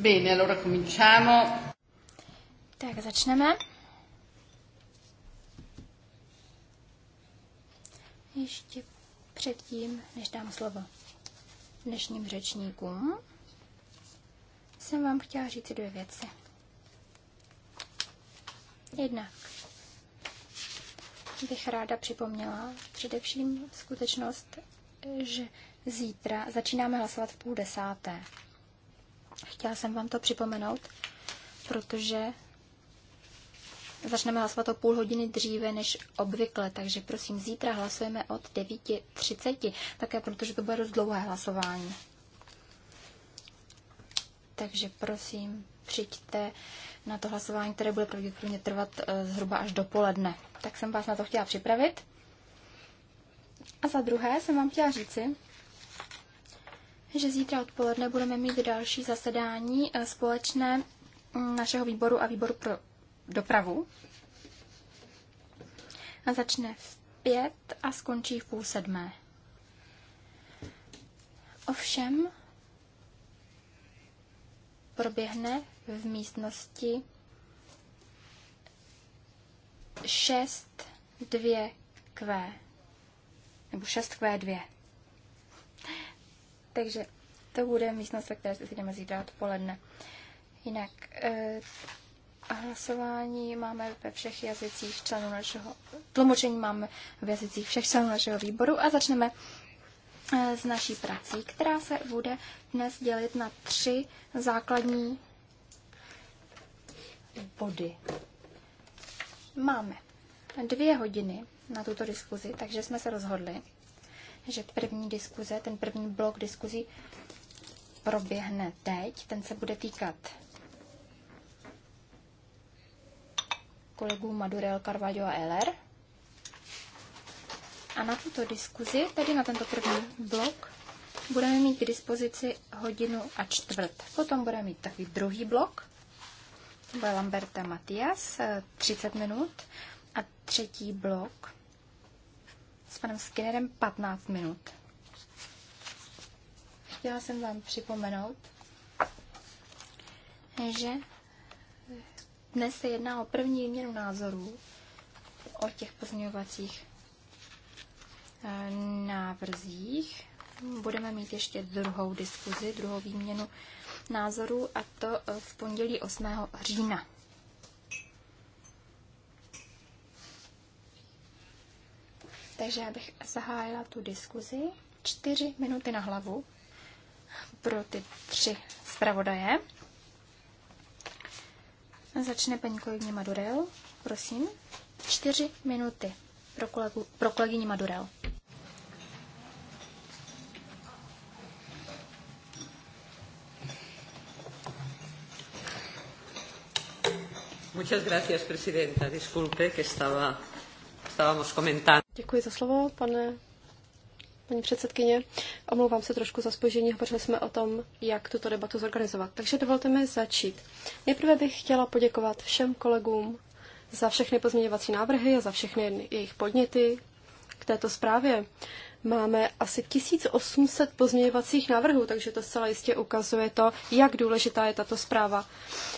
Bene, allora cominciamo. Tak, začneme. Ještě předtím, než dám slovo dnešním řečníkům, jsem vám chtěla říct dvě věci. Jednak bych ráda připomněla především skutečnost, že zítra začínáme hlasovat v půl desáté. Chtěla jsem vám to připomenout, protože začneme hlasovat o půl hodiny dříve než obvykle, takže prosím, zítra hlasujeme od 9.30, také protože to bude dost dlouhé hlasování. Takže prosím, přijďte na to hlasování, které bude pravděpodobně trvat eh, zhruba až do poledne. Tak jsem vás na to chtěla připravit. A za druhé jsem vám chtěla říci, že zítra odpoledne budeme mít další zasedání eh, společné mm, našeho výboru a výboru pro dopravu. A začne v pět a skončí v půl sedmé. Ovšem proběhne v místnosti 6 2 Q nebo 6 Q 2. Takže to bude místnost, ve které se sejdeme zítra odpoledne. Jinak eh, hlasování máme ve všech jazycích členů našeho, tlumočení máme v jazycích všech členů našeho výboru a začneme eh, naší prací, která se bude dnes dělit na tři základní body. Máme dvě hodiny na tuto diskuzi, takže jsme se rozhodli, že první diskuze, ten první blok diskuzí proběhne teď. Ten se bude týkat kolegů Madurel, Carvalho a Eller. A na tuto diskuzi, tedy na tento první blok, budeme mít k dispozici hodinu a čtvrt. Potom budeme mít takový druhý blok, to bude Lamberta Matias, 30 eh, minut. A třetí blok s panem Skinnerem 15 minut. Chtěla jsem vám připomenout, že dnes se jedná o první výměnu názorů o těch pozměňovacích eh, návrzích. Budeme mít ještě druhou diskuzi, druhou výměnu názorů a to eh, v pondělí 8. října. Takže já bych zahájila tu diskuzi. Čtyři minuty na hlavu pro ty tři zpravodaje. Začne paní kolegyně Madurel, prosím. Čtyři minuty pro, kolegu, pro kolegyni Madurel. Muchas gracias, presidenta. Disculpe que estaba estábamos comentando. Děkuji za slovo, pane paní předsedkyně. Omlouvám se trošku za spožení, hovořili jsme o tom, jak tuto debatu zorganizovat. Takže dovolte mi začít. Nejprve bych chtěla poděkovat všem kolegům za všechny pozměňovací návrhy a za všechny jejich podněty k této zprávě. Máme asi 1800 pozměňovacích návrhů, takže to zcela jistě ukazuje to, jak důležitá je tato zpráva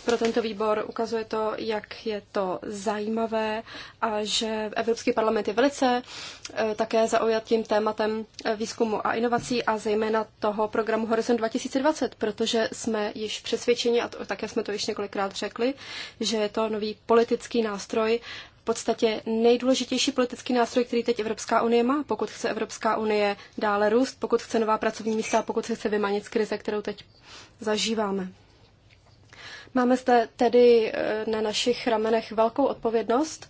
pro tento výbor. Ukazuje to, jak je to zajímavé a že Evropský parlament je velice eh, také zaujat tím tématem eh, výzkumu a inovací a zejména toho programu Horizon 2020, protože jsme již přesvědčeni, a to, také jsme to již několikrát řekli, že je to nový politický nástroj, v podstatě nejdůležitější politický nástroj, který teď Evropská unie má, pokud chce Evropská unie dále růst, pokud chce nová pracovní místa pokud se chce vymanit z krize, kterou teď zažíváme. Máme zde tedy eh, na našich ramenech velkou odpovědnost.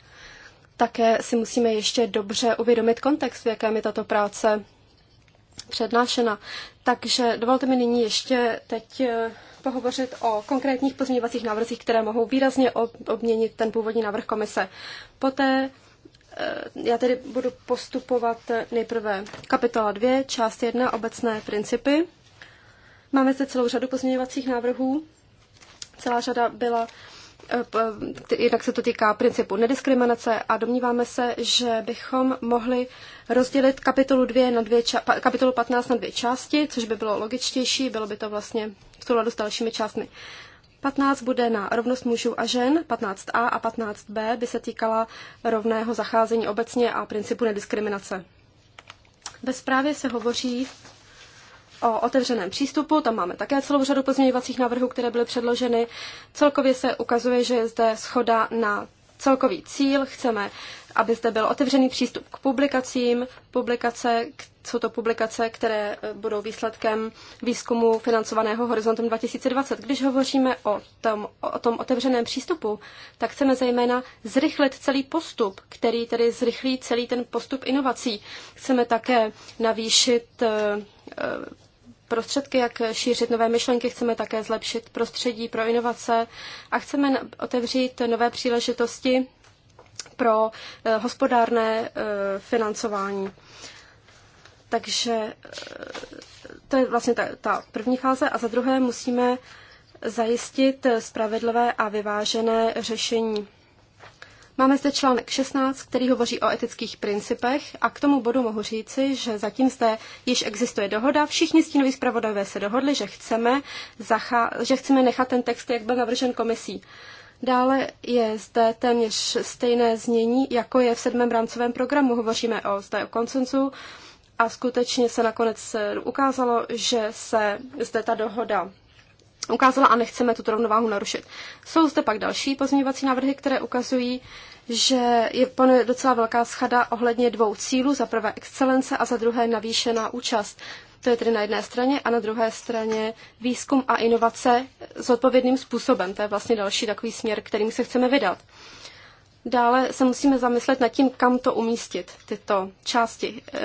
Také si musíme ještě dobře uvědomit kontext, v jakém je tato práce přednášena. Takže dovolte mi nyní ještě teď eh, pohovořit o konkrétních pozměňovacích návrzích, které mohou výrazně obměnit ten původní návrh komise. Poté eh, já tedy budu postupovat eh, nejprve kapitola 2, část 1, obecné principy. Máme zde celou řadu pozměňovacích návrhů. Celá řada byla Eh, jednak se to týká principu nediskriminace a domníváme se, že bychom mohli rozdělit kapitolu, dvě na dvě ča- kapitolu 15 na dvě části, což by bylo logičtější, bylo by to vlastně v souladu s dalšími částmi. 15 bude na rovnost mužů a žen, 15a a 15b by se týkala rovného zacházení obecně a principu nediskriminace. Ve zprávě se hovoří o otevřeném přístupu, tam máme také celou řadu pozměňovacích návrhů, které byly předloženy. Celkově se ukazuje, že je zde schoda na celkový cíl. Chceme, aby zde byl otevřený přístup k publikacím. Publikace, jsou to publikace, které e, budou výsledkem výzkumu financovaného Horizontem 2020. Když hovoříme o tom, o tom otevřeném přístupu, tak chceme zejména zrychlit celý postup, který tedy zrychlí celý ten postup inovací. Chceme také navýšit e, e, prostředky, jak šířit nové myšlenky, chceme také zlepšit prostředí pro inovace a chceme otevřít nové příležitosti pro eh, hospodárné eh, financování. Takže eh, to je vlastně ta, ta první fáze. A za druhé musíme zajistit spravedlivé a vyvážené řešení Máme zde článek 16, který hovoří o etických principech a k tomu bodu mohu říci, že zatím zde již existuje dohoda. Všichni stínoví zpravodajové se dohodli, že chceme, že chceme nechat ten text, jak byl navržen komisí. Dále je zde téměř stejné znění, jako je v sedmém rámcovém programu. Hovoříme o zde o koncenzu a skutečně se nakonec ukázalo, že se zde ta dohoda ukázala a nechceme tuto rovnováhu narušit. Jsou zde pak další pozměňovací návrhy, které ukazují, že je panuje docela velká schada ohledně dvou cílů, za prvé excelence a za druhé navýšená účast. To je tedy na jedné straně a na druhé straně výzkum a inovace s odpovědným způsobem. To je vlastně další takový směr, kterým se chceme vydat. Dále se musíme zamyslet nad tím, kam to umístit, tyto části. E,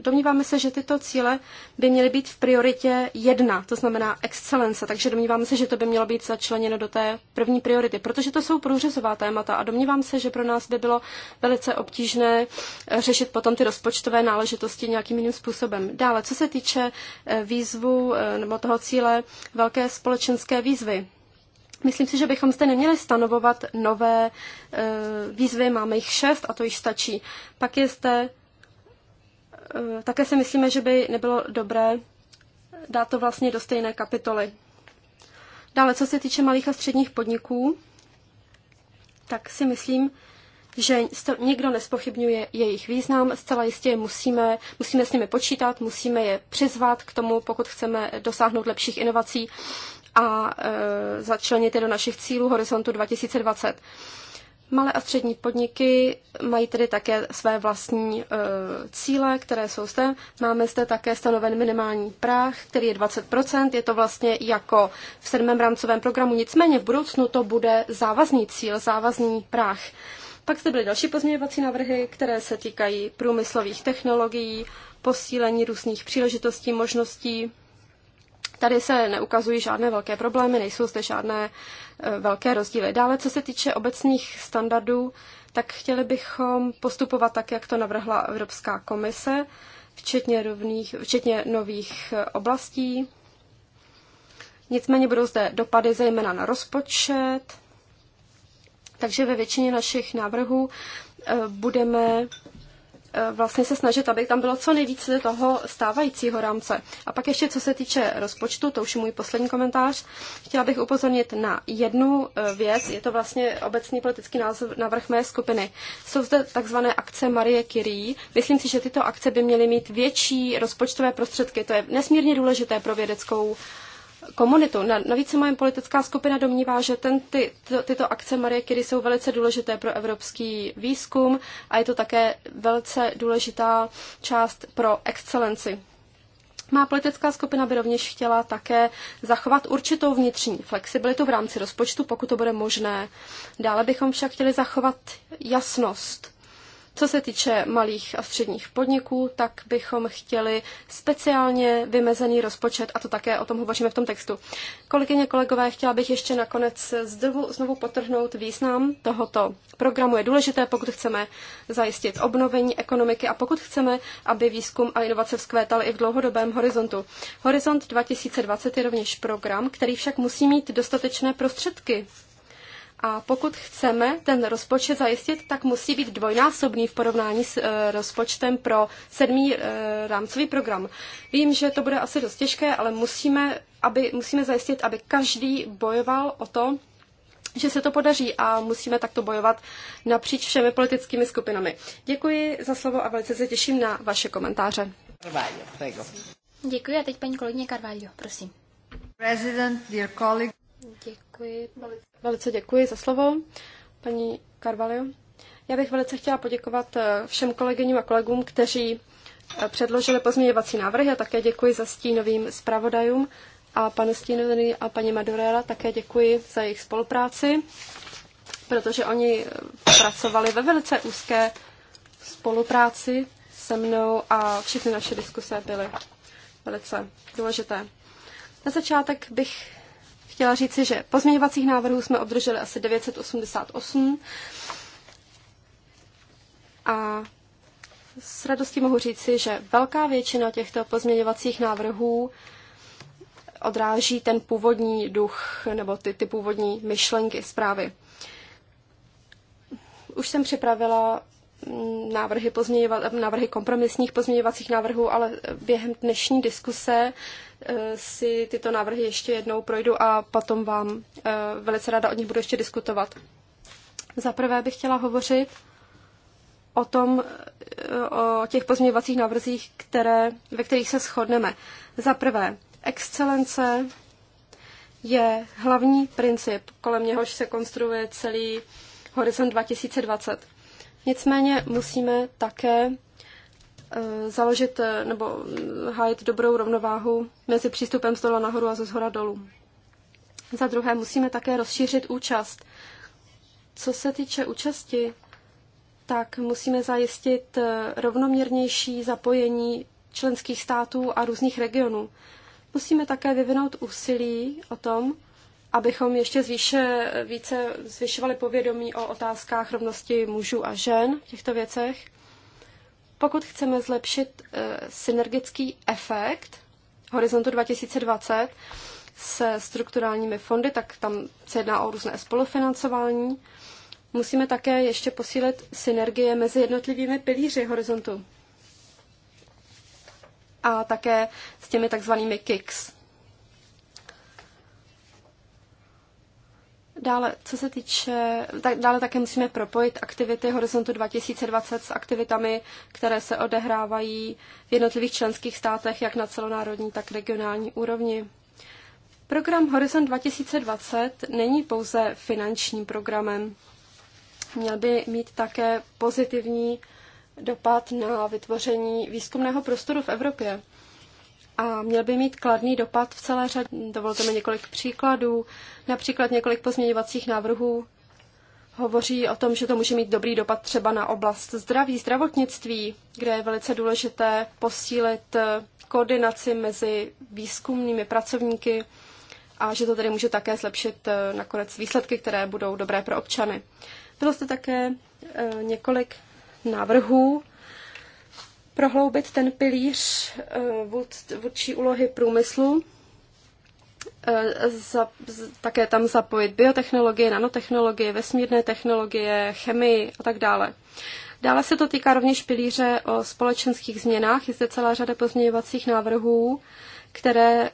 domníváme se, že tyto cíle by měly být v prioritě jedna, to znamená excelence, takže domníváme se, že to by mělo být začleněno do té první priority, protože to jsou průřezová témata a domnívám se, že pro nás by bylo velice obtížné řešit potom ty rozpočtové náležitosti nějakým jiným způsobem. Dále, co se týče e, výzvu e, nebo toho cíle velké společenské výzvy, Myslím si, že bychom zde neměli stanovovat nové eh, výzvy, máme jich šest a to již stačí. Pak je zde, eh, také si myslíme, že by nebylo dobré dát to vlastně do stejné kapitoly. Dále, co se týče malých a středních podniků, tak si myslím, že nikdo nespochybňuje jejich význam, zcela jistě musíme, musíme s nimi počítat, musíme je přizvat k tomu, pokud chceme dosáhnout lepších inovací a e, začlenit je do našich cílů Horizontu 2020. Malé a střední podniky mají tedy také své vlastní e, cíle, které jsou zde. Máme zde také stanoven minimální práh, který je 20%. Je to vlastně jako v sedmém rámcovém programu. Nicméně v budoucnu to bude závazný cíl, závazný práh. Pak zde byly další pozměňovací návrhy, které se týkají průmyslových technologií, posílení různých příležitostí, možností Tady se neukazují žádné velké problémy, nejsou zde žádné e, velké rozdíly. Dále, co se týče obecných standardů, tak chtěli bychom postupovat tak, jak to navrhla Evropská komise, včetně, rovných, včetně nových e, oblastí. Nicméně budou zde dopady zejména na rozpočet, takže ve většině našich návrhů e, budeme Eh, vlastně se snažit, aby tam bylo co nejvíce toho stávajícího rámce. A pak ještě, co se týče rozpočtu, to už je můj poslední komentář, chtěla bych upozornit na jednu eh, věc, je to vlastně obecný politický název, návrh mé skupiny. Jsou zde takzvané akce Marie Curie. Myslím si, že tyto akce by měly mít větší rozpočtové prostředky. To je nesmírně důležité pro vědeckou komunitu. Navíc se moje politická skupina domnívá, že ten, ty, to, tyto akce Marie Curie jsou velice důležité pro evropský výzkum a je to také velice důležitá část pro excelenci. Má politická skupina by rovněž chtěla také zachovat určitou vnitřní flexibilitu v rámci rozpočtu, pokud to bude možné. Dále bychom však chtěli zachovat jasnost co se týče malých a středních podniků, tak bychom chtěli speciálně vymezený rozpočet, a to také o tom hovoříme v tom textu. Kolegyně, kolegové, chtěla bych ještě nakonec znovu, znovu potrhnout význam tohoto programu. Je důležité, pokud chceme zajistit obnovení ekonomiky a pokud chceme, aby výzkum a inovace vzkvétaly i v dlouhodobém horizontu. Horizont 2020 je rovněž program, který však musí mít dostatečné prostředky a pokud chceme ten rozpočet zajistit, tak musí být dvojnásobný v porovnání s e, rozpočtem pro sedmý e, rámcový program. Vím, že to bude asi dost těžké, ale musíme, aby, musíme zajistit, aby každý bojoval o to, že se to podaří a musíme takto bojovat napříč všemi politickými skupinami. Děkuji za slovo a velice se těším na vaše komentáře. Carvalho, Děkuji a teď paní kolegyně Carvalho, prosím. President, dear colleague. Děkuji. Velice, děkuji za slovo, paní Carvalho. Já bych velice chtěla poděkovat eh, všem kolegyním a kolegům, kteří eh, předložili pozměňovací návrhy a také děkuji za stínovým zpravodajům a panu Stínovi a paní Madurela, také děkuji za jejich spolupráci, protože oni eh, pracovali ve velice úzké spolupráci se mnou a všechny naše diskuse byly velice důležité. Na začátek bych chtěla říci, že pozměňovacích návrhů jsme obdrželi asi 988 a s radostí mohu říci, že velká většina těchto pozměňovacích návrhů odráží ten původní duch nebo ty, ty původní myšlenky zprávy. Už jsem připravila Mm, návrhy, pozměňova- návrhy kompromisních pozměňovacích návrhů, ale během dnešní diskuse eh, si tyto návrhy ještě jednou projdu a potom vám eh, velice ráda o nich budu ještě diskutovat. Za prvé bych chtěla hovořit o tom, eh, o těch pozměňovacích návrzích, které, ve kterých se shodneme. Za prvé, excelence je hlavní princip, kolem něhož se konstruuje celý Horizont 2020. Nicméně musíme také eh, založit eh, nebo eh, hájit dobrou rovnováhu mezi přístupem z dola nahoru a ze zhora dolů. Za druhé, musíme také rozšířit účast. Co se týče účasti, tak musíme zajistit rovnoměrnější zapojení členských států a různých regionů. Musíme také vyvinout úsilí o tom, abychom ještě zvýše, více zvyšovali povědomí o otázkách rovnosti mužů a žen v těchto věcech. Pokud chceme zlepšit eh, synergický efekt Horizontu 2020 se strukturálními fondy, tak tam se jedná o různé spolufinancování. Musíme také ještě posílit synergie mezi jednotlivými pilíři Horizontu a také s těmi takzvanými KICS, Dále, co se týče, tak dále také musíme propojit aktivity Horizontu 2020 s aktivitami, které se odehrávají v jednotlivých členských státech, jak na celonárodní, tak regionální úrovni. Program Horizont 2020 není pouze finančním programem. Měl by mít také pozitivní dopad na vytvoření výzkumného prostoru v Evropě a měl by mít kladný dopad v celé řadě. Dovolte mi několik příkladů. Například několik pozměňovacích návrhů hovoří o tom, že to může mít dobrý dopad třeba na oblast zdraví, zdravotnictví, kde je velice důležité posílit koordinaci mezi výzkumnými pracovníky a že to tedy může také zlepšit eh, nakonec výsledky, které budou dobré pro občany. Bylo zde také eh, několik návrhů prohloubit ten pilíř eh, vůdčí úlohy průmyslu, eh, za, také tam zapojit biotechnologie, nanotechnologie, vesmírné technologie, chemii a tak dále. Dále se to týká rovněž pilíře o společenských změnách. Je zde celá řada pozměňovacích návrhů, které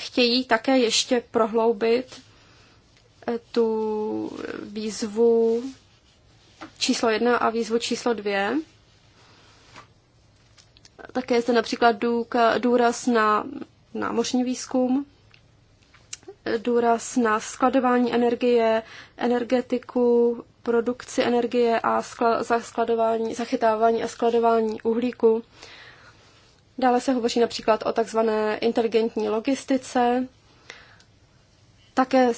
chtějí také ještě prohloubit eh, tu výzvu číslo jedna a výzvu číslo dvě. Také je zde například důraz na námořní výzkum, důraz na skladování energie, energetiku, produkci energie a skladování, zachytávání a skladování uhlíku. Dále se hovoří například o takzvané inteligentní logistice. Také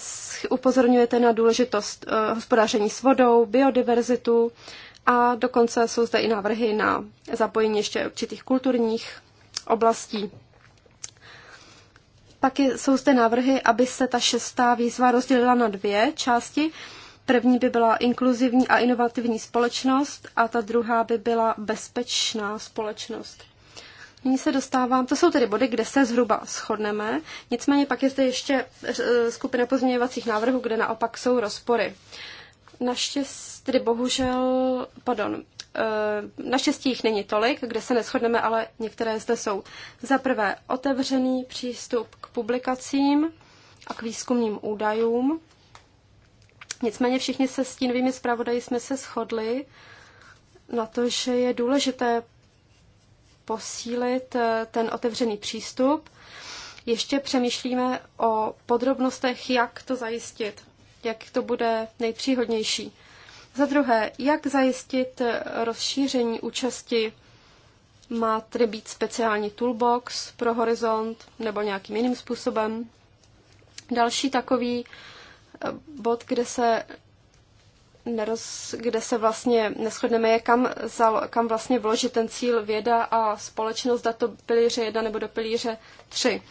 upozorňujete na důležitost eh, hospodáření s vodou, biodiverzitu a dokonce jsou zde i návrhy na zapojení ještě určitých kulturních oblastí. Pak jsou zde návrhy, aby se ta šestá výzva rozdělila na dvě části. První by byla inkluzivní a inovativní společnost a ta druhá by byla bezpečná společnost. Nyní se dostávám, to jsou tedy body, kde se zhruba shodneme, nicméně pak je zde ještě eh, skupina pozměňovacích návrhů, kde naopak jsou rozpory naštěstí, tedy bohužel, pardon, eh, naštěstí jich není tolik, kde se neschodneme, ale některé zde jsou. Za prvé, otevřený přístup k publikacím a k výzkumným údajům. Nicméně všichni se stínovými zpravodaji jsme se shodli na to, že je důležité posílit eh, ten otevřený přístup. Ještě přemýšlíme o podrobnostech, jak to zajistit jak to bude nejpříhodnější. Za druhé, jak zajistit rozšíření účasti? Má tedy být speciální toolbox pro horizont nebo nějakým jiným způsobem? Další takový eh, bod, kde se neroz, kde se vlastně neschodneme, je kam, za, kam vlastně vložit ten cíl věda a společnost, dát to pilíře 1 nebo do pilíře 3.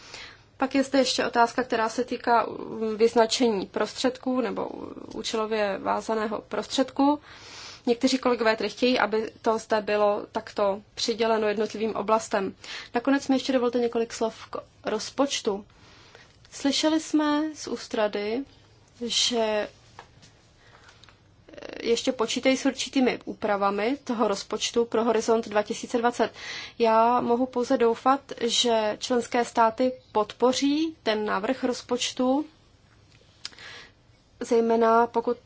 Pak je zde ještě otázka, která se týká vyznačení prostředků nebo účelově vázaného prostředku. Někteří kolegové tedy chtějí, aby to zde bylo takto přiděleno jednotlivým oblastem. Nakonec mi ještě dovolte několik slov k rozpočtu. Slyšeli jsme z ústrady, že ještě počítají s určitými úpravami toho rozpočtu pro Horizont 2020. Já mohu pouze doufat, že členské státy podpoří ten návrh rozpočtu, zejména pokud,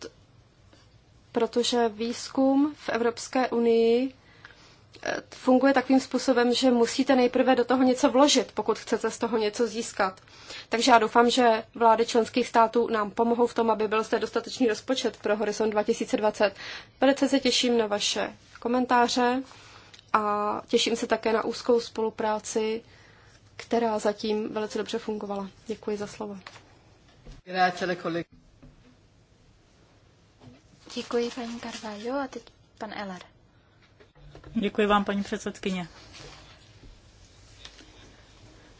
protože výzkum v Evropské unii funguje takovým způsobem, že musíte nejprve do toho něco vložit, pokud chcete z toho něco získat. Takže já doufám, že vlády členských států nám pomohou v tom, aby byl zde dostatečný rozpočet pro Horizon 2020. Velice se těším na vaše komentáře a těším se také na úzkou spolupráci, která zatím velice dobře fungovala. Děkuji za slovo. Děkuji paní Carvalho a teď pan Eller. Děkuji vám, paní předsedkyně.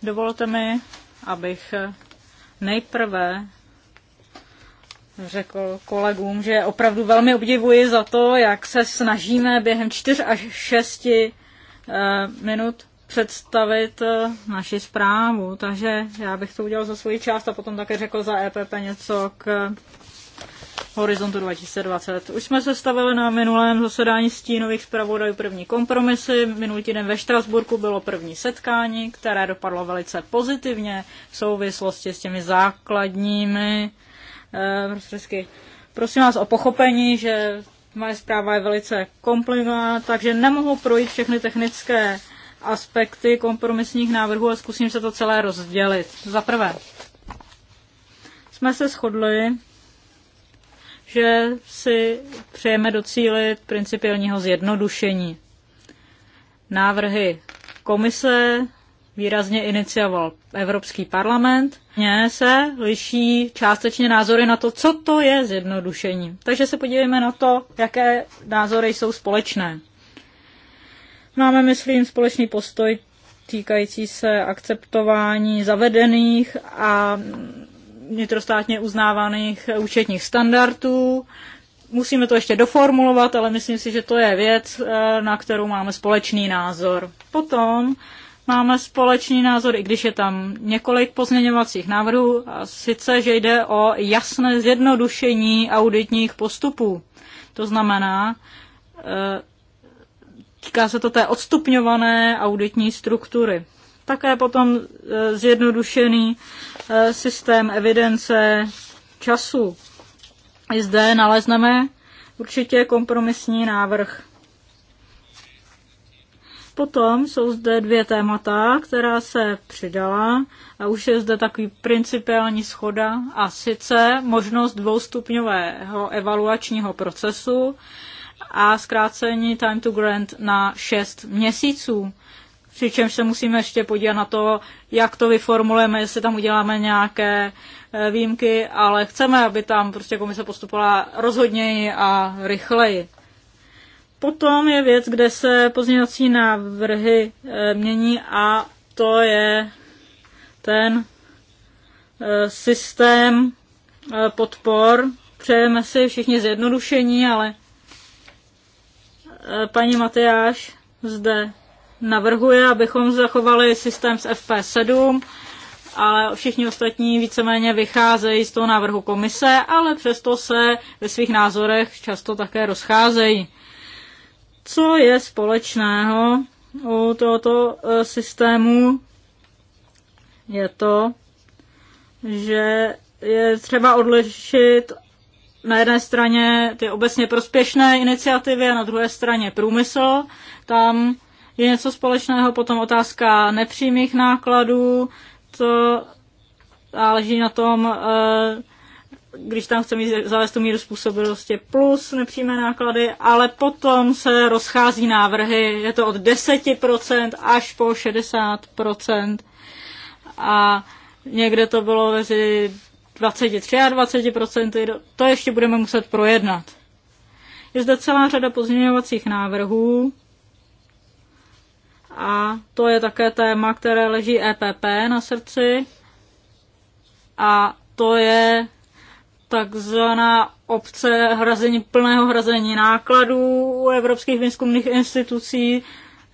Dovolte mi, abych nejprve řekl kolegům, že opravdu velmi obdivuji za to, jak se snažíme během čtyř až šesti eh, minut představit eh, naši zprávu. Takže já bych to udělal za svoji část a potom také řekl za EPP něco k Horizontu 2020. Už jsme se stavili na minulém zasedání stínových zpravodajů první kompromisy. Minulý týden ve Štrasburku bylo první setkání, které dopadlo velice pozitivně v souvislosti s těmi základními eh, prostředky. Prosím vás o pochopení, že moje zpráva je velice komplikovaná, takže nemohu projít všechny technické aspekty kompromisních návrhů a zkusím se to celé rozdělit. Za prvé, jsme se shodli, že si přejeme docílit principiálního zjednodušení. Návrhy komise výrazně inicioval Evropský parlament. Mně se liší částečně názory na to, co to je zjednodušení. Takže se podívejme na to, jaké názory jsou společné. Máme, myslím, společný postoj týkající se akceptování zavedených a vnitrostátně uznávaných účetních standardů. Musíme to ještě doformulovat, ale myslím si, že to je věc, eh, na kterou máme společný názor. Potom máme společný názor, i když je tam několik pozměňovacích návrhů, a sice, že jde o jasné zjednodušení auditních postupů. To znamená, eh, týká se to té odstupňované auditní struktury. Také potom eh, zjednodušený Eh, systém evidence času. I zde nalezneme určitě kompromisní návrh. Potom jsou zde dvě témata, která se přidala a už je zde takový principiální schoda a sice možnost dvoustupňového evaluačního procesu a zkrácení time to grant na 6 měsíců přičemž se musíme ještě podívat na to, jak to vyformulujeme, jestli tam uděláme nějaké eh, výjimky, ale chceme, aby tam prostě komise postupovala rozhodněji a rychleji. Potom je věc, kde se pozměňovací návrhy eh, mění a to je ten eh, systém podpor. Přejeme si všichni zjednodušení, ale paní Matyáš zde navrhuje, abychom zachovali systém s FP7, ale všichni ostatní víceméně vycházejí z toho návrhu komise, ale přesto se ve svých názorech často také rozcházejí. Co je společného u tohoto e, systému? Je to, že je třeba odlišit na jedné straně ty obecně prospěšné iniciativy a na druhé straně průmysl. Tam je něco společného, potom otázka nepřímých nákladů, to záleží na tom, eh, když tam chceme zavést tu míru způsobilosti plus nepřímé náklady, ale potom se rozchází návrhy, je to od 10% až po 60%. A někde to bylo mezi 23 a 20%, to ještě budeme muset projednat. Je zde celá řada pozměňovacích návrhů, a to je také téma, které leží EPP na srdci. A to je takzvaná obce hrazení, plného hrazení nákladů u evropských výzkumných institucí.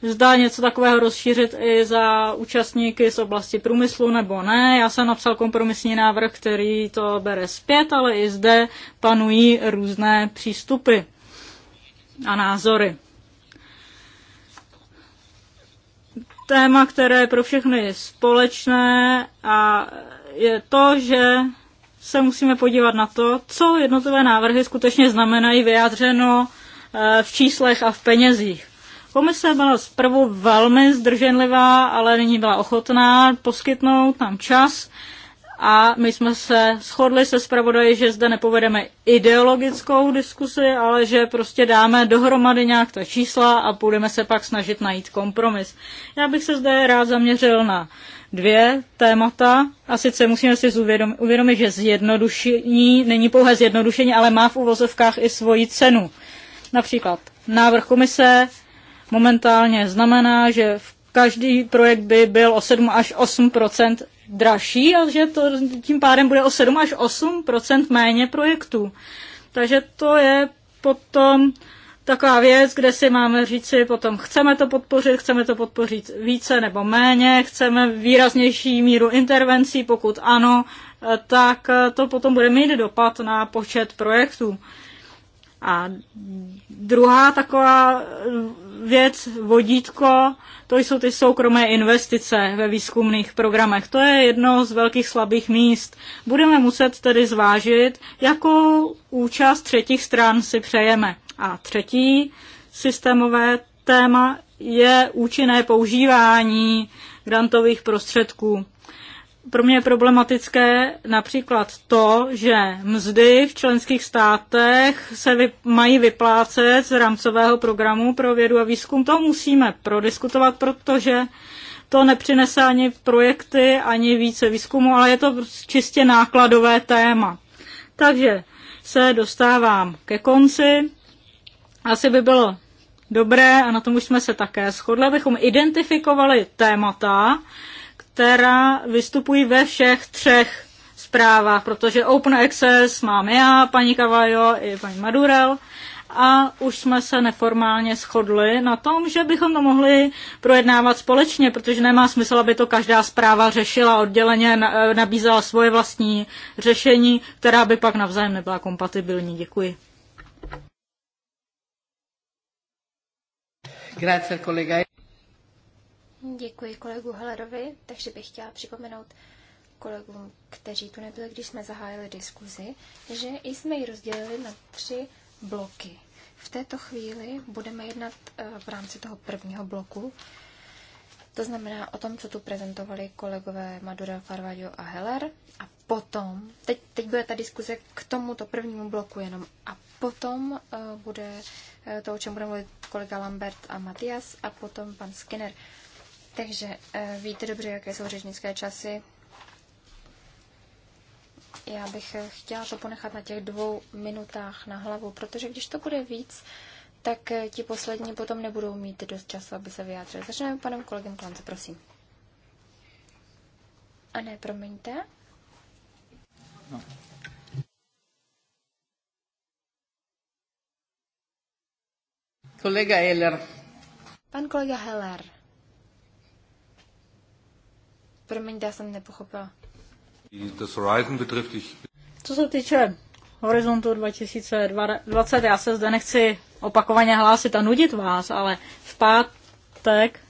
Zdá něco takového rozšířit i za účastníky z oblasti průmyslu nebo ne. Já jsem napsal kompromisní návrh, který to bere zpět, ale i zde panují různé přístupy a názory. téma, které je pro všechny společné a je to, že se musíme podívat na to, co jednotlivé návrhy skutečně znamenají vyjádřeno eh, v číslech a v penězích. Komise byla zprvu velmi zdrženlivá, ale nyní byla ochotná poskytnout nám čas a my jsme se shodli se zpravodaji, že zde nepovedeme ideologickou diskusi, ale že prostě dáme dohromady nějak ta čísla a budeme se pak snažit najít kompromis. Já bych se zde rád zaměřil na dvě témata. A sice musíme si uvědomit, uvědomit že zjednodušení není pouhé zjednodušení, ale má v uvozovkách i svoji cenu. Například návrh komise momentálně znamená, že v každý projekt by byl o 7 až 8 dražší a že to tím pádem bude o 7 až 8 méně projektů. Takže to je potom taková věc, kde si máme říci, potom chceme to podpořit, chceme to podpořit více nebo méně, chceme výraznější míru intervencí, pokud ano, tak to potom bude mít dopad na počet projektů. A druhá taková věc, vodítko, to jsou ty soukromé investice ve výzkumných programech. To je jedno z velkých slabých míst. Budeme muset tedy zvážit, jakou účast třetích stran si přejeme. A třetí systémové téma je účinné používání grantových prostředků pro mě je problematické například to, že mzdy v členských státech se vy, mají vyplácet z rámcového programu pro vědu a výzkum. To musíme prodiskutovat, protože to nepřinese ani projekty, ani více výzkumu, ale je to čistě nákladové téma. Takže se dostávám ke konci. Asi by bylo dobré, a na tom už jsme se také shodli, abychom identifikovali témata, která vystupují ve všech třech zprávách, protože Open Access mám já, paní Kavajo i paní Madurel a už jsme se neformálně shodli na tom, že bychom to mohli projednávat společně, protože nemá smysl, aby to každá zpráva řešila odděleně, nabízela svoje vlastní řešení, která by pak navzájem nebyla kompatibilní. Děkuji. Grazie, kolega. Děkuji kolegu Hellerovi, takže bych chtěla připomenout kolegům, kteří tu nebyli, když jsme zahájili diskuzi, že jsme ji rozdělili na tři bloky. V této chvíli budeme jednat eh, v rámci toho prvního bloku, to znamená o tom, co tu prezentovali kolegové Madura, Farvadio a Heller. A potom, teď, teď bude ta diskuze k tomuto prvnímu bloku jenom. A potom uh, bude eh, to, o čem bude mluvit kolega Lambert a Matias a potom pan Skinner. Uh, takže eh, víte dobře, jaké jsou řečnické časy. Já bych eh, chtěla to ponechat na těch dvou minutách na hlavu, protože když to bude víc, tak eh, ti poslední potom nebudou mít dost času, aby se vyjádřili. Začneme panem kolegem Klance, prosím. A ne, promiňte. No. Kolega Heller. Pan kolega Heller. Promiň, já jsem nepochopila. Co se týče horizontu 2020, já se zde nechci opakovaně hlásit a nudit vás, ale v pátek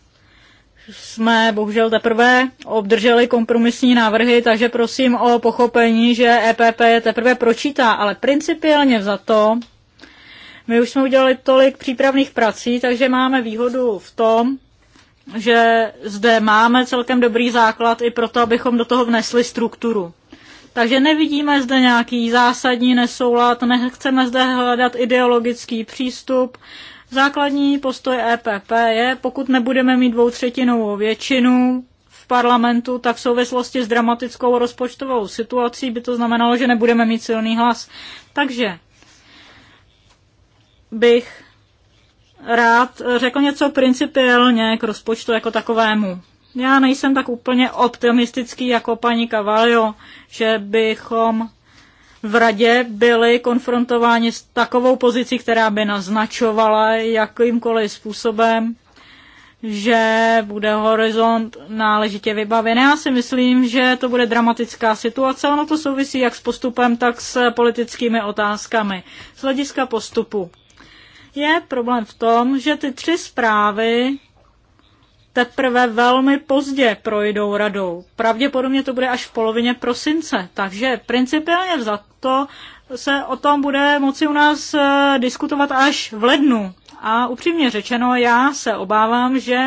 jsme bohužel teprve obdrželi kompromisní návrhy, takže prosím o pochopení, že EPP je teprve pročítá, ale principiálně za to, my už jsme udělali tolik přípravných prací, takže máme výhodu v tom, že zde máme celkem dobrý základ i proto, abychom do toho vnesli strukturu. Takže nevidíme zde nějaký zásadní nesoulad, nechceme zde hledat ideologický přístup. Základní postoj EPP je, pokud nebudeme mít dvoutřetinovou většinu v parlamentu, tak v souvislosti s dramatickou rozpočtovou situací by to znamenalo, že nebudeme mít silný hlas. Takže bych rád řekl něco principiálně k rozpočtu jako takovému. Já nejsem tak úplně optimistický jako paní Cavallo, že bychom v radě byli konfrontováni s takovou pozicí, která by naznačovala jakýmkoliv způsobem, že bude horizont náležitě vybaven. Já si myslím, že to bude dramatická situace. Ono to souvisí jak s postupem, tak s politickými otázkami. Z hlediska postupu je problém v tom, že ty tři zprávy teprve velmi pozdě projdou radou. Pravděpodobně to bude až v polovině prosince, takže principiálně za to se o tom bude moci u nás eh, diskutovat až v lednu. A upřímně řečeno, já se obávám, že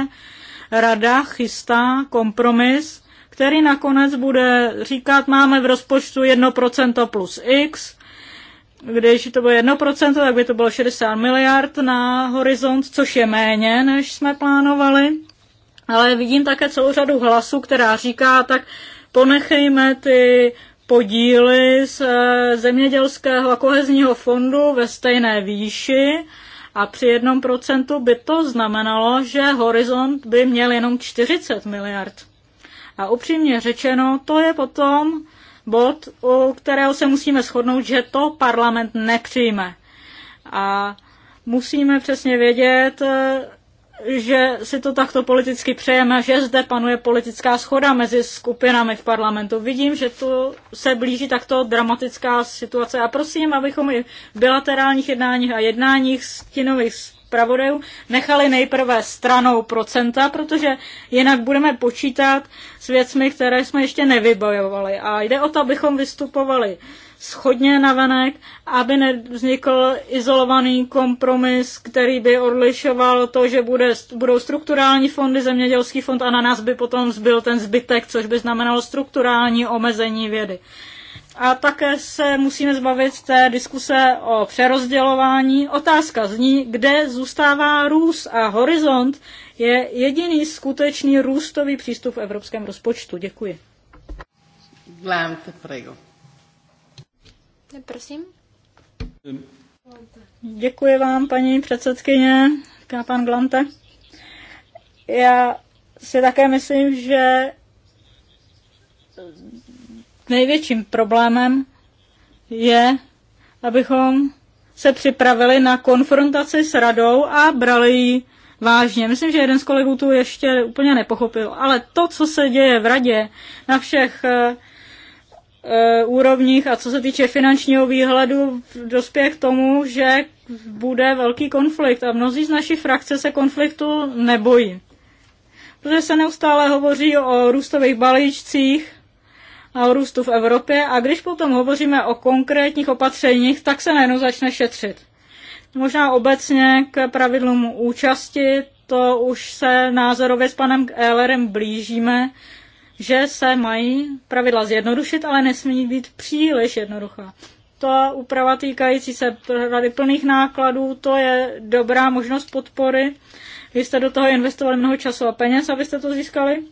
rada chystá kompromis, který nakonec bude říkat, máme v rozpočtu 1% plus x, když to bylo 1%, tak by to bylo 60 miliard na horizont, což je méně, než jsme plánovali. Ale vidím také celou řadu hlasů, která říká, tak ponechejme ty podíly z eh, zemědělského a kohezního fondu ve stejné výši a při jednom procentu by to znamenalo, že horizont by měl jenom 40 miliard. A upřímně řečeno, to je potom bod, u kterého se musíme shodnout, že to parlament nepřijme. A musíme přesně vědět, eh, že si to takto politicky přejeme, že zde panuje politická schoda mezi skupinami v parlamentu. Vidím, že tu se blíží takto dramatická situace a prosím, abychom i v bilaterálních jednáních a jednáních stinových zpravodajů nechali nejprve stranou procenta, protože jinak budeme počítat s věcmi, které jsme ještě nevybojovali. A jde o to, abychom vystupovali schodně na venek, aby nevznikl izolovaný kompromis, který by odlišoval to, že bude, budou strukturální fondy, zemědělský fond a na nás by potom zbyl ten zbytek, což by znamenalo strukturální omezení vědy. A také se musíme zbavit té diskuse o přerozdělování. Otázka zní, kde zůstává růst a horizont je jediný skutečný růstový přístup v evropském rozpočtu. Děkuji. Glante, Prosím. Děkuji vám, paní předsedkyně, pan Glante. Já si také myslím, že největším problémem je, abychom se připravili na konfrontaci s radou a brali ji vážně. Myslím, že jeden z kolegů tu ještě úplně nepochopil, ale to, co se děje v radě na všech eh, eh, úrovních a co se týče finančního výhledu, dospěje k tomu, že bude velký konflikt a mnozí z naší frakce se konfliktu nebojí. Protože se neustále hovoří o růstových balíčcích a o růstu v Evropě a když potom hovoříme o konkrétních opatřeních, tak se najednou začne šetřit. Možná obecně k pravidlům účasti, to už se názorově s panem Ehlerem blížíme, že se mají pravidla zjednodušit, ale nesmí být příliš jednoduchá. Ta úprava týkající se rady plných nákladů, to je dobrá možnost podpory. Vy jste do toho investovali mnoho času a peněz, abyste to získali.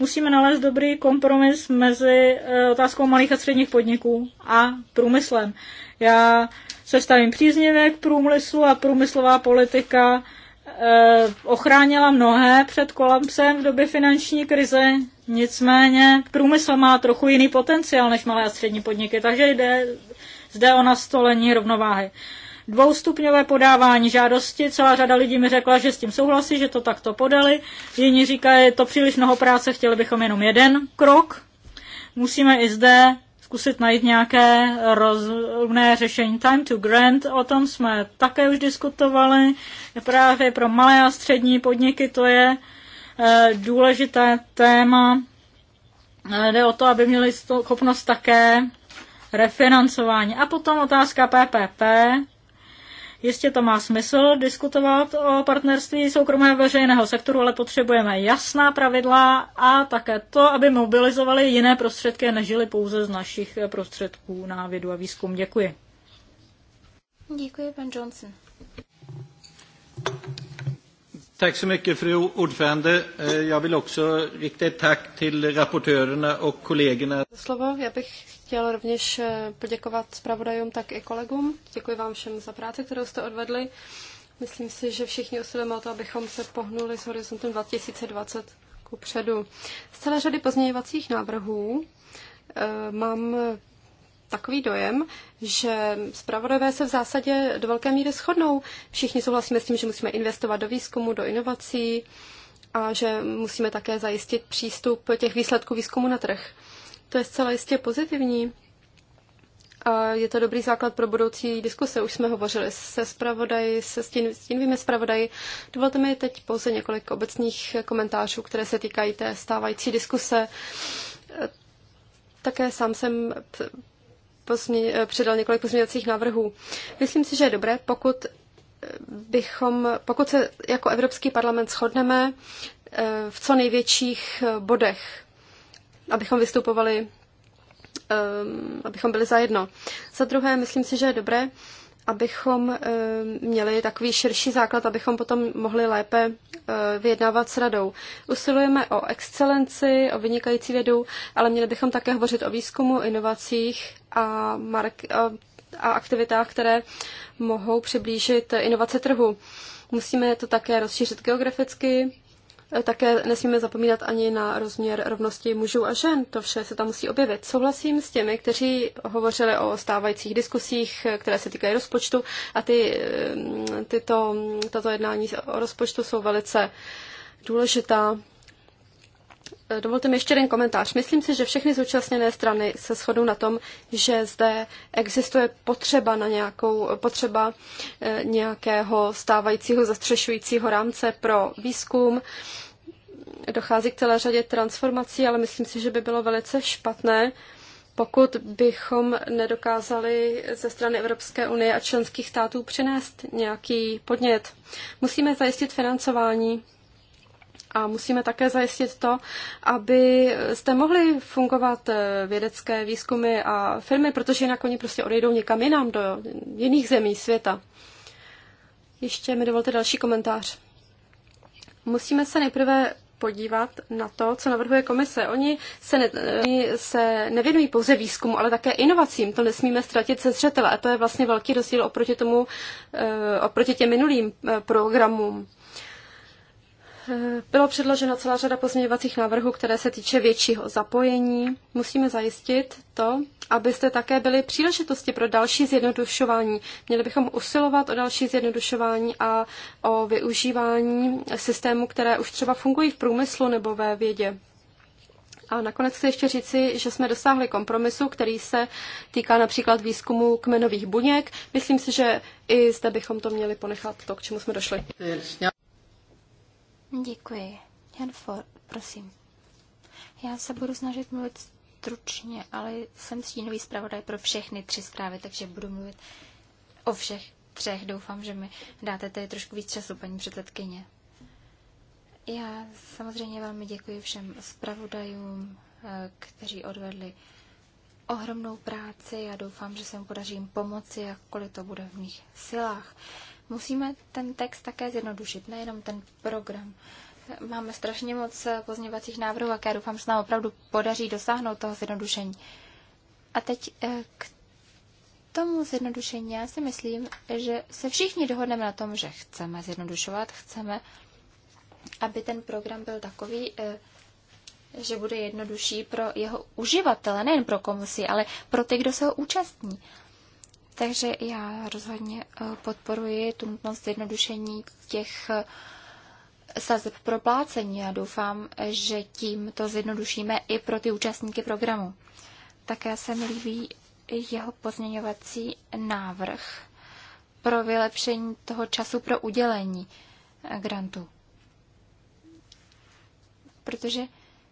Musíme nalézt dobrý kompromis mezi eh, otázkou malých a středních podniků a průmyslem. Já se stavím příznivě k průmyslu a průmyslová politika eh, ochránila mnohé před kolapsem v době finanční krize, nicméně průmysl má trochu jiný potenciál než malé a střední podniky, takže jde zde o nastolení rovnováhy dvoustupňové podávání žádosti. Celá řada lidí mi řekla, že s tím souhlasí, že to takto podali. Jiní říkají, je to příliš mnoho práce, chtěli bychom jenom jeden krok. Musíme i zde zkusit najít nějaké rozumné řešení. Time to grant, o tom jsme také už diskutovali. Právě pro malé a střední podniky to je eh, důležité téma. Eh, jde o to, aby měli schopnost také refinancování. A potom otázka PPP. Jistě to má smysl diskutovat o partnerství soukromého veřejného sektoru, ale potřebujeme jasná pravidla a také to, aby mobilizovali jiné prostředky a nežili pouze z našich prostředků na vědu a výzkum. Děkuji. Děkuji, pan Johnson. Tack så mycket, fru ordförande. Eh, jag vill också rikta ett tack till rapportörerna och kollegorna. Slovo, já bych chtěl rovněž eh, poděkovat zpravodajům, tak i kolegům. Děkuji vám všem za práci, kterou jste odvedli. Myslím si, že všichni usilujeme o to, abychom se pohnuli s horizontem 2020 ku předu. Z celé řady pozměňovacích návrhů eh, mám takový dojem, že zpravodajové se v zásadě do velké míry shodnou. Všichni souhlasíme s tím, že musíme investovat do výzkumu, do inovací a že musíme také zajistit přístup těch výsledků výzkumu na trh. To je zcela jistě pozitivní. A je to dobrý základ pro budoucí diskuse. Už jsme hovořili se zpravodaji, se stínovými zpravodaji. Dovolte mi teď pouze několik obecných komentářů, které se týkají té stávající diskuse. Také sám jsem pozmě, eh, předal několik pozměňovacích návrhů. Myslím si, že je dobré, pokud eh, bychom, pokud se jako Evropský parlament shodneme eh, v co největších bodech, abychom vystupovali, ehm, abychom byli zajedno. Za druhé, myslím si, že je dobré, abychom eh, měli takový širší základ, abychom potom mohli lépe eh, vyjednávat s radou. Usilujeme o excelenci, o vynikající vědu, ale měli bychom také hovořit o výzkumu, inovacích a, mark- a, eh, a aktivitách, které mohou přiblížit inovace trhu. Musíme to také rozšířit geograficky, Eh, také nesmíme zapomínat ani na rozměr rovnosti mužů a žen. To vše se tam musí objevit. Souhlasím s těmi, kteří hovořili o stávajících diskusích, eh, které se týkají rozpočtu a ty, eh, tyto, tato jednání o rozpočtu jsou velice důležitá. Dovolte mi ještě jeden komentář. Myslím si, že všechny zúčastněné strany se shodou na tom, že zde existuje potřeba na nějakou, potřeba eh, nějakého stávajícího zastřešujícího rámce pro výzkum. Dochází k celé řadě transformací, ale myslím si, že by bylo velice špatné, pokud bychom nedokázali ze strany Evropské unie a členských států přinést nějaký podnět. Musíme zajistit financování a musíme také zajistit to, aby jste mohli fungovat eh, vědecké výzkumy a firmy, protože jinak oni prostě odejdou někam jinam do jiných zemí světa. Ještě mi dovolte další komentář. Musíme se nejprve podívat na to, co navrhuje komise. Oni se, ne, oni se nevěnují pouze výzkumu, ale také inovacím. To nesmíme ztratit ze zřetele. A to je vlastně velký rozdíl oproti tomu, eh, oproti těm minulým eh, programům. Bylo předložena celá řada pozměňovacích návrhů, které se týče většího zapojení. Musíme zajistit to, abyste také byli příležitosti pro další zjednodušování. Měli bychom usilovat o další zjednodušování a o využívání systémů, které už třeba fungují v průmyslu nebo ve vědě. A nakonec chci ještě říci, že jsme dosáhli kompromisu, který se týká například výzkumu kmenových buněk. Myslím si, že i zde bychom to měli ponechat, to, k čemu jsme došli. Děkuji. Jan for, prosím. Já se budu snažit mluvit stručně, ale jsem stínový zpravodaj pro všechny tři zprávy, takže budu mluvit o všech třech. Doufám, že mi dáte tady trošku víc času, paní předsedkyně. Já samozřejmě velmi děkuji všem zpravodajům, eh, kteří odvedli ohromnou práci a doufám, že se jim podaří pomoci, jakkoliv to bude v mých silách. Musíme ten text také zjednodušit, nejenom ten program. Máme strašně moc pozněvacích návrhů, a já doufám, že se nám opravdu podaří dosáhnout toho zjednodušení. A teď eh, k tomu zjednodušení já si myslím, že se všichni dohodneme na tom, že chceme zjednodušovat, chceme, aby ten program byl takový, eh, že bude jednodušší pro jeho uživatele, nejen pro komisi, ale pro ty, kdo se ho účastní. Takže já rozhodně eh, podporuji tu nutnost zjednodušení těch eh, sazeb proplácení a doufám, že tím to zjednodušíme i pro ty účastníky programu. Také se mi líbí jeho pozměňovací návrh pro vylepšení toho času pro udělení eh, grantu. Protože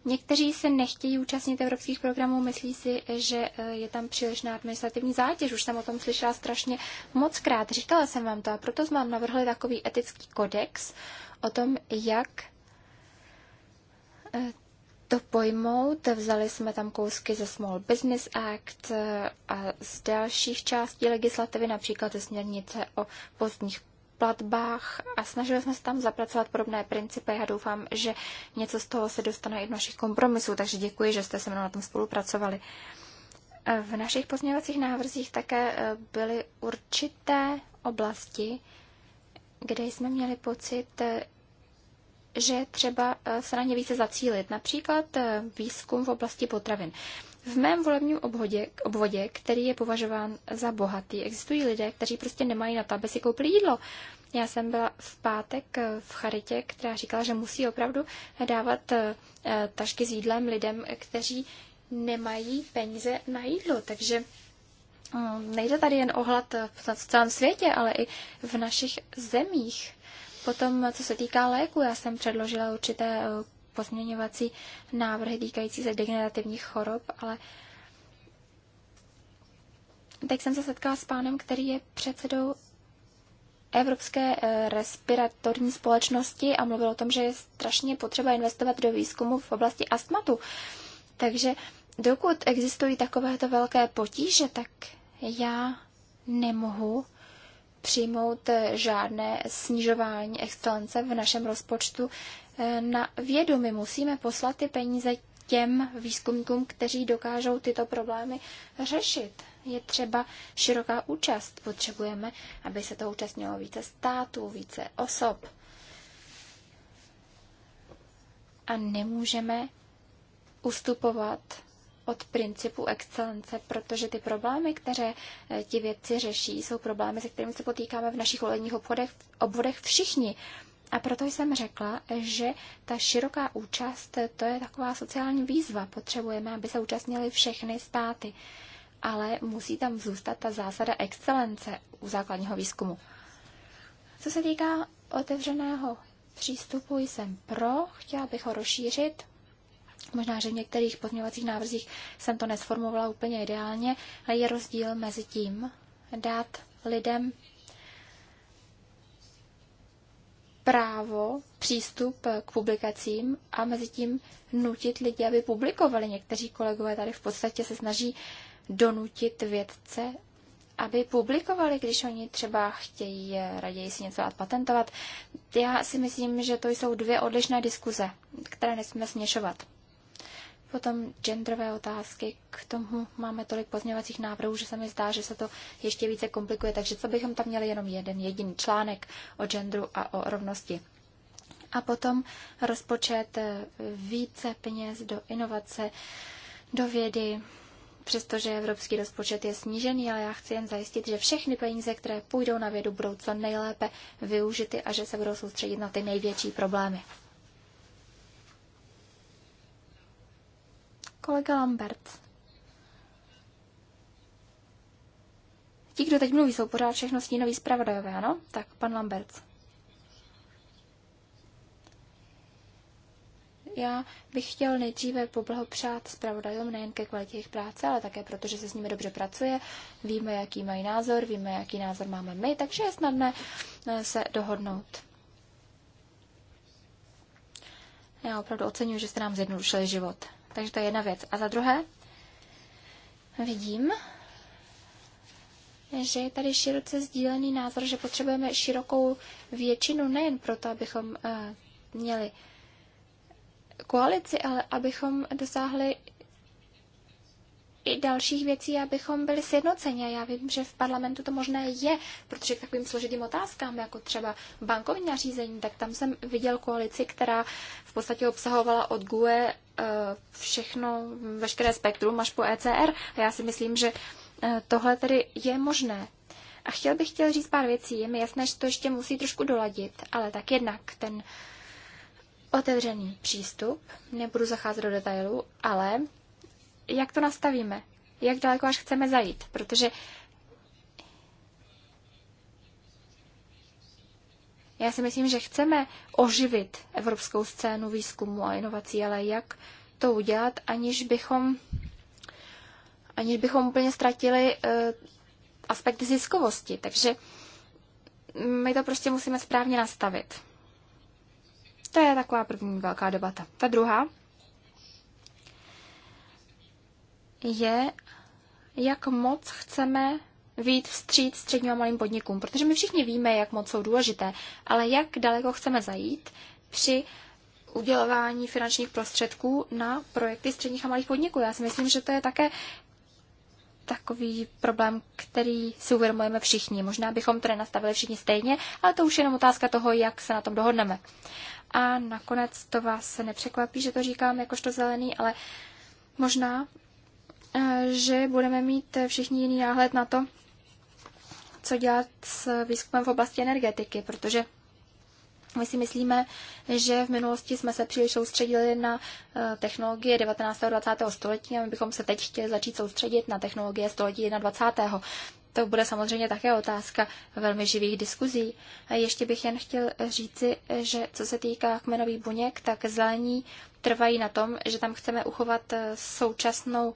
Někteří se nechtějí účastnit evropských programů, myslí si, že eh, je tam přílišná administrativní zátěž. Už jsem o tom slyšela strašně moc krát. Říkala jsem vám to a proto mám navrhli takový etický kodex o tom, jak eh, to pojmout. Vzali jsme tam kousky ze Small Business Act eh, a z dalších částí legislativy, například ze směrnice o pozdních platbách a snažili jsme se tam zapracovat podobné principy. Já doufám, že něco z toho se dostane i do našich kompromisů, takže děkuji, že jste se mnou na tom spolupracovali. V našich pozměňovacích návrzích také eh, byly určité oblasti, kde jsme měli pocit, eh, že třeba eh, se na ně více zacílit. Například výzkum v oblasti potravin. V mém volebním obhodě, obvodě, který je považován za bohatý, existují lidé, kteří prostě nemají na to, aby si koupili jídlo. Já jsem byla v pátek eh, v charitě, která říkala, že musí opravdu dávat eh, eh, tašky s jídlem lidem, kteří nemají peníze na jídlo. Takže mm, nejde tady jen ohlad v celém světě, ale i v našich zemích. Potom, co se týká léku, já jsem předložila určité pozměňovací návrhy týkající se degenerativních chorob, ale tak jsem se setkala s pánem, který je předsedou Evropské eh, respiratorní společnosti a mluvil o tom, že je strašně potřeba investovat do výzkumu v oblasti astmatu. Takže dokud existují takovéto velké potíže, tak já nemohu přijmout eh, žádné snižování excelence v našem rozpočtu eh, na vědu. My musíme poslat ty peníze těm výzkumníkům, kteří dokážou tyto problémy řešit. Je třeba široká účast. Potřebujeme, aby se to účastnilo více států, více osob. A nemůžeme ustupovat od principu excelence, protože ty problémy, které eh, ti věci řeší, jsou problémy, se kterými se potýkáme v našich volebních obchodech, obvodech všichni. A proto jsem řekla, že ta široká účast, to je taková sociální výzva. Potřebujeme, aby se účastnili všechny státy. Ale musí tam zůstat ta zásada excelence u základního výzkumu. Co se týká otevřeného přístupu, jsem pro, chtěla bych ho rozšířit Možná, že v některých pozměňovacích návrzích jsem to nesformovala úplně ideálně, ale je rozdíl mezi tím dát lidem právo, přístup k publikacím a mezi tím nutit lidi, aby publikovali. Někteří kolegové tady v podstatě se snaží donutit vědce, aby publikovali, když oni třeba chtějí raději si něco patentovat. Já si myslím, že to jsou dvě odlišné diskuze, které nesmíme směšovat. Potom genderové otázky, k tomu máme tolik pozměňovacích návrhů, že se mi zdá, že se to ještě více komplikuje, takže co bychom tam měli jenom jeden jediný článek o genderu a o rovnosti. A potom rozpočet eh, více peněz do inovace, do vědy, přestože evropský rozpočet je snížený, ale já chci jen zajistit, že všechny peníze, které půjdou na vědu, budou co nejlépe využity a že se budou soustředit na ty největší problémy. kolega Lambert. Ti, kdo teď mluví, jsou pořád všechno stínový zpravodajové, ano? Tak, pan Lambert. Já bych chtěl nejdříve poblahopřát zpravodajům nejen ke kvalitě jejich práce, ale také proto, že se s nimi dobře pracuje. Víme, jaký mají názor, víme, jaký názor máme my, takže je snadné eh, se dohodnout. Já opravdu oceňuji, že jste nám zjednodušili život. Takže to je jedna věc. A za druhé, vidím, že je tady široce sdílený názor, že potřebujeme širokou většinu nejen proto, abychom eh, měli koalici, ale abychom dosáhli i dalších věcí, abychom byli sjednoceni. A já vím, že v parlamentu to možné je, protože k takovým složitým otázkám, jako třeba bankovní nařízení, tak tam jsem viděl koalici, která v podstatě obsahovala od GUE eh, všechno, veškeré spektrum až po ECR. A já si myslím, že eh, tohle tedy je možné. A chtěl bych chtěl říct pár věcí. Je mi jasné, že to ještě musí trošku doladit, ale tak jednak ten otevřený přístup, nebudu zacházet do detailů, ale jak to nastavíme, jak daleko až chceme zajít, protože já si myslím, že chceme oživit evropskou scénu výzkumu a inovací, ale jak to udělat, aniž bychom, aniž bychom úplně ztratili eh, aspekty ziskovosti. Takže my to prostě musíme správně nastavit. To je taková první velká debata. Ta druhá je, jak moc chceme výjít vstříc středním a malým podnikům, protože my všichni víme, jak moc jsou důležité, ale jak daleko chceme zajít při udělování finančních prostředků na projekty středních a malých podniků. Já si myslím, že to je také takový problém, který si uvědomujeme všichni. Možná bychom to nenastavili všichni stejně, ale to už je jenom otázka toho, jak se na tom dohodneme. A nakonec to vás nepřekvapí, že to říkám jakožto zelený, ale možná Eh, že budeme mít eh, všichni jiný náhled na to, co dělat s výzkumem v oblasti energetiky, protože my si myslíme, že v minulosti jsme se příliš soustředili na eh, technologie 19. a 20. století a my bychom se teď chtěli začít soustředit na technologie století 21. To bude samozřejmě také otázka velmi živých diskuzí. A ještě bych jen chtěl říci, že co se týká kmenových buněk, tak zelení trvají na tom, že tam chceme uchovat současnou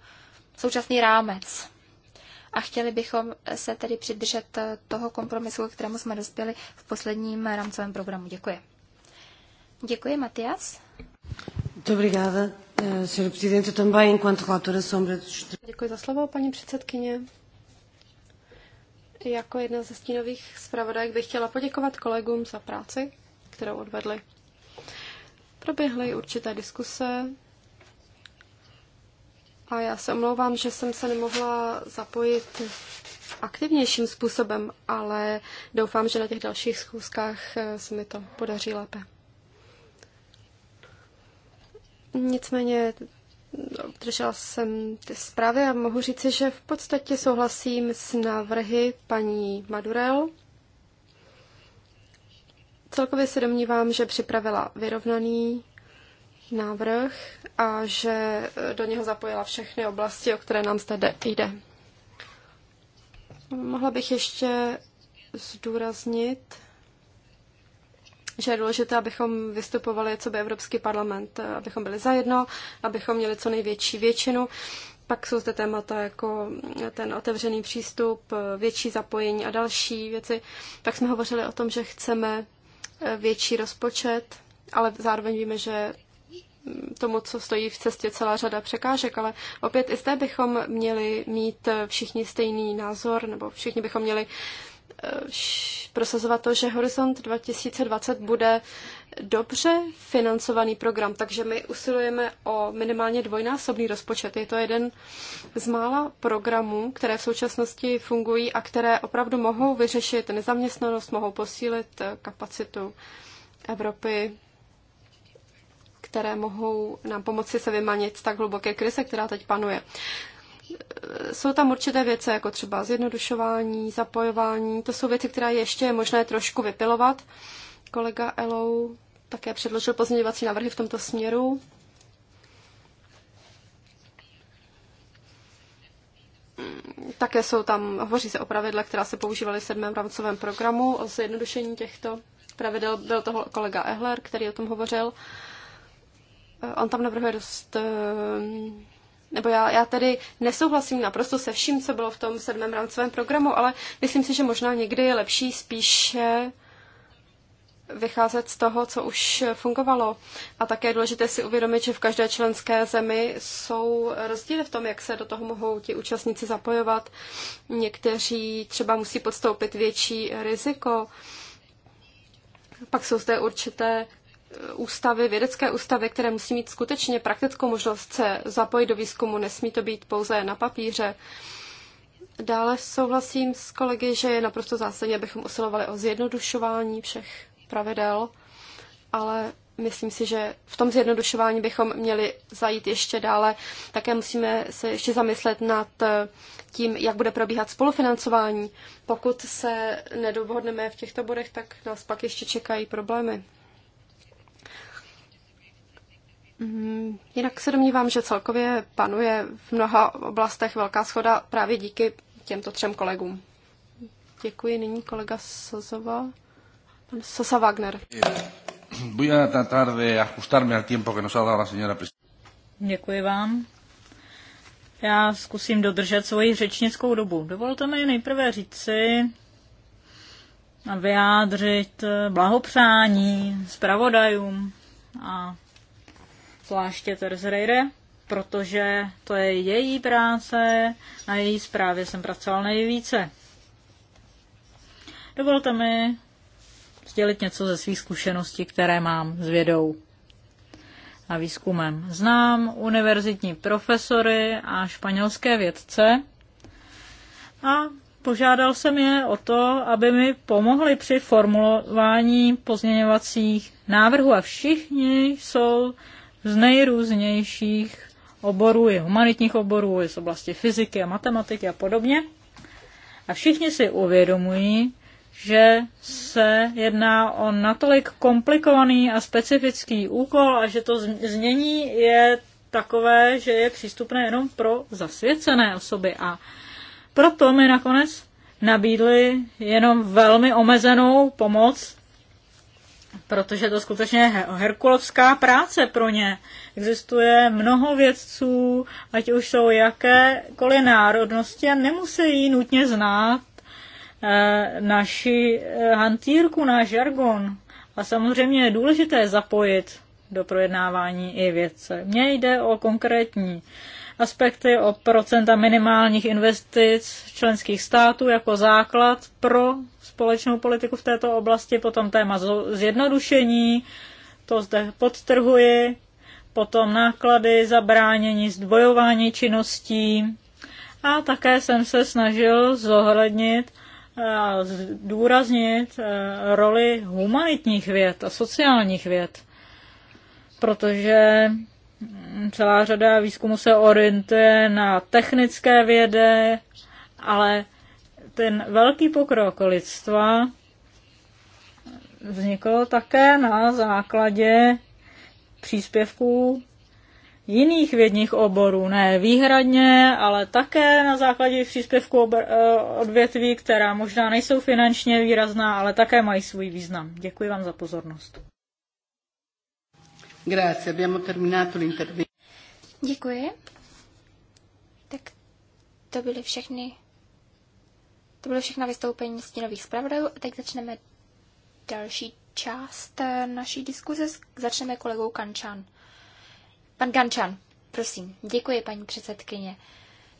současný rámec. A chtěli bychom se tedy přidržet toho kompromisu, k kterému jsme dospěli v posledním rámcovém programu. Děkuji. Děkuji, Matias. Eh, um Děkuji za slovo, paní předsedkyně. Jako jedna ze stínových zpravodajek bych chtěla poděkovat kolegům za práci, kterou odvedli. Proběhly určité diskuse a já se omlouvám, že jsem se nemohla zapojit aktivnějším způsobem, ale doufám, že na těch dalších schůzkách eh, se mi to podaří lépe. Nicméně držela jsem ty zprávy a mohu říci, že v podstatě souhlasím s návrhy paní Madurel. Celkově se domnívám, že připravila vyrovnaný návrh a že eh, do něho zapojila všechny oblasti, o které nám zde jde. Mohla bych ještě zdůraznit, že je důležité, abychom vystupovali co by Evropský parlament, eh, abychom byli zajedno, abychom měli co největší většinu. Pak jsou zde témata jako eh, ten otevřený přístup, větší zapojení a další věci. Pak jsme hovořili o tom, že chceme větší rozpočet, ale zároveň víme, že tomu, co stojí v cestě celá řada překážek, ale opět i zde bychom měli mít eh, všichni stejný názor, nebo všichni bychom měli eh, prosazovat to, že Horizont 2020 bude dobře financovaný program, takže my usilujeme o minimálně dvojnásobný rozpočet. Je to jeden z mála programů, které v současnosti fungují a které opravdu mohou vyřešit nezaměstnanost, mohou posílit eh, kapacitu Evropy které mohou nám pomoci se vymanit z tak hluboké krize, která teď panuje. Jsou tam určité věci, jako třeba zjednodušování, zapojování. To jsou věci, které ještě je možné trošku vypilovat. Kolega Elou také předložil pozměňovací návrhy v tomto směru. Také jsou tam, hovoří se o pravidle, která se používaly v sedmém rámcovém programu, o zjednodušení těchto pravidel. Byl toho kolega Ehler, který o tom hovořil on tam navrhuje dost, eh, nebo já, já tedy nesouhlasím naprosto se vším, co bylo v tom sedmém rámcovém programu, ale myslím si, že možná někdy je lepší spíše vycházet z toho, co už fungovalo. A také je důležité si uvědomit, že v každé členské zemi jsou rozdíly v tom, jak se do toho mohou ti účastníci zapojovat. Někteří třeba musí podstoupit větší riziko. Pak jsou zde určité ústavy, vědecké ústavy, které musí mít skutečně praktickou možnost se zapojit do výzkumu, nesmí to být pouze na papíře. Dále souhlasím s kolegy, že je naprosto zásadní, abychom usilovali o zjednodušování všech pravidel, ale myslím si, že v tom zjednodušování bychom měli zajít ještě dále. Také musíme se ještě zamyslet nad eh, tím, jak bude probíhat spolufinancování. Pokud se nedohodneme v těchto bodech, tak nás pak ještě čekají problémy. Mhm. Jinak se domnívám, že celkově panuje v mnoha oblastech velká schoda právě díky těmto třem kolegům. Děkuji. Nyní kolega Sosova. Pan Sosa Wagner. Eh, Děkuji vám. Já zkusím dodržet svoji řečnickou dobu. Dovolte mi nejprve říci a vyjádřit blahopřání zpravodajům a zvláště Teres Reire, protože to je její práce, na její zprávě jsem pracoval nejvíce. Dovolte mi sdělit něco ze svých zkušeností, které mám s vědou a výzkumem. Znám univerzitní profesory a španělské vědce a požádal jsem je o to, aby mi pomohli při formulování pozměňovacích návrhů a všichni jsou z nejrůznějších oborů, je humanitních oborů, je z oblasti fyziky a matematiky a podobně. A všichni si uvědomují, že se jedná o natolik komplikovaný a specifický úkol a že to znění je takové, že je přístupné jenom pro zasvěcené osoby. A proto mi nakonec nabídli jenom velmi omezenou pomoc protože to skutečně je herkulovská práce pro ně. Existuje mnoho vědců, ať už jsou jakékoliv národnosti a nemusí nutně znát e, naši e, hantýrku, náš jargon, A samozřejmě je důležité zapojit do projednávání i vědce. Mně jde o konkrétní aspekty, o procenta minimálních investic členských států jako základ pro společnou politiku v této oblasti, potom téma zjednodušení, to zde podtrhuji, potom náklady, zabránění, zdvojování činností a také jsem se snažil zohlednit eh, a zdůraznit eh, roli humanitních věd a sociálních věd, protože mm, celá řada výzkumu se orientuje na technické vědy, ale ten velký pokrok lidstva vznikl také na základě příspěvků jiných vědních oborů, ne výhradně, ale také na základě příspěvků eh, odvětví, která možná nejsou finančně výrazná, ale také mají svůj význam. Děkuji vám za pozornost. Grazie, abbiamo terminato l'intervento. Děkuji. Tak to byly všechny to bylo všechno vystoupení stínových zpravodajů a teď začneme další část eh, naší diskuze. Začneme kolegou Kančan. Pan Kančan, prosím. Děkuji, paní předsedkyně.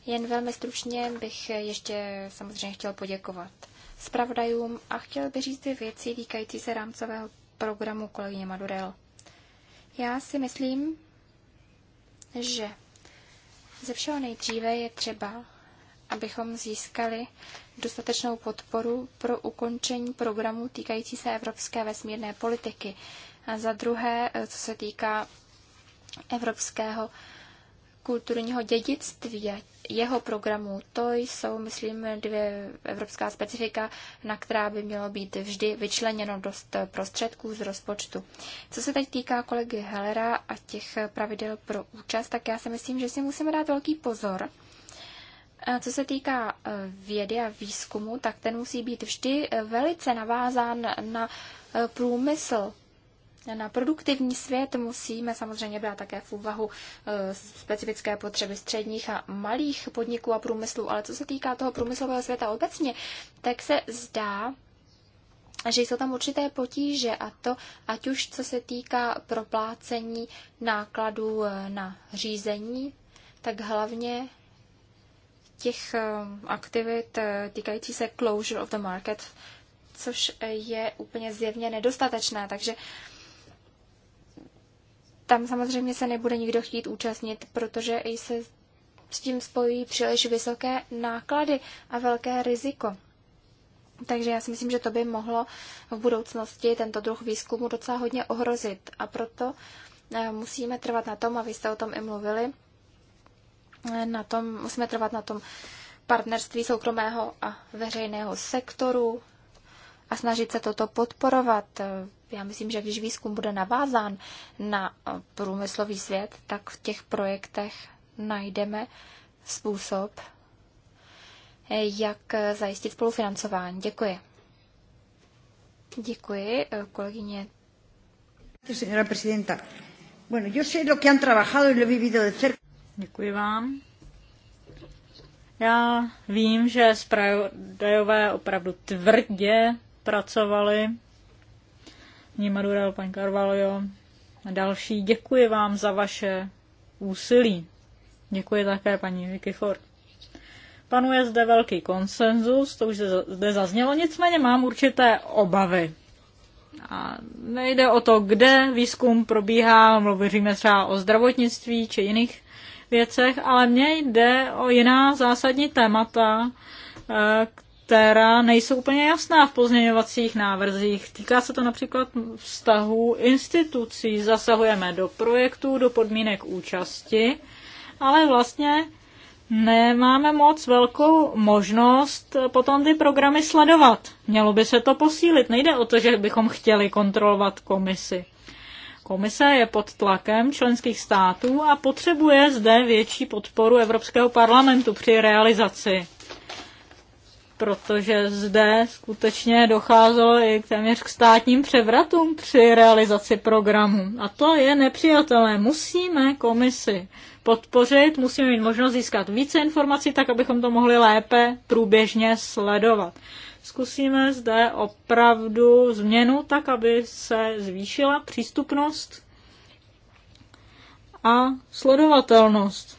Jen velmi stručně bych eh, ještě samozřejmě chtěl poděkovat zpravodajům a chtěl bych říct dvě věci týkající se rámcového programu kolegyně Madurel. Já si myslím, že ze všeho nejdříve je třeba abychom získali dostatečnou podporu pro ukončení programů týkající se evropské vesmírné politiky. A za druhé, eh, co se týká evropského kulturního dědictví a jeho programů. To jsou, myslím, dvě evropská specifika, na která by mělo být vždy vyčleněno dost prostředků z rozpočtu. Co se teď týká kolegy Hellera a těch pravidel pro účast, tak já si myslím, že si musíme dát velký pozor, co se týká e, vědy a výzkumu, tak ten musí být vždy e, velice navázán na e, průmysl. Na produktivní svět musíme samozřejmě brát také v úvahu specifické potřeby středních a malých podniků a průmyslu, ale co se týká toho průmyslového světa obecně, tak se zdá, že jsou tam určité potíže a to ať už co se týká proplácení nákladů na řízení, tak hlavně těch eh, aktivit eh, týkající se closure of the market, což je úplně zjevně nedostatečné, takže tam samozřejmě se nebude nikdo chtít účastnit, protože i se s tím spojí příliš vysoké náklady a velké riziko. Takže já si myslím, že to by mohlo v budoucnosti tento druh výzkumu docela hodně ohrozit. A proto eh, musíme trvat na tom, a vy jste o tom i mluvili, na tom, musíme trvat na tom partnerství soukromého a veřejného sektoru a snažit se toto podporovat. Já myslím, že když výzkum bude navázán na průmyslový svět, tak v těch projektech najdeme způsob, jak zajistit spolufinancování. Děkuji. Děkuji, kolegyně. Señora presidenta, bueno, yo sé lo que han trabajado y lo he vivido de cerca. Děkuji vám. Já vím, že zpravodajové opravdu tvrdě pracovali. Ní Madurel, pan Carvalho a další. Děkuji vám za vaše úsilí. Děkuji také paní Vicky Ford. Panuje zde velký konsenzus, to už zde zaznělo, nicméně mám určité obavy. A nejde o to, kde výzkum probíhá, mluvíme třeba o zdravotnictví či jiných věcech, ale mně jde o jiná zásadní témata, eh, která nejsou úplně jasná v pozměňovacích návrzích. Týká se to například vztahu institucí. Zasahujeme do projektů, do podmínek účasti, ale vlastně nemáme moc velkou možnost potom ty programy sledovat. Mělo by se to posílit. Nejde o to, že bychom chtěli kontrolovat komisi. Komise je pod tlakem členských států a potřebuje zde větší podporu Evropského parlamentu při realizaci protože zde skutečně docházelo i téměř k státním převratům při realizaci programu. A to je nepřijatelné. Musíme komisi podpořit, musíme mít možnost získat více informací, tak abychom to mohli lépe průběžně sledovat zkusíme zde opravdu změnu tak, aby se zvýšila přístupnost a sledovatelnost.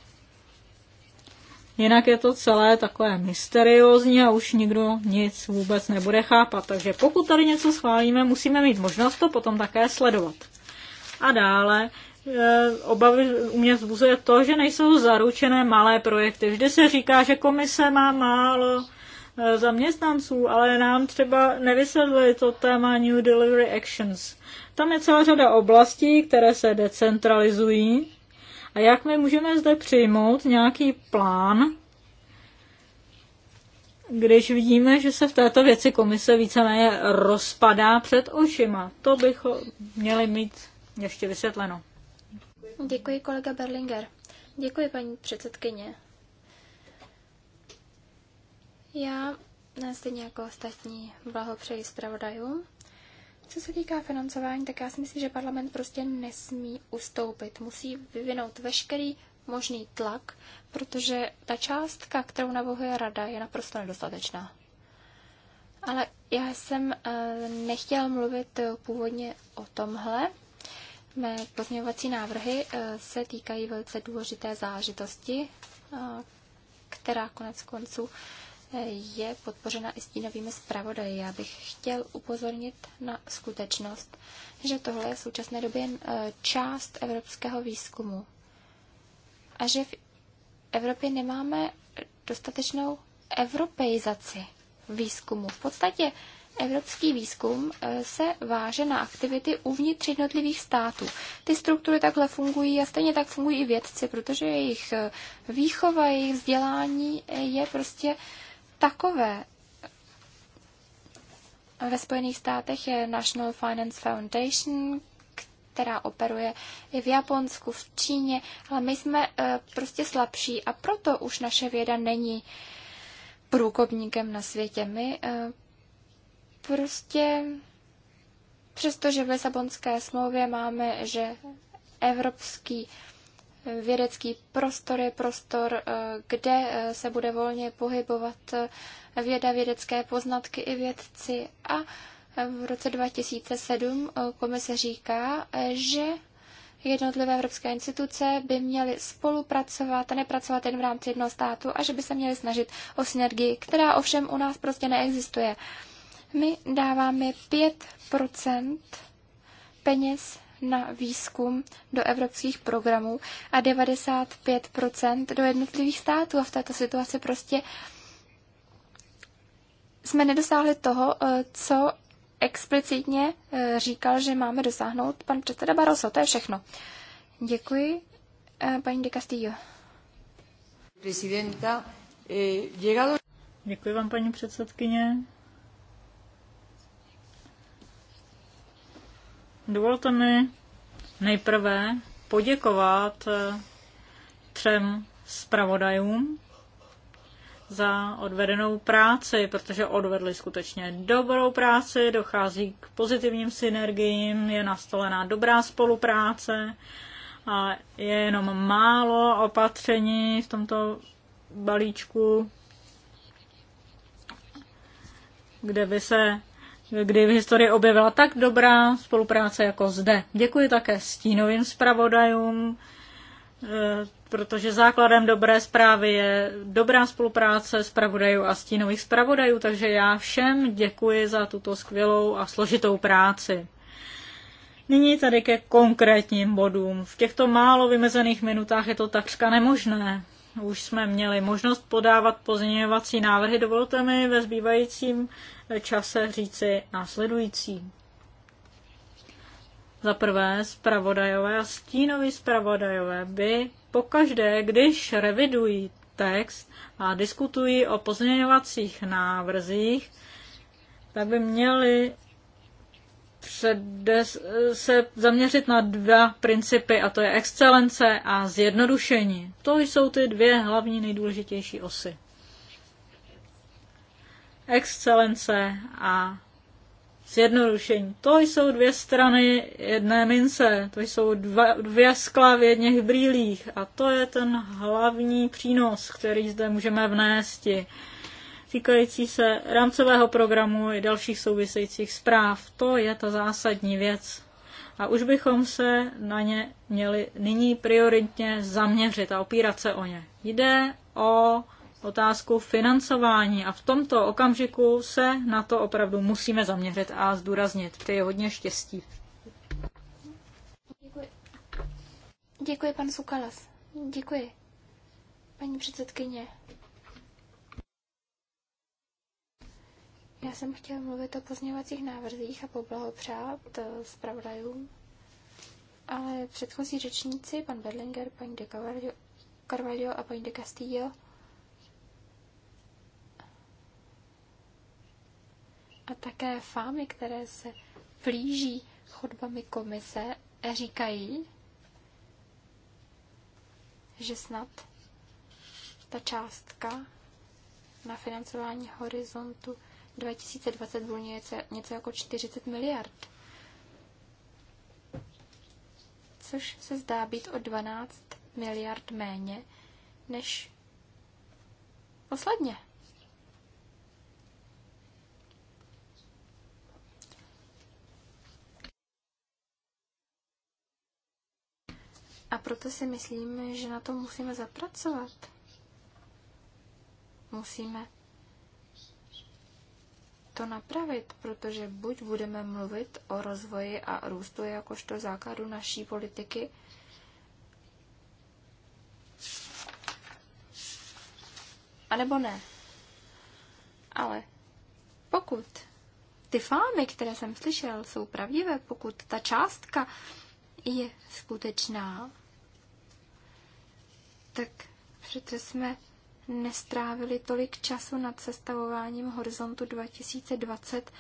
Jinak je to celé takové mysteriózní a už nikdo nic vůbec nebude chápat. Takže pokud tady něco schválíme, musíme mít možnost to potom také sledovat. A dále eh, obavy u mě vzbuzuje to, že nejsou zaručené malé projekty. Vždy se říká, že komise má málo Eh, zaměstnanců, ale nám třeba nevysvětlili to téma New Delivery Actions. Tam je celá řada oblastí, které se decentralizují. A jak my můžeme zde přijmout nějaký plán, když vidíme, že se v této věci komise víceméně rozpadá před očima. To bychom měli mít ještě vysvětleno. Děkuji, kolega Berlinger. Děkuji, paní předsedkyně. Já, eh, stejně jako ostatní, blahopřeji zpravodajům. Co se týká financování, tak já si myslím, že parlament prostě nesmí ustoupit. Musí vyvinout veškerý možný tlak, protože ta částka, kterou navrhuje rada, je naprosto nedostatečná. Ale já jsem eh, nechtěla mluvit původně o tomhle. Mé pozměňovací návrhy eh, se týkají velice důležité zážitosti, která konec konců je podpořena i stínovými zpravodaji. Já bych chtěl upozornit na skutečnost, že tohle je v současné době jen eh, část evropského výzkumu a že v Evropě nemáme dostatečnou europeizaci výzkumu. V podstatě Evropský výzkum eh, se váže na aktivity uvnitř jednotlivých států. Ty struktury takhle fungují a stejně tak fungují i vědci, protože jejich eh, výchova, jejich vzdělání je prostě takové. Ve Spojených státech je National Finance Foundation, která operuje i v Japonsku, v Číně, ale my jsme eh, prostě slabší a proto už naše věda není průkopníkem na světě. My eh, prostě, přestože v Lisabonské smlouvě máme, že Evropský vědecký prostor je prostor, eh, kde eh, se bude volně pohybovat eh, věda, vědecké poznatky i vědci. A v roce 2007 komise říká, že jednotlivé evropské instituce by měly spolupracovat a nepracovat jen v rámci jednoho státu a že by se měly snažit o synergii, která ovšem u nás prostě neexistuje. My dáváme 5 peněz na výzkum do evropských programů a 95% do jednotlivých států. A v této situaci prostě jsme nedosáhli toho, eh, co explicitně eh, říkal, že máme dosáhnout pan předseda Barroso. To je všechno. Děkuji, eh, paní de Castillo. Děkuji vám, paní předsedkyně. Dovolte mi nejprve poděkovat eh, třem zpravodajům za odvedenou práci, protože odvedli skutečně dobrou práci, dochází k pozitivním synergiím, je nastolená dobrá spolupráce a je jenom málo opatření v tomto balíčku, kde by se kdy v historii objevila tak dobrá spolupráce jako zde. Děkuji také stínovým zpravodajům, e, protože základem dobré zprávy je dobrá spolupráce zpravodajů a stínových zpravodajů, takže já všem děkuji za tuto skvělou a složitou práci. Nyní tady ke konkrétním bodům. V těchto málo vymezených minutách je to takřka nemožné už jsme měli možnost podávat pozměňovací návrhy. Dovolte mi ve zbývajícím čase říci následující. Za prvé, zpravodajové a stínoví zpravodajové by pokaždé, když revidují text a diskutují o pozměňovacích návrzích, tak by měli přede se zaměřit na dva principy, a to je excelence a zjednodušení. To jsou ty dvě hlavní nejdůležitější osy. Excelence a zjednodušení. To jsou dvě strany jedné mince, to jsou dva, dvě skla v jedněch brýlích a to je ten hlavní přínos, který zde můžeme vnésti týkající se rámcového programu i dalších souvisejících zpráv. To je ta zásadní věc. A už bychom se na ně měli nyní prioritně zaměřit a opírat se o ně. Jde o otázku financování a v tomto okamžiku se na to opravdu musíme zaměřit a zdůraznit. Přeji hodně štěstí. Děkuji. Děkuji, pan Sukalas. Děkuji. Paní předsedkyně, Já jsem chtěla mluvit o pozměňovacích návrzích a poblahopřát eh, zpravodajům, ale předchozí řečníci, pan Berlinger, paní de Carvalho a paní de Castillo, a také fámy, které se plíží chodbami komise, říkají, že snad ta částka na financování horizontu 2020 bylo něco, něco jako 40 miliard. Což se zdá být o 12 miliard méně než posledně. A proto si myslím, že na to musíme zapracovat. Musíme to napravit, protože buď budeme mluvit o rozvoji a růstu jakožto základu naší politiky, anebo ne. Ale pokud ty fámy, které jsem slyšel, jsou pravdivé, pokud ta částka je skutečná, tak přece jsme nestrávili tolik času nad sestavováním horizontu 2020.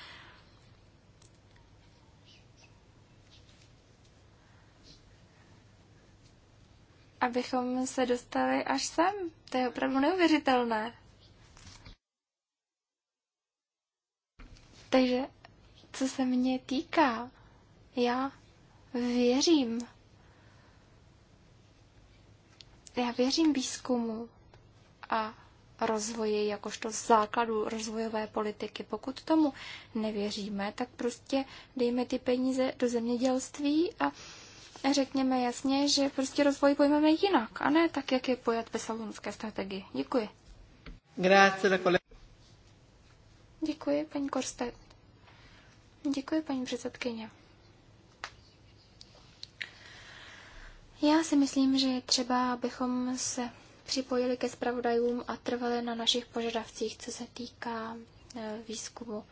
Abychom se dostali až sem. To je opravdu neuvěřitelné. Takže, co se mě týká, já věřím. Já věřím výzkumu a rozvoji jakožto základu rozvojové politiky. Pokud tomu nevěříme, tak prostě dejme ty peníze do zemědělství a řekněme jasně, že prostě rozvoj pojmeme jinak a ne tak, jak je pojat ve salonské strategii. Děkuji. Děkuji, paní Korstet. Děkuji, paní předsedkyně. Já si myslím, že třeba, bychom se připojili ke zpravodajům a trvali na našich požadavcích, co se týká e, výzkumu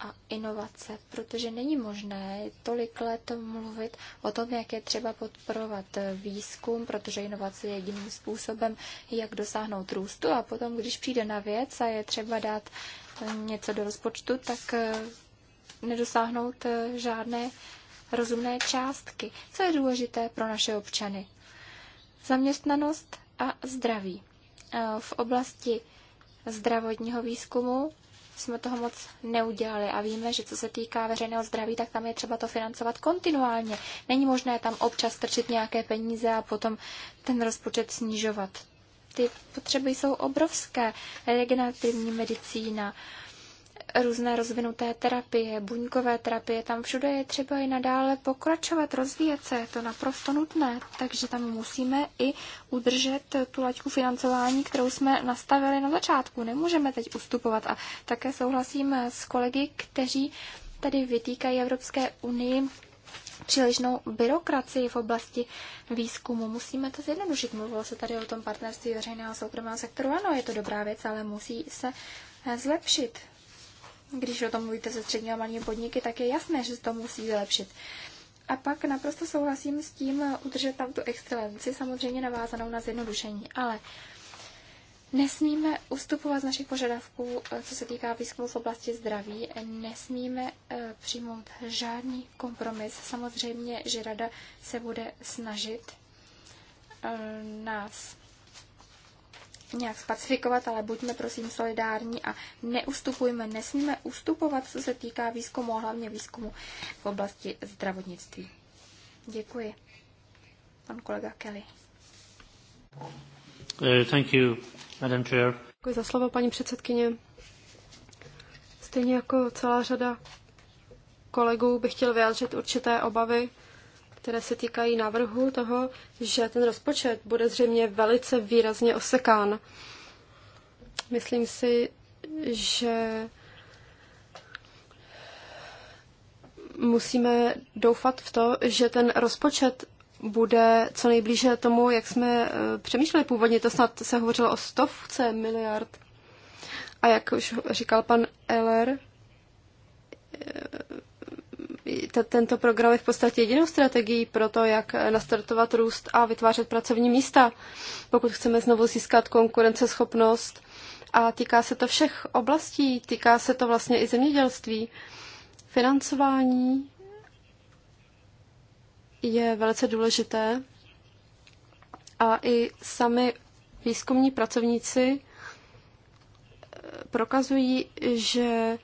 a inovace, protože není možné tolik let mluvit o tom, jak je třeba podporovat e, výzkum, protože inovace je jediným způsobem, jak dosáhnout růstu a potom, když přijde na věc a je třeba dát e, něco do rozpočtu, tak nedosáhnout žádné rozumné částky, co je důležité pro naše občany. Zaměstnanost a zdraví. E, v oblasti zdravotního výzkumu jsme toho moc neudělali a víme, že co se týká veřejného zdraví, tak tam je třeba to financovat kontinuálně. Není možné tam občas strčit nějaké peníze a potom ten rozpočet snižovat. Ty potřeby jsou obrovské. Regenerativní medicína, různé rozvinuté terapie, buňkové terapie, tam všude je třeba i nadále pokračovat, rozvíjet se, je to naprosto nutné, takže tam musíme i udržet tu laťku financování, kterou jsme nastavili na začátku. Nemůžeme teď ustupovat a také souhlasím s kolegy, kteří tady vytýkají Evropské unii přílišnou byrokracii v oblasti výzkumu. Musíme to zjednodušit. Mluvilo se tady o tom partnerství veřejného a soukromého sektoru. Ano, je to dobrá věc, ale musí se zlepšit. Když o tom mluvíte se střední a malými podniky, tak je jasné, že se to musí zlepšit. A pak naprosto souhlasím s tím udržet tam tu excelenci, samozřejmě navázanou na zjednodušení, ale Nesmíme ustupovat z našich požadavků, eh, co se týká výzkumu v oblasti zdraví. Nesmíme eh, přijmout žádný kompromis. Samozřejmě, že rada se bude snažit eh, nás nějak spacifikovat, ale buďme prosím solidární a neustupujme, nesmíme ustupovat, co se týká výzkumu a hlavně výzkumu v oblasti zdravotnictví. Děkuji. Pan kolega Kelly. Eh, thank you, Madam Chair. Děkuji za slovo, paní předsedkyně. Stejně jako celá řada kolegů bych chtěl vyjádřit určité obavy které se týkají návrhu toho, že ten rozpočet bude zřejmě velice výrazně osekán. Myslím si, že musíme doufat v to, že ten rozpočet bude co nejblíže tomu, jak jsme eh, přemýšleli původně. To snad se hovořilo o stovce miliard. A jak už říkal pan Eller, eh, tento program je v podstatě jedinou strategií pro to, jak nastartovat růst a vytvářet pracovní místa, pokud chceme znovu získat konkurenceschopnost. A týká se to všech oblastí, týká se to vlastně i zemědělství. Financování je velice důležité a i sami výzkumní pracovníci eh, prokazují, že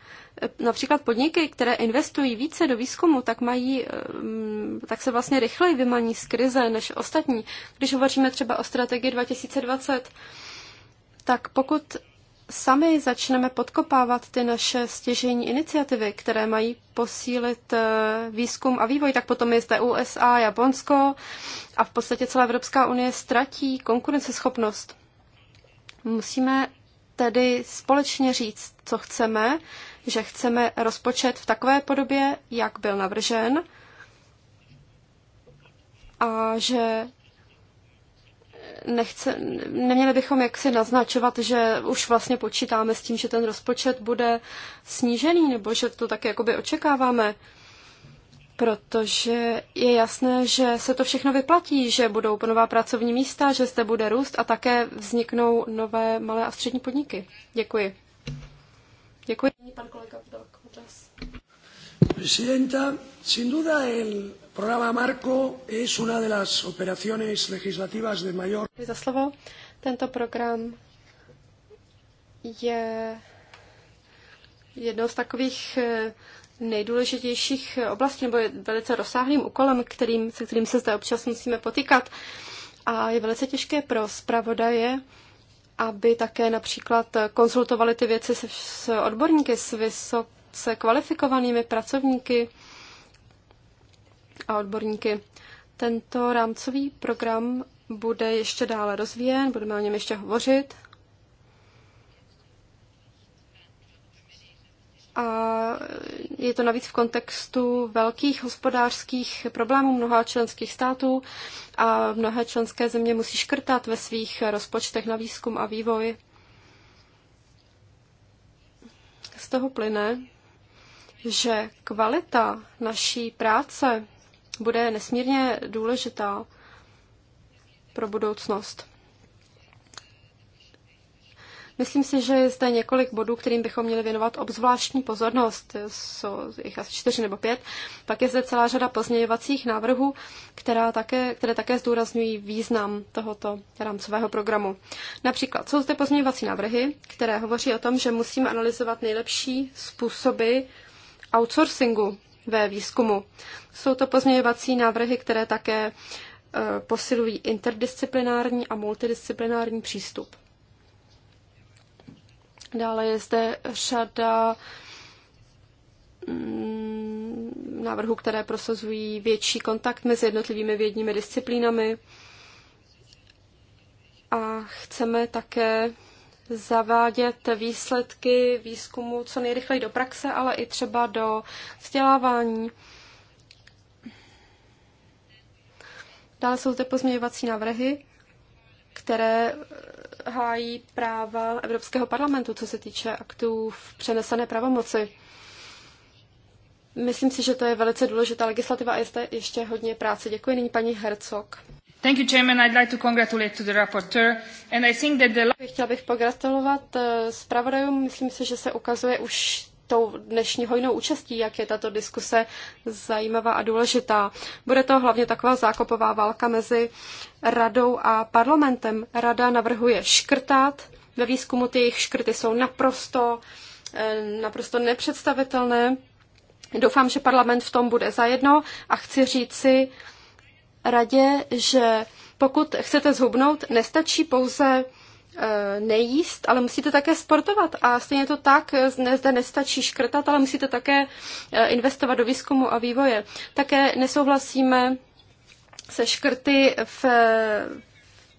například podniky, které investují více do výzkumu, tak, mají, eh, tak se vlastně rychleji vymaní z krize než ostatní. Když hovoříme třeba o strategii 2020, tak pokud sami začneme podkopávat ty naše stěžení iniciativy, které mají posílit eh, výzkum a vývoj, tak potom je zde USA, Japonsko a v podstatě celá Evropská unie ztratí konkurenceschopnost. Musíme tedy společně říct, co chceme že chceme rozpočet v takové podobě, jak byl navržen, a že nechce, neměli bychom jaksi naznačovat, že už vlastně počítáme s tím, že ten rozpočet bude snížený, nebo že to tak jakoby očekáváme, protože je jasné, že se to všechno vyplatí, že budou nová pracovní místa, že zde bude růst a také vzniknou nové malé a střední podniky. Děkuji. Děkuji. Pan kolega Presidenta, sin duda el programa Marco es una de las operaciones legislativas de mayor. Za slovo. Tento program je jednou z takových eh, nejdůležitějších oblastí, nebo je velice rozsáhlým úkolem, kterým, se kterým se zde občas musíme potýkat. A je velice těžké pro zpravodaje aby také například konzultovali ty věci s, s odborníky, s vysoce kvalifikovanými pracovníky a odborníky. Tento rámcový program bude ještě dále rozvíjen, budeme o něm ještě hovořit a je to navíc v kontextu velkých hospodářských problémů mnoha členských států a mnohé členské země musí škrtat ve svých rozpočtech na výzkum a vývoj. Z toho plyne, že kvalita naší práce bude nesmírně důležitá pro budoucnost. Myslím si, že je zde několik bodů, kterým bychom měli věnovat obzvláštní pozornost. Jsou jich asi čtyři nebo pět. Pak je zde celá řada pozměňovacích návrhů, která také, které také zdůrazňují význam tohoto rámcového programu. Například jsou zde pozměňovací návrhy, které hovoří o tom, že musíme analyzovat nejlepší způsoby outsourcingu ve výzkumu. Jsou to pozměňovací návrhy, které také eh, posilují interdisciplinární a multidisciplinární přístup. Dále je zde řada mm, návrhů, které prosazují větší kontakt mezi jednotlivými vědními disciplínami. A chceme také zavádět výsledky výzkumu co nejrychleji do praxe, ale i třeba do vzdělávání. Dále jsou zde pozměňovací návrhy, které hájí práva Evropského parlamentu, co se týče aktů v přenesené pravomoci. Myslím si, že to je velice důležitá legislativa a je zde ještě hodně práce. Děkuji nyní paní Hercog. Thank you, Chairman. I'd like to congratulate to the rapporteur. And I think that the... Chtěla bych pogratulovat eh, zpravodajům. Myslím si, že se ukazuje už tou dnešní hojnou účastí, jak je tato diskuse zajímavá a důležitá. Bude to hlavně taková zákopová válka mezi radou a parlamentem. Rada navrhuje škrtat, ve výzkumu ty jejich škrty jsou naprosto, eh, naprosto nepředstavitelné. Doufám, že parlament v tom bude zajedno a chci říci radě, že pokud chcete zhubnout, nestačí pouze Eh, nejíst, ale musíte také sportovat. A stejně to tak, eh, zde nestačí škrtat, ale musíte také eh, investovat do výzkumu a vývoje. Také nesouhlasíme se škrty v,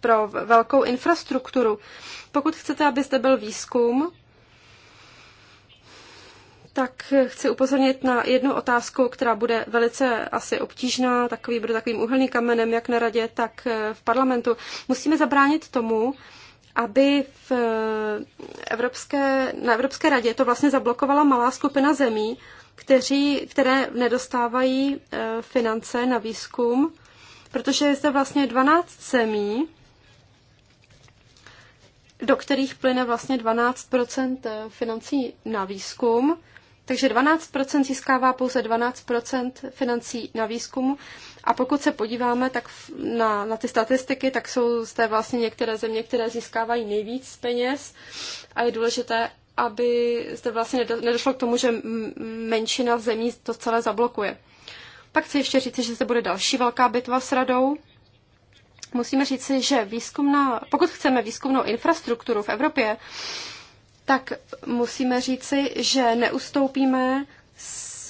pro velkou infrastrukturu. Pokud chcete, aby zde byl výzkum, tak chci upozornit na jednu otázku, která bude velice asi obtížná, takový bude takovým uhelným kamenem, jak na radě, tak v parlamentu. Musíme zabránit tomu, aby v eh, Evropské, na Evropské radě to vlastně zablokovala malá skupina zemí, kteří, které nedostávají eh, finance na výzkum, protože je zde vlastně 12 zemí, do kterých plyne vlastně 12 eh, financí na výzkum takže 12% získává pouze 12% financí na výzkumu. A pokud se podíváme tak na, na ty statistiky, tak jsou zde vlastně některé země, které získávají nejvíc peněz a je důležité, aby zde vlastně nedošlo k tomu, že menšina zemí to celé zablokuje. Pak chci ještě říct, že zde bude další velká bitva s radou. Musíme říci, že výzkumná, pokud chceme výzkumnou infrastrukturu v Evropě, tak musíme říci, že neustoupíme,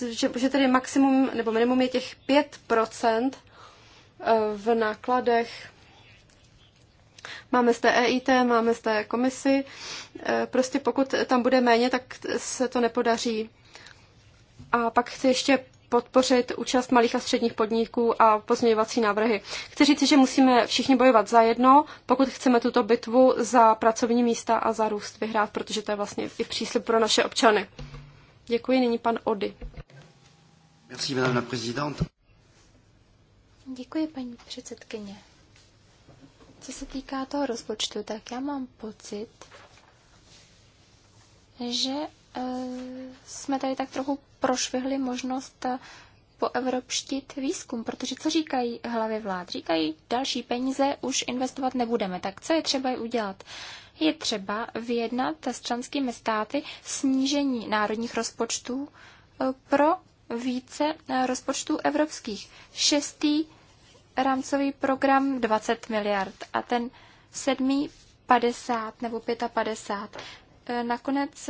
že, že tedy maximum nebo minimum je těch 5% eh, v nákladech. Máme zde EIT, máme zde komisy. Eh, prostě pokud tam bude méně, tak se to nepodaří. A pak chci ještě podpořit účast malých a středních podniků a pozměňovací návrhy. Chci říct, že musíme všichni bojovat za jedno, pokud chceme tuto bitvu za pracovní místa a za růst vyhrát, protože to je vlastně i příslip pro naše občany. Děkuji, nyní pan Ody. Merci, madame la présidente. Děkuji, paní předsedkyně. Co se týká toho rozpočtu, tak já mám pocit, že e, jsme tady tak trochu prošvihli možnost eh, poevropštit výzkum, protože co říkají hlavy vlád? Říkají, další peníze už investovat nebudeme. Tak co je třeba udělat? Je třeba vyjednat s členskými státy snížení národních rozpočtů eh, pro více eh, rozpočtů evropských. Šestý rámcový program 20 miliard a ten sedmý 50 nebo 55. Nakonec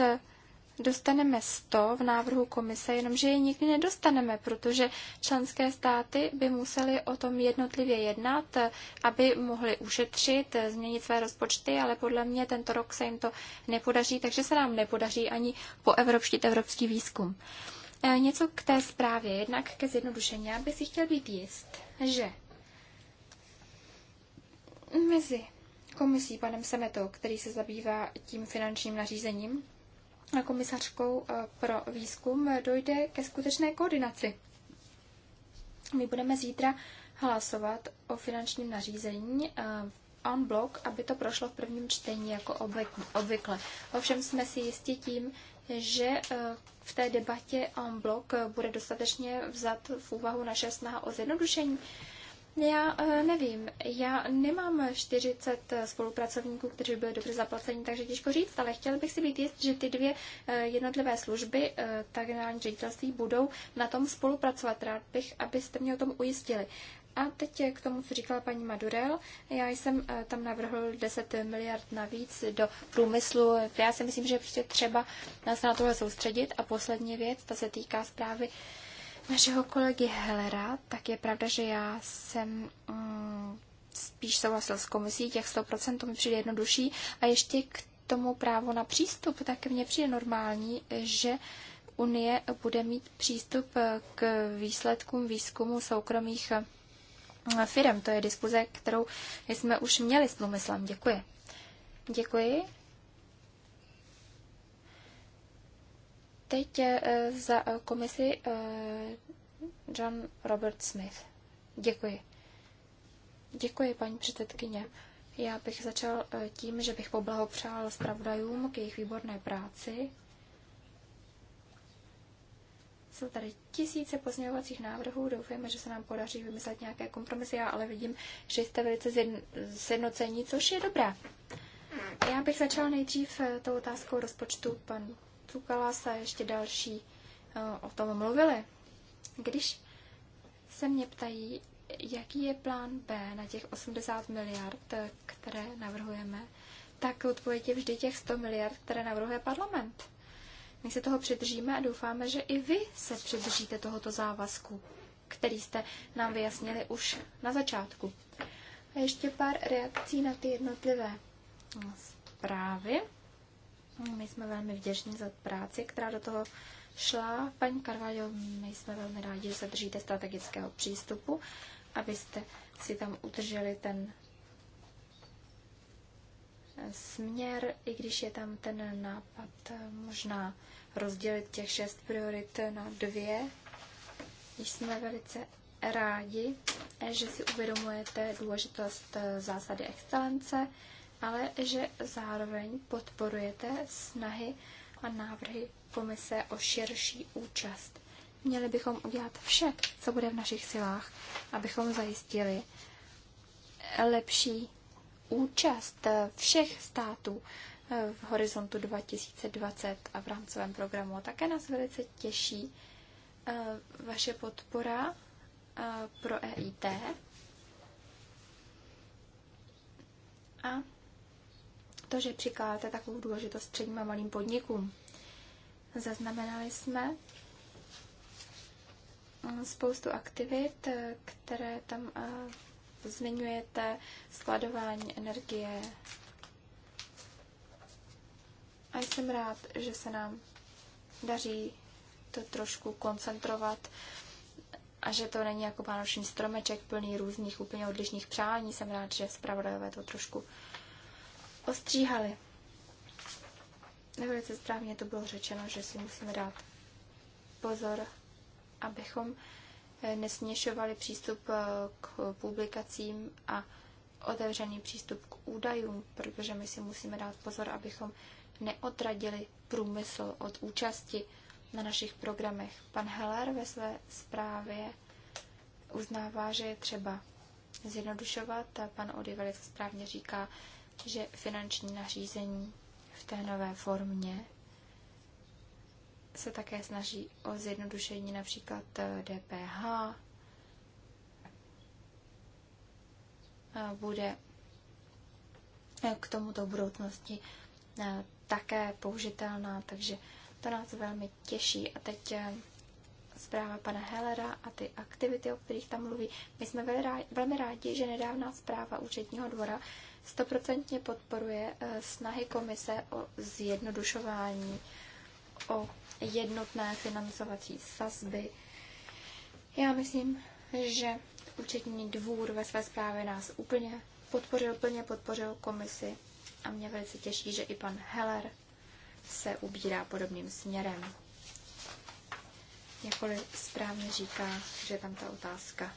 dostaneme 100 v návrhu komise, jenomže je nikdy nedostaneme, protože členské státy by museli o tom jednotlivě jednat, aby mohli ušetřit, změnit své rozpočty, ale podle mě tento rok se jim to nepodaří, takže se nám nepodaří ani poevropštit evropský výzkum. E, něco k té zprávě, jednak ke zjednodušení. Já bych si chtěl být jist, že mezi komisí panem Semetou, který se zabývá tím finančním nařízením, komisařkou eh, pro výzkum eh, dojde ke skutečné koordinaci. My budeme zítra hlasovat o finančním nařízení on eh, blok, aby to prošlo v prvním čtení jako obvykle. Ovšem jsme si jistí tím, že v té debatě on blok bude dostatečně vzat v úvahu naše snaha o zjednodušení Vlastně já eh, nevím, já nemám 40 eh, spolupracovníků, kteří byli dobře zaplaceni, takže těžko říct, ale chtěl bych si být jist, že ty dvě eh, jednotlivé služby, ta generální ředitelství, budou na tom spolupracovat. Rád bych, abyste mě o tom ujistili. A teď k tomu, co říkala paní Madurel. Já jsem tam navrhl 10 miliard navíc do průmyslu. Já si myslím, že je prostě třeba se na tohle soustředit. A poslední věc, ta se týká zprávy našeho kolegy Hellera, tak je pravda, že já jsem mm, spíš souhlasil s komisí, těch 100% to mi přijde jednodušší. A ještě k tomu právo na přístup, tak mně přijde normální, že Unie bude mít přístup k výsledkům výzkumu soukromých mm, firm. To je diskuze, kterou jsme už měli s průmyslem. Děkuji. Děkuji. Teď eh, za eh, komisi eh, John Robert Smith. Děkuji. Děkuji, paní předsedkyně. Já bych začal tím, že bych poblahopřál zpravodajům k jejich výborné práci. Jsou tady tisíce pozměňovacích návrhů, doufujeme, že se nám podaří vymyslet nějaké kompromisy, já ale vidím, že jste velice sjednocení, což je dobré. Já bych začal nejdřív tou otázkou rozpočtu. Pan Cukalas a ještě další eh, o tom mluvili. Když se mě ptají, jaký je plán B na těch 80 miliard, eh, které navrhujeme, tak odpověď je vždy těch 100 miliard, které navrhuje parlament. My se toho přidržíme a doufáme, že i vy se přidržíte tohoto závazku, který jste nám vyjasnili už na začátku. A ještě pár reakcí na ty jednotlivé mm, zprávy. My jsme velmi vděční za práci, která do toho šla. Paní Carvalho, my jsme velmi rádi, že se držíte strategického přístupu, abyste si tam udrželi ten eh, směr, i když je tam ten nápad eh, možná rozdělit těch šest priorit na dvě. Jsme velice rádi, eh, že si uvědomujete důležitost zásady excelence, ale že zároveň podporujete snahy a návrhy komise o širší účast. Měli bychom udělat vše, co bude v našich silách, abychom zajistili lepší účast všech států v horizontu 2020 a v rámcovém programu. Také nás velice těší eh, vaše podpora eh, pro EIT. A to, že přikládáte takovou důležitost středním a malým podnikům. Zaznamenali jsme mm, spoustu aktivit, eh, které tam eh, zmiňujete, skladování energie. A jsem rád, že se nám daří to trošku koncentrovat a že to není jako vánoční stromeček plný různých úplně odlišných přání. Jsem rád, že zpravodajové to trošku ostříhali. Nevěřte správně to bylo řečeno, že si musíme dát pozor, abychom eh, nesměšovali přístup eh, k publikacím a otevřený přístup k údajům, protože my si musíme dát pozor, abychom neodradili průmysl od účasti na našich programech. Pan Heller ve své zprávě uznává, že je třeba zjednodušovat. a Pan Ody správně říká, že finanční nařízení v té nové formě se také snaží o zjednodušení například DPH. Eh, eh, bude eh, k tomuto budoucnosti také použitelná, takže to nás velmi těší. A teď zpráva pana Hellera a ty aktivity, o kterých tam mluví. My jsme velmi rádi, že nedávná zpráva účetního dvora stoprocentně podporuje eh, snahy komise o zjednodušování, o jednotné financovací sazby. Já myslím, že účetní dvůr ve své zprávě nás úplně podpořil, plně podpořil komisi a mě velice těší, že i pan Heller se ubírá podobným směrem. Jakkoliv správně říká, že tam ta otázka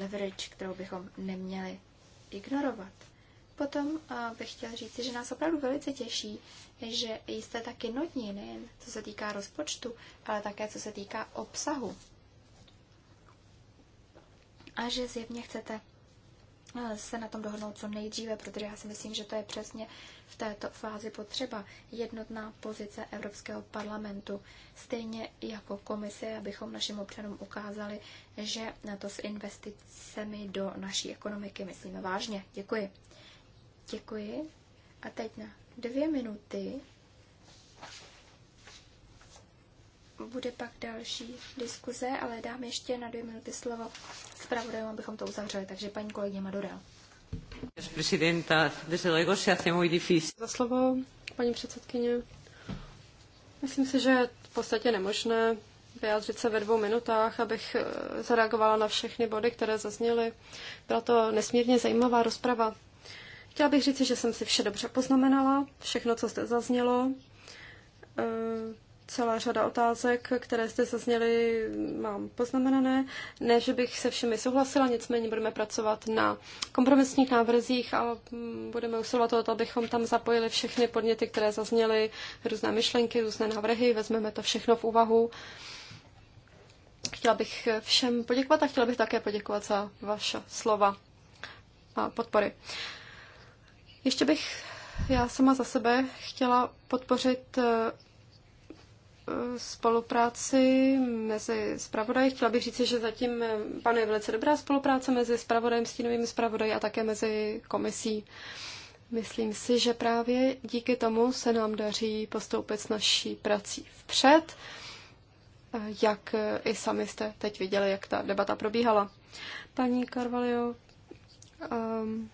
leverage, kterou bychom neměli ignorovat. Potom eh, bych chtěla říct, že nás opravdu velice těší, že jste taky notní, nejen co se týká rozpočtu, ale také co se týká obsahu. A že zjevně chcete se na tom dohodnout co nejdříve, protože já si myslím, že to je přesně v této fázi potřeba jednotná pozice Evropského parlamentu, stejně jako komise, abychom našim občanům ukázali, že na to s investicemi do naší ekonomiky myslíme vážně. Děkuji. Děkuji. A teď na dvě minuty bude pak další diskuze, ale dám ještě na dvě minuty slovo zpravodajům, abychom to uzavřeli. Takže paní kolegyně Madurel. Za slovo, paní předsedkyně. Myslím si, že je v podstatě nemožné vyjádřit se ve dvou minutách, abych eh, zareagovala na všechny body, které zazněly. Byla to nesmírně zajímavá rozprava. Chtěla bych říct, že jsem si vše dobře poznamenala, všechno, co zde zaznělo. Eh, celá řada otázek, které jste zazněli, mám poznamenané. Ne, že bych se všemi souhlasila, nicméně budeme pracovat na kompromisních návrzích a mm, budeme usilovat o to, abychom tam zapojili všechny podněty, které zazněly, různé myšlenky, různé návrhy, vezmeme to všechno v úvahu. Chtěla bych všem poděkovat a chtěla bych také poděkovat za vaše slova a podpory. Ještě bych já sama za sebe chtěla podpořit eh, Eh, spolupráci mezi zpravodaji. Chtěla bych říct, že zatím eh, panuje velice dobrá spolupráce mezi zpravodajem, stínovými zpravodaji a také mezi komisí. Myslím si, že právě díky tomu se nám daří postoupit s naší prací vpřed, eh, jak i sami jste teď viděli, jak ta debata probíhala. Paní Carvalho, um,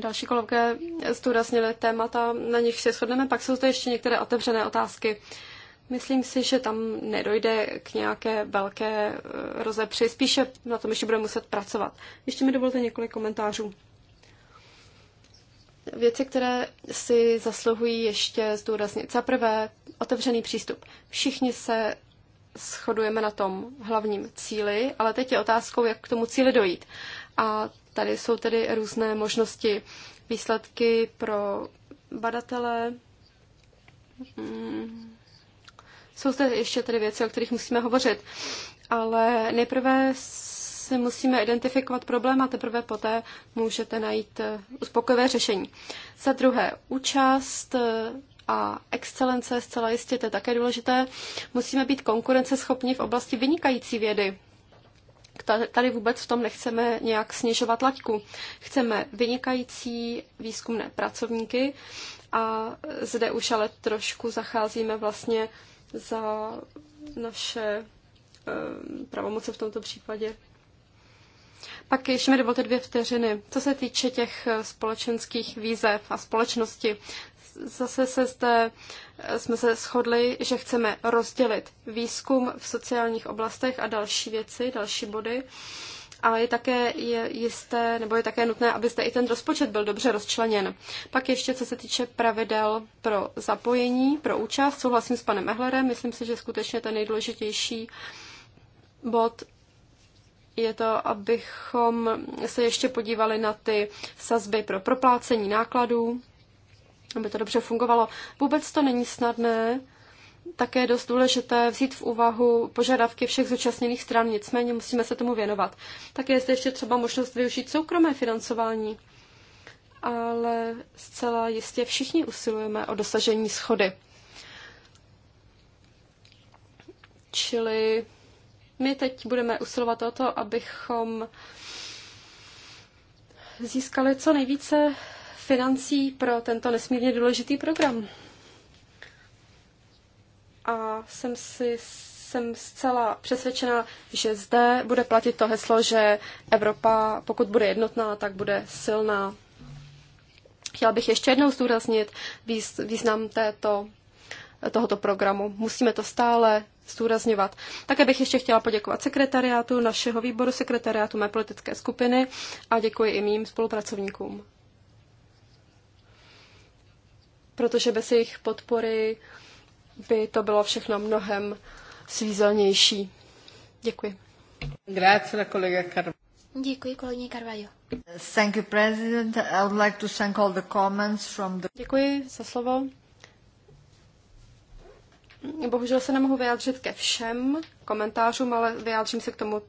další kolegové zdůraznili témata, na nich se shodneme, pak jsou zde ještě některé otevřené otázky. Uh, Myslím si, že tam nedojde k nějaké velké eh, rozepři, spíše na tom ještě budeme muset pracovat. Ještě mi dovolte několik komentářů. Věci, které si zasluhují ještě zdůraznit. Za prvé, otevřený přístup. Všichni se shodujeme na tom hlavním cíli, ale teď je otázkou, jak k tomu cíli dojít. A tady jsou tedy různé možnosti, výsledky pro badatele, hmm. Jsou zde ještě tedy věci, o kterých musíme hovořit. Ale nejprve se musíme identifikovat problém a teprve poté můžete najít eh, uspokojivé řešení. Za druhé, účast eh, a excelence zcela jistě, to je také důležité. Musíme být konkurenceschopní v oblasti vynikající vědy. Tady vůbec v tom nechceme nějak snižovat laťku. Chceme vynikající výzkumné pracovníky a zde už ale trošku zacházíme vlastně za naše eh, pravomoce v tomto případě. Pak ještě mi dovolte dvě vteřiny. Co se týče těch eh, společenských výzev a společnosti, zase se zde, eh, jsme se shodli, že chceme rozdělit výzkum v sociálních oblastech a další věci, další body. Um, a je také je jisté, nebo je také nutné, abyste i ten rozpočet byl dobře rozčleněn. Pak ještě, co se týče pravidel pro zapojení, pro účast, souhlasím s panem Ehlerem, myslím si, že skutečně ten nejdůležitější bod je to, abychom se ještě podívali na ty sazby pro proplácení nákladů, aby to dobře fungovalo. Vůbec to není snadné, také dost důležité vzít v úvahu požadavky všech zúčastněných stran, nicméně musíme se tomu věnovat. Také je zde ještě třeba možnost využít soukromé financování, ale zcela jistě všichni usilujeme o dosažení schody. Čili my teď budeme usilovat o to, abychom získali co nejvíce financí pro tento nesmírně důležitý program a jsem si jsem zcela přesvědčena, že zde bude platit to heslo, že Evropa, pokud bude jednotná, tak bude silná. Chtěla bych ještě jednou zdůraznit význam této, tohoto programu. Musíme to stále zdůrazňovat. Také bych ještě chtěla poděkovat sekretariátu našeho výboru, sekretariátu mé politické skupiny a děkuji i mým spolupracovníkům. Protože bez jejich podpory by to bylo všechno mnohem svízelnější. Děkuji. Grazie, kolega Děkuji, kolegyně Carvalho. Thank you, President. I would like to thank all the comments from the... Děkuji za slovo. Bohužel se nemohu vyjádřit ke všem komentářům, ale vyjádřím se k tomu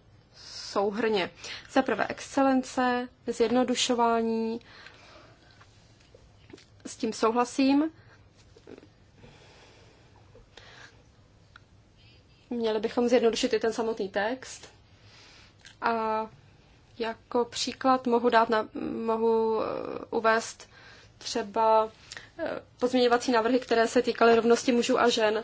souhrně. Za prvé excelence, zjednodušování, s tím souhlasím. Měli bychom zjednodušit i ten samotný text. A jako příklad mohu, dát na, mohu eh, uvést třeba eh, pozměňovací návrhy, které se týkaly rovnosti mužů a žen.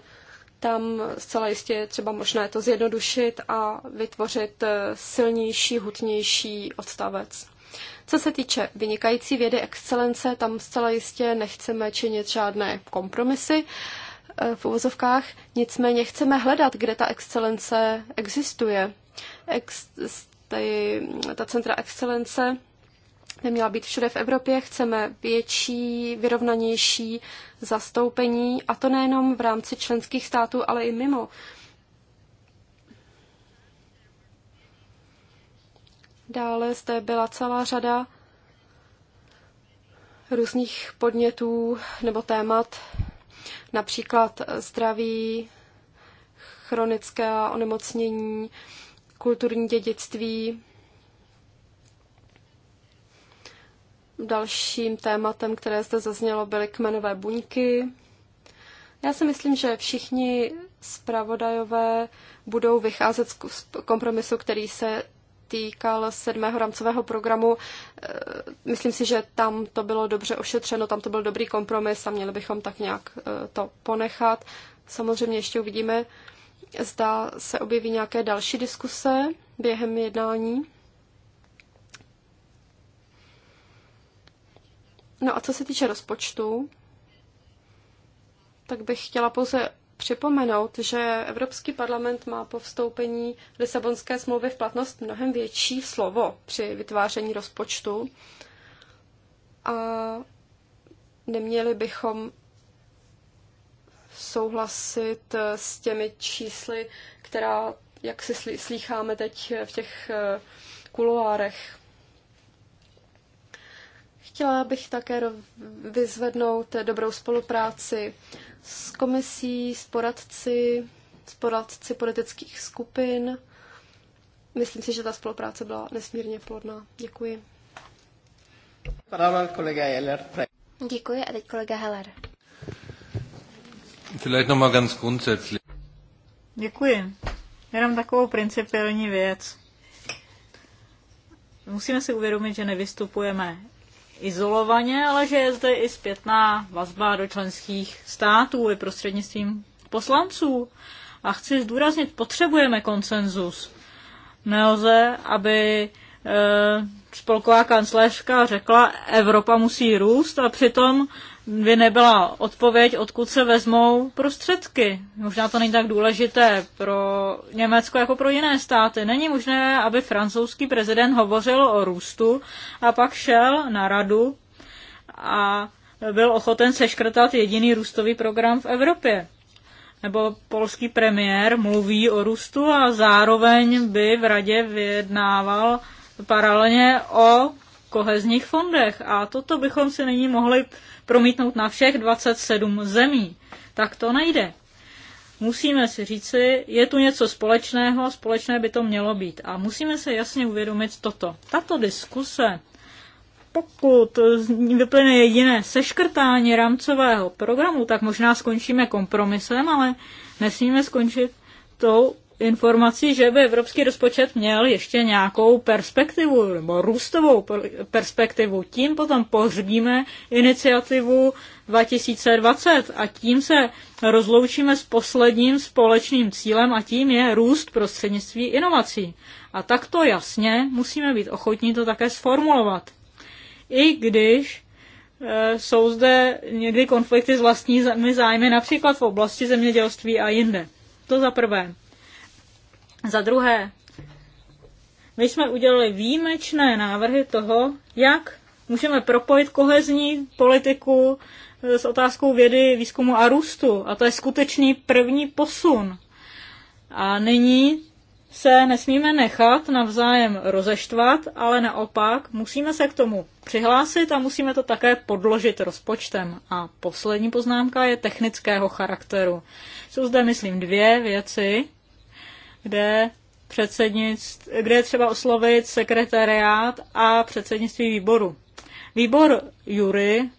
Tam zcela jistě je třeba možné to zjednodušit a vytvořit eh, silnější, hutnější odstavec. Co se týče vynikající vědy excelence, tam zcela jistě nechceme činit žádné kompromisy. Uh, Eh, v uvozovkách, nicméně chceme hledat, kde ta excelence existuje. Ex, tady, mm, ta centra excelence neměla měla být všude v Evropě, chceme větší, vyrovnanější zastoupení, a to nejenom v rámci členských států, ale i mimo. Dále zde byla celá řada různých podnětů nebo témat, například zdraví, chronická onemocnění, kulturní dědictví. Dalším tématem, které zde zaznělo, byly kmenové buňky. Já si myslím, že všichni zpravodajové budou vycházet z kompromisu, který se týkal sedmého rámcového programu. E, myslím si, že tam to bylo dobře ošetřeno, tam to byl dobrý kompromis a měli bychom tak nějak e, to ponechat. Samozřejmě ještě uvidíme, zda se objeví nějaké další diskuse během jednání. No a co se týče rozpočtu, tak bych chtěla pouze připomenout, že Evropský parlament má po vstoupení Lisabonské smlouvy v platnost mnohem větší slovo při vytváření rozpočtu a neměli bychom souhlasit s těmi čísly, která, jak si slýcháme teď v těch eh, kuloárech. Chtěla bych také vyzvednout dobrou spolupráci s komisí, s poradci, s poradci politických skupin. Myslím si, že ta spolupráce byla nesmírně plodná. Děkuji. Děkuji a teď kolega Heller. Děkuji. Jenom takovou principiální věc. Musíme si uvědomit, že nevystupujeme izolovaně, ale že je zde i zpětná vazba do členských států i prostřednictvím poslanců. A chci zdůraznit, potřebujeme konsenzus. Nelze, aby eh, spolková kancléřka řekla, Evropa musí růst a přitom by nebyla odpověď, odkud se vezmou prostředky. Možná to není tak důležité pro Německo jako pro jiné státy. Není možné, aby francouzský prezident hovořil o růstu a pak šel na radu a byl ochoten seškrtat jediný růstový program v Evropě. Nebo polský premiér mluví o růstu a zároveň by v radě vyjednával paralelně o kohezních fondech. A toto bychom si nyní mohli promítnout na všech 27 zemí. Tak to nejde. Musíme si říci, je tu něco společného, společné by to mělo být. A musíme se jasně uvědomit toto. Tato diskuse, pokud z ní vyplyne jediné seškrtání rámcového programu, tak možná skončíme kompromisem, ale nesmíme skončit tou informací, že by evropský rozpočet měl ještě nějakou perspektivu nebo růstovou perspektivu. Tím potom pohřbíme iniciativu 2020 a tím se rozloučíme s posledním společným cílem a tím je růst prostřednictví inovací. A takto jasně musíme být ochotní to také sformulovat. I když e, jsou zde někdy konflikty s vlastními zájmy, například v oblasti zemědělství a jinde. To za prvé. Za druhé, my jsme udělali výjimečné návrhy toho, jak můžeme propojit kohezní politiku eh, s otázkou vědy, výzkumu a růstu. A to je skutečný první posun. A nyní se nesmíme nechat navzájem rozeštvat, ale naopak musíme se k tomu přihlásit a musíme to také podložit rozpočtem. A poslední poznámka je technického charakteru. Jsou zde, myslím, dvě věci, kde kde je třeba oslovit sekretariát a předsednictví výboru. Výbor jury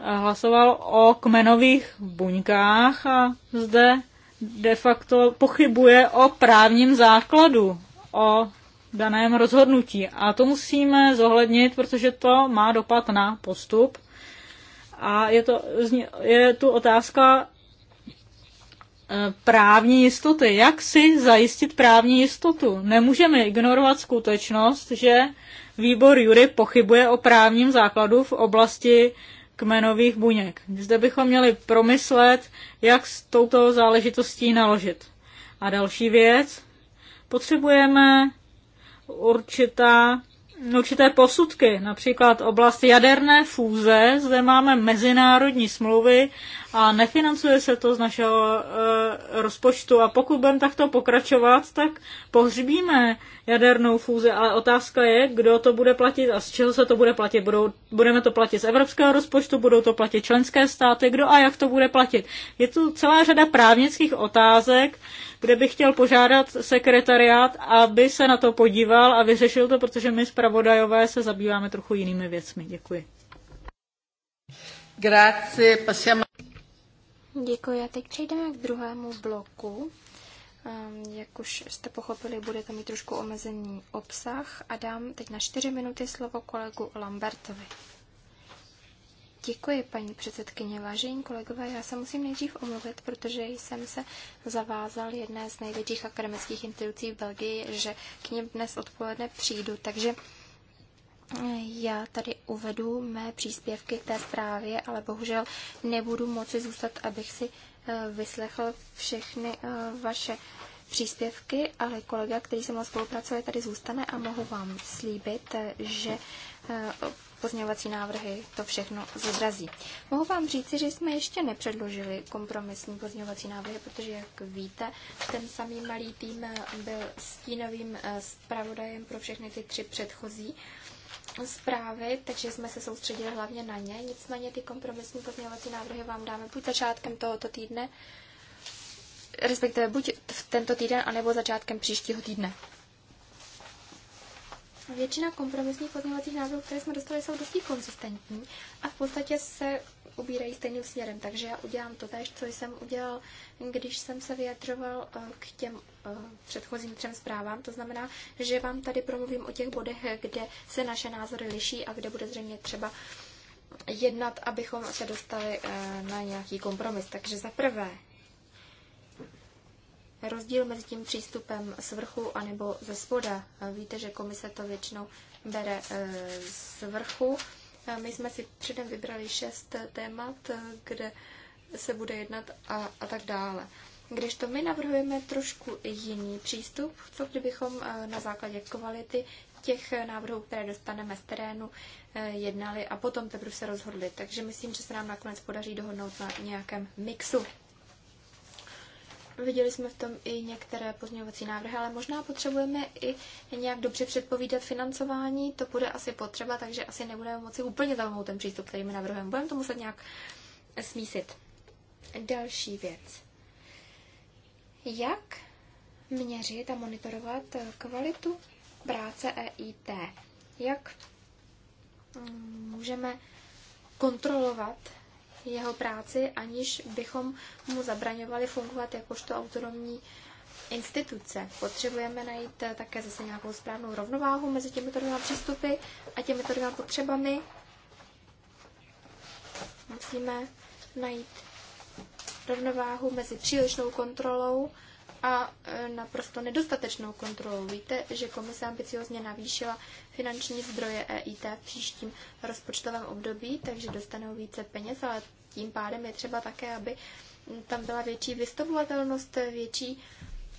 hlasoval o kmenových buňkách a zde de facto pochybuje o právním základu, o daném rozhodnutí. A to musíme zohlednit, protože to má dopad na postup. A je, to, je tu otázka Eh, právní jistoty. Jak si zajistit právní jistotu? Nemůžeme ignorovat skutečnost, že výbor Jury pochybuje o právním základu v oblasti kmenových buněk. Zde bychom měli promyslet, jak s touto záležitostí naložit. A další věc, potřebujeme určitá určité posudky, například oblast jaderné fúze, zde máme mezinárodní smlouvy a nefinancuje se to z našeho e, rozpočtu. A pokud budeme takto pokračovat, tak pohřbíme jadernou fúze. ale otázka je, kdo to bude platit a z čeho se to bude platit. Budou, budeme to platit z evropského rozpočtu, budou to platit členské státy, kdo a jak to bude platit. Je tu celá řada právnických otázek, kde bych chtěl požádat sekretariát, aby se na to podíval a vyřešil to, protože my zpravodajové se zabýváme trochu jinými věcmi. Děkuji. Grazie, passiamo. Děkuji a teď přejdeme k druhému bloku. Ehm, jak už jste pochopili, bude to mít trošku omezený obsah a dám teď na čtyři minuty slovo kolegu Lambertovi. Děkuji, paní předsedkyně. Vážení kolegové, já se musím nejdřív omluvit, protože jsem se zavázal jedné z největších akademických institucí v Belgii, že k ním dnes odpoledne přijdu, takže já tady uvedu mé příspěvky k té zprávě, ale bohužel nebudu moci zůstat, abych si eh, vyslechl všechny eh, vaše příspěvky, ale kolega, který se mnou spolupracuje, tady zůstane a mohu vám slíbit, eh, že pozměňovací návrhy to všechno zodrazí. Mohu vám říci, že jsme ještě nepředložili kompromisní pozměňovací návrhy, protože, jak víte, ten samý malý tým byl stínovým eh, zpravodajem pro všechny ty tři předchozí zprávy, takže jsme se soustředili hlavně na ně. Nicméně ty kompromisní pozměňovací návrhy vám dáme buď začátkem tohoto týdne, respektive buď v tento týden, anebo začátkem příštího týdne. Většina kompromisních pozměňovacích návrhů, které jsme dostali, jsou dosti konzistentní a v podstatě se ubírají stejným směrem. Takže já udělám to tež, co jsem udělal, když jsem se vyjadřoval eh, k těm eh, předchozím třem zprávám. To znamená, že vám tady promluvím o těch bodech, kde se naše názory liší a kde bude zřejmě třeba jednat, abychom se dostali eh, na nějaký kompromis. Takže za prvé, rozdíl mezi tím přístupem z vrchu anebo ze spoda. Víte, že komise to většinou bere e, z vrchu. My jsme si předem vybrali šest témat, e, kde se bude jednat a, a tak dále. Když to my navrhujeme trošku jiný přístup, co kdybychom e, na základě kvality těch návrhů, které dostaneme z terénu, jednali a potom teprve se rozhodli. Takže myslím, že se nám nakonec podaří dohodnout na nějakém mixu. Viděli jsme v tom i některé pozměňovací návrhy, ale možná potřebujeme i nějak dobře předpovídat financování. To bude asi potřeba, takže asi nebudeme moci úplně zaujmout ten přístup, který my navrhujeme. Budeme to muset nějak smísit. Další věc. Jak měřit a monitorovat kvalitu práce EIT? Jak mm, můžeme kontrolovat jeho práci, aniž bychom mu zabraňovali fungovat jakožto autonomní instituce. Potřebujeme najít také zase nějakou správnou rovnováhu mezi těmito dvěma přístupy a těmito dvěma potřebami. Musíme najít rovnováhu mezi přílišnou kontrolou a e, naprosto nedostatečnou kontrolou. Víte, že komise ambiciozně navýšila finanční zdroje EIT v příštím rozpočtovém období, takže dostanou více peněz, ale tím pádem je třeba také, aby tam byla větší vystavovatelnost, větší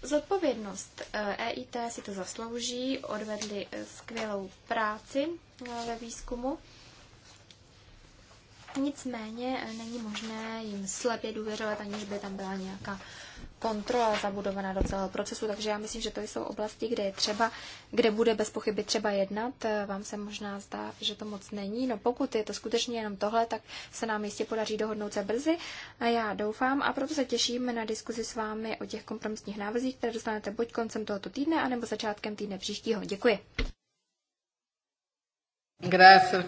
zodpovědnost. EIT si to zaslouží, odvedli skvělou práci eh, ve výzkumu. Nicméně eh, není možné jim slepě důvěřovat, aniž by tam byla nějaká kontrola zabudovaná do celého procesu, takže já myslím, že to jsou oblasti, kde je třeba, kde bude bez pochyby třeba jednat. Vám se možná zdá, že to moc není. No pokud je to skutečně jenom tohle, tak se nám jistě podaří dohodnout se brzy. A já doufám a proto se těším na diskuzi s vámi o těch kompromisních návrzích, které dostanete buď koncem tohoto týdne, anebo začátkem týdne příštího. Děkuji.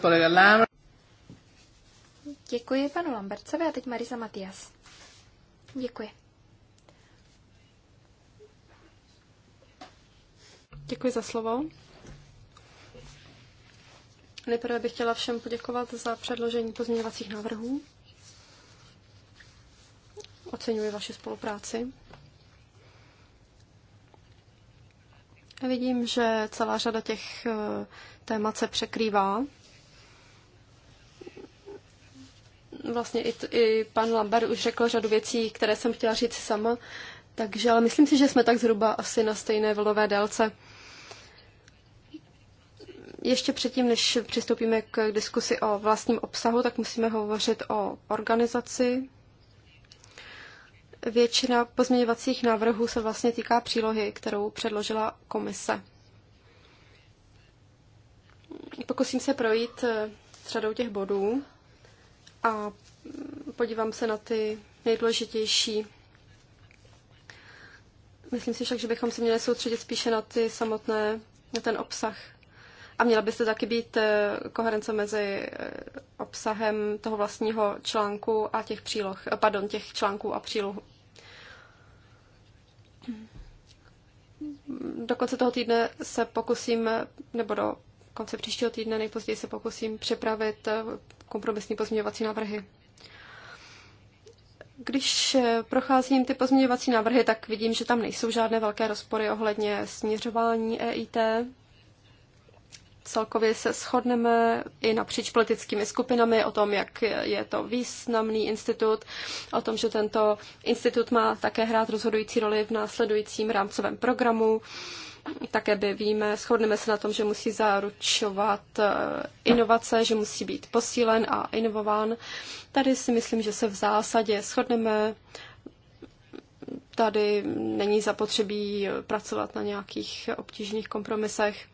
kolega Děkuji panu Lambertsovi a teď Marisa Matias. Děkuji. Děkuji za slovo. Nejprve bych chtěla všem poděkovat za předložení pozměňovacích návrhů. Oceňuji vaši spolupráci. Vidím, že celá řada těch eh, témat se překrývá. Vlastně i, i pan Lambert už řekl řadu věcí, které jsem chtěla říct sama, takže ale myslím si, že jsme tak zhruba asi na stejné vlnové délce ještě předtím, než přistoupíme k diskusi o vlastním obsahu, tak musíme hovořit o organizaci. Většina pozměňovacích návrhů se vlastně týká přílohy, kterou předložila komise. Pokusím se projít s eh, řadou těch bodů a podívám se na ty nejdůležitější. Myslím si však, že bychom se měli soustředit spíše na ty samotné, na ten obsah a měla by se taky být eh, koherence mezi eh, obsahem toho vlastního článku a těch příloh, eh, pardon, těch článků a příloh. Do konce toho týdne se pokusím, nebo do konce příštího týdne nejpozději se pokusím připravit kompromisní pozměňovací návrhy. Když procházím ty pozměňovací návrhy, tak vidím, že tam nejsou žádné velké rozpory ohledně směřování EIT celkově se shodneme i napříč politickými skupinami o tom, jak je to významný institut, o tom, že tento institut má také hrát rozhodující roli v následujícím rámcovém programu. Také by víme, shodneme se na tom, že musí zaručovat eh, inovace, že musí být posílen a inovován. Tady si myslím, že se v zásadě shodneme. Tady není zapotřebí pracovat na nějakých obtížných kompromisech.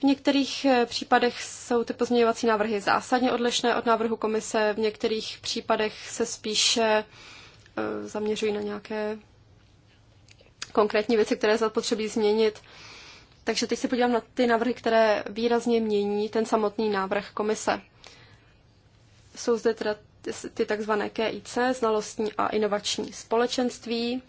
V některých eh, případech jsou ty pozměňovací návrhy zásadně odlišné od návrhu komise, v některých případech se spíše eh, zaměřují na nějaké konkrétní věci, které zapotřebí změnit. Takže teď se podívám na ty návrhy, které výrazně mění ten samotný návrh komise. Jsou zde teda ty takzvané KIC, znalostní a inovační společenství.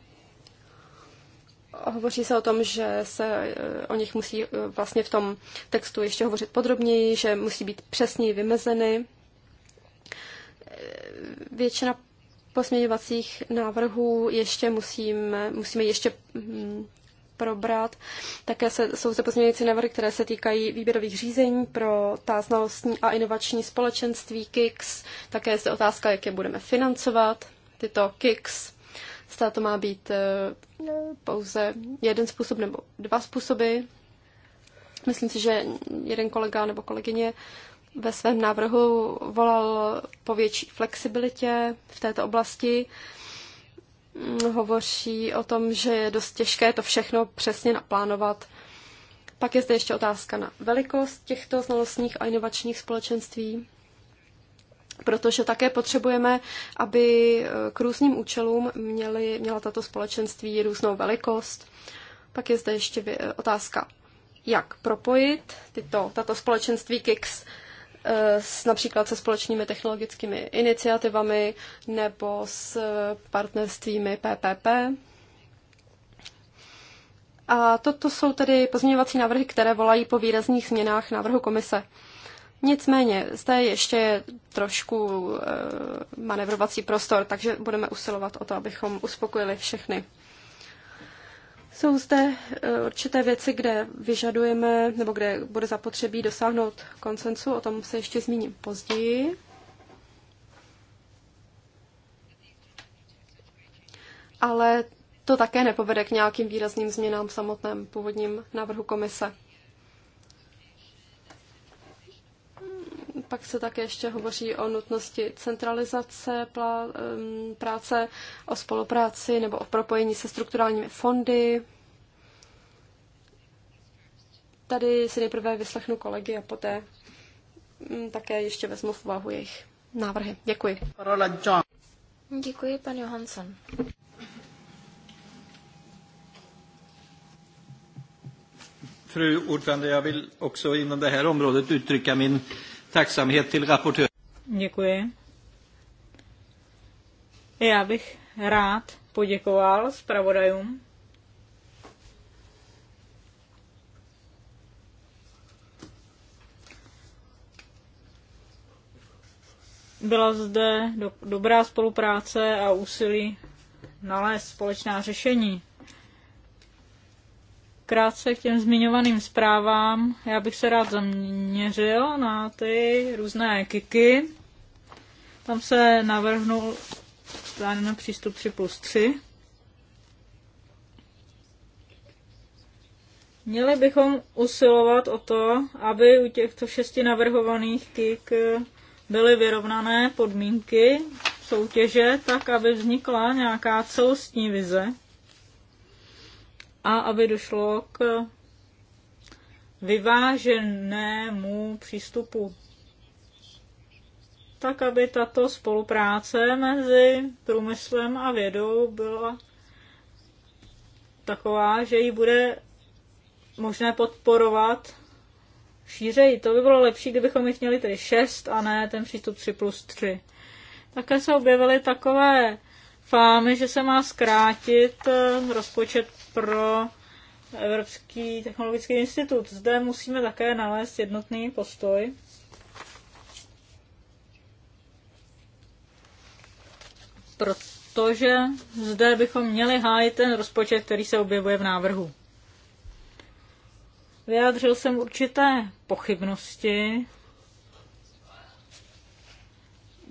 Hovoří se o tom, že se eh, o nich musí eh, vlastně v tom textu ještě hovořit podrobněji, že musí být přesněji vymezeny. Eh, většina posměňovacích návrhů ještě musíme, musíme ještě mm, probrat. Také se, jsou zde pozměňující návrhy, které se týkají výběrových řízení pro ta znalostní a inovační společenství KIX. Také je zde otázka, jak je budeme financovat, tyto KIX zda to má být eh, no, pouze jeden způsob nebo dva způsoby. Myslím si, že jeden kolega nebo kolegyně ve svém návrhu volal po větší flexibilitě v této oblasti. Mm, hovoří o tom, že je dost těžké to všechno přesně naplánovat. Pak je zde ještě otázka na velikost těchto znalostních a inovačních společenství protože také potřebujeme, aby eh, k různým účelům měly, měla tato společenství různou velikost. Pak je zde ještě eh, otázka, jak propojit tyto, tato společenství KIX eh, s, například se společnými technologickými iniciativami nebo s partnerstvími PPP. A toto jsou tedy pozměňovací návrhy, které volají po výrazných změnách návrhu komise. Nicméně zde ještě je trošku e, manevrovací prostor, takže budeme usilovat o to, abychom uspokojili všechny. Jsou zde eh, určité věci, kde vyžadujeme, nebo kde bude zapotřebí dosáhnout konsensu, o tom se ještě zmíním později. Ale to také nepovede k nějakým výrazným změnám v samotném původním návrhu komise. pak se také ještě hovoří o nutnosti centralizace práce, o spolupráci nebo o propojení se strukturálními fondy. Tady si nejprve vyslechnu kolegy a poté mm, také ještě vezmu v úvahu jejich návrhy. Děkuji. Děkuji, pan Johansson. Fru ordförande, jag vill också inom det här området uttrycka min tacksamhet till Děkuji. Já bych rád poděkoval zpravodajům. Byla zde do, dobrá spolupráce a úsilí nalézt společná řešení krátce k těm zmiňovaným zprávám. Já bych se rád zaměřil na ty různé kiky. Tam se navrhnul plán na přístup 3 plus 3. Měli bychom usilovat o to, aby u těchto šesti navrhovaných kik byly vyrovnané podmínky soutěže, tak aby vznikla nějaká celostní vize a aby došlo k vyváženému přístupu. Tak, aby tato spolupráce mezi průmyslem a vědou byla taková, že ji bude možné podporovat šířeji. To by bylo lepší, kdybychom jich měli tedy 6 a ne ten přístup 3 plus 3. Také se objevily takové fámy, že se má zkrátit eh, rozpočet pro Evropský technologický institut. Zde musíme také nalézt jednotný postoj. Protože zde bychom měli hájit ten rozpočet, který se objevuje v návrhu. Vyjádřil jsem určité pochybnosti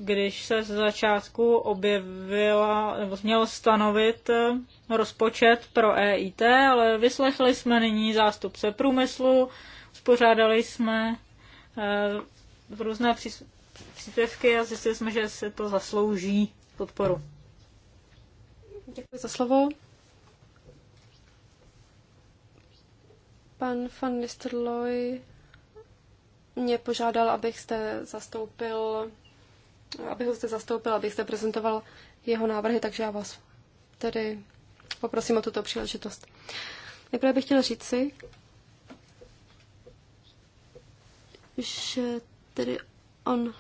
když se z začátku objevila, nebo měl stanovit eh, rozpočet pro EIT, ale vyslechli jsme nyní zástupce průmyslu, spořádali jsme eh, různé příspěvky a zjistili jsme, že se to zaslouží podporu. Děkuji za slovo. Pan van Nistelrooy mě požádal, abych zde zastoupil abych ho zde zastoupil, abych zde prezentoval jeho návrhy, takže já vás tedy poprosím o tuto příležitost. Nejprve bych chtěla říci, že tedy on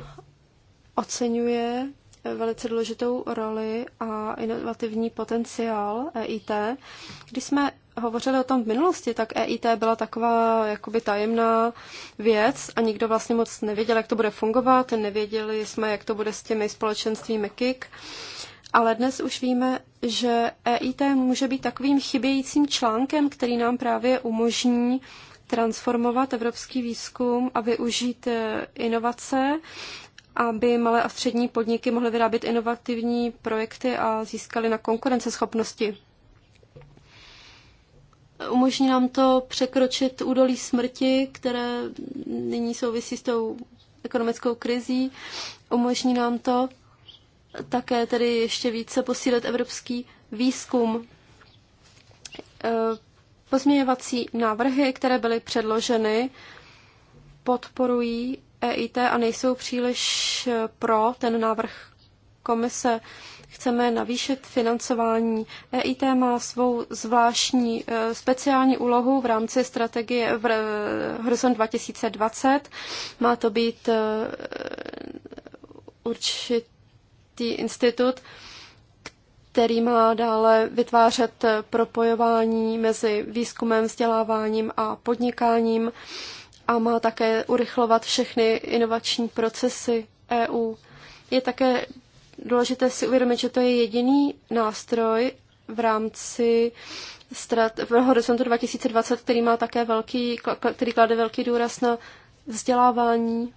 oceňuje velice důležitou roli a inovativní potenciál EIT. Když jsme hovořili o tom v minulosti, tak EIT byla taková jakoby tajemná věc a nikdo vlastně moc nevěděl, jak to bude fungovat, nevěděli jsme, jak to bude s těmi společenstvími KIK. Ale dnes už víme, že EIT může být takovým chybějícím článkem, který nám právě umožní transformovat evropský výzkum a využít eh, inovace, aby malé a střední podniky mohly vyrábět inovativní projekty a získaly na konkurenceschopnosti. Umožní nám to překročit údolí smrti, které nyní souvisí s tou ekonomickou krizí. Umožní nám to také tedy ještě více posílit evropský výzkum. Eh, pozměňovací návrhy, které byly předloženy, podporují EIT a nejsou příliš pro ten návrh komise chceme navýšit financování. EIT má svou zvláštní e, speciální úlohu v rámci strategie v e, Horizon 2020. Má to být e, určitý institut, který má dále vytvářet propojování mezi výzkumem, vzděláváním a podnikáním a má také urychlovat všechny inovační procesy EU. Je také důležité si uvědomit, že to je jediný nástroj v rámci strat, v horizontu 2020, který má také velký, který klade velký důraz na vzdělávání.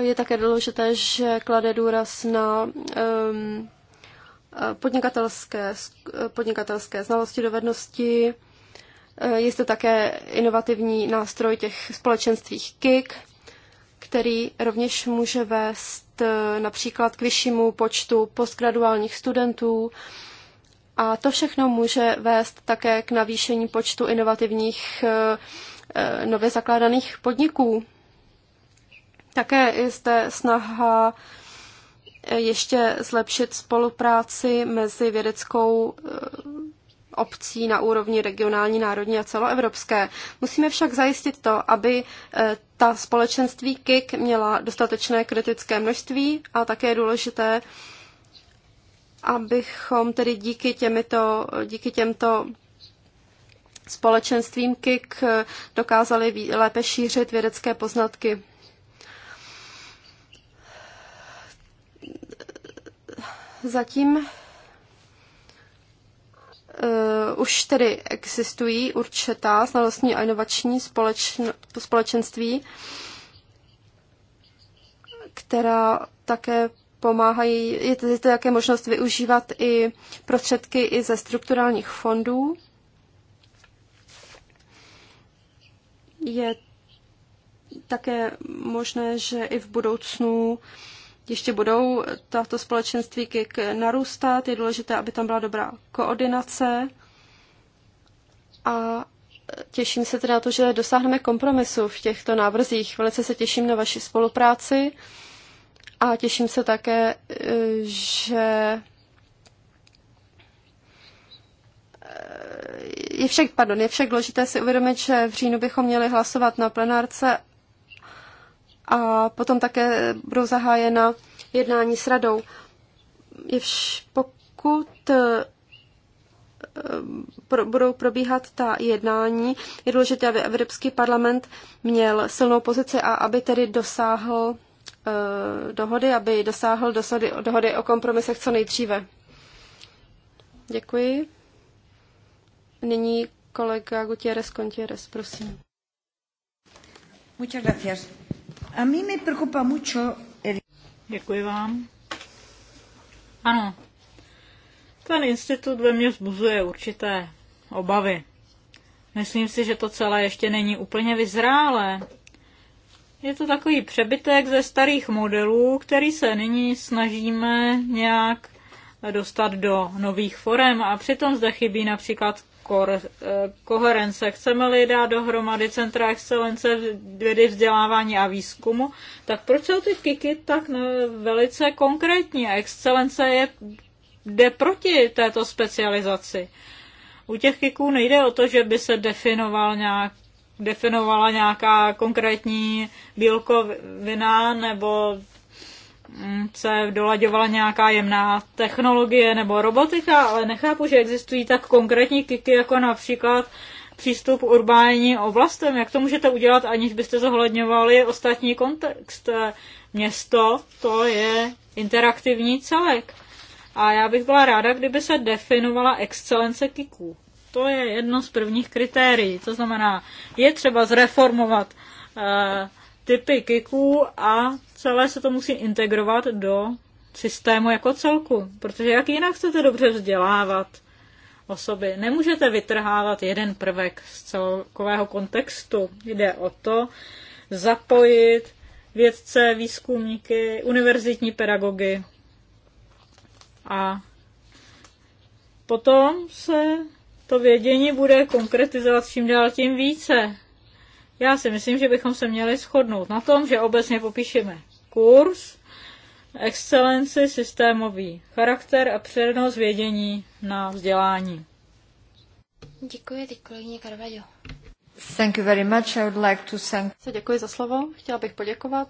Je také důležité, že klade důraz na um, podnikatelské, podnikatelské znalosti, dovednosti. Je to také inovativní nástroj těch společenstvích KIK, který rovněž může vést eh, například k vyššímu počtu postgraduálních studentů. A to všechno může vést také k navýšení počtu inovativních eh, eh, nově zakládaných podniků. Také je zde snaha ještě zlepšit spolupráci mezi vědeckou obcí na úrovni regionální, národní a celoevropské. Musíme však zajistit to, aby e, ta společenství KIK měla dostatečné kritické množství a také je důležité, abychom tedy díky, těmito, díky těmto společenstvím KIK e, dokázali lépe šířit vědecké poznatky. Zatím už tedy existují určitá znalostní a inovační společn- společenství, která také pomáhají, je to, to také možnost využívat i prostředky i ze strukturálních fondů. Je také možné, že i v budoucnu ještě budou tato společenství k narůstat. Je důležité, aby tam byla dobrá koordinace a těším se teda na to, že dosáhneme kompromisu v těchto návrzích. Velice se těším na vaši spolupráci a těším se také, že je však, pardon, je však důležité si uvědomit, že v říjnu bychom měli hlasovat na plenárce a potom také budou zahájena jednání s radou. Je vš, pokud pro, budou probíhat ta jednání. Je důležité, aby Evropský parlament měl silnou pozici a aby tedy dosáhl uh, dohody, aby dosáhl dosady, dohody o kompromisech co nejdříve. Děkuji. Nyní kolega Gutierrez Contieres, prosím. Muchas gracias. A mí me preocupa mucho el... Děkuji vám. Ano, ten institut ve mně vzbuzuje určité obavy. Myslím si, že to celé ještě není úplně vyzrálé. Je to takový přebytek ze starých modelů, který se nyní snažíme nějak dostat do nových forem a přitom zde chybí například eh, koherence. Chceme-li dát dohromady Centra excelence vědy vzdělávání a výzkumu, tak proč jsou ty kiky tak velice konkrétní? A excelence je jde proti této specializaci. U těch kiků nejde o to, že by se definoval nějak, definovala nějaká konkrétní bílkovina nebo mm, se dolaďovala nějaká jemná technologie nebo robotika, ale nechápu, že existují tak konkrétní kiky, jako například přístup k urbání oblastem. Jak to můžete udělat, aniž byste zohledňovali ostatní kontext? Město to je interaktivní celek. A já bych byla ráda, kdyby se definovala excelence kiků. To je jedno z prvních kritérií. To znamená, je třeba zreformovat uh, typy kiků a celé se to musí integrovat do systému jako celku. Protože jak jinak chcete dobře vzdělávat osoby? Nemůžete vytrhávat jeden prvek z celkového kontextu. Jde o to zapojit vědce, výzkumníky, univerzitní pedagogy, a potom se to vědění bude konkretizovat čím dál tím více. Já si myslím, že bychom se měli shodnout na tom, že obecně popíšeme kurz, excelenci, systémový charakter a přednost vědění na vzdělání. Děkuji, teď kolegyně Carvalho. Thank you very much. I would like to thank... Děkuji za slovo. Chtěla bych poděkovat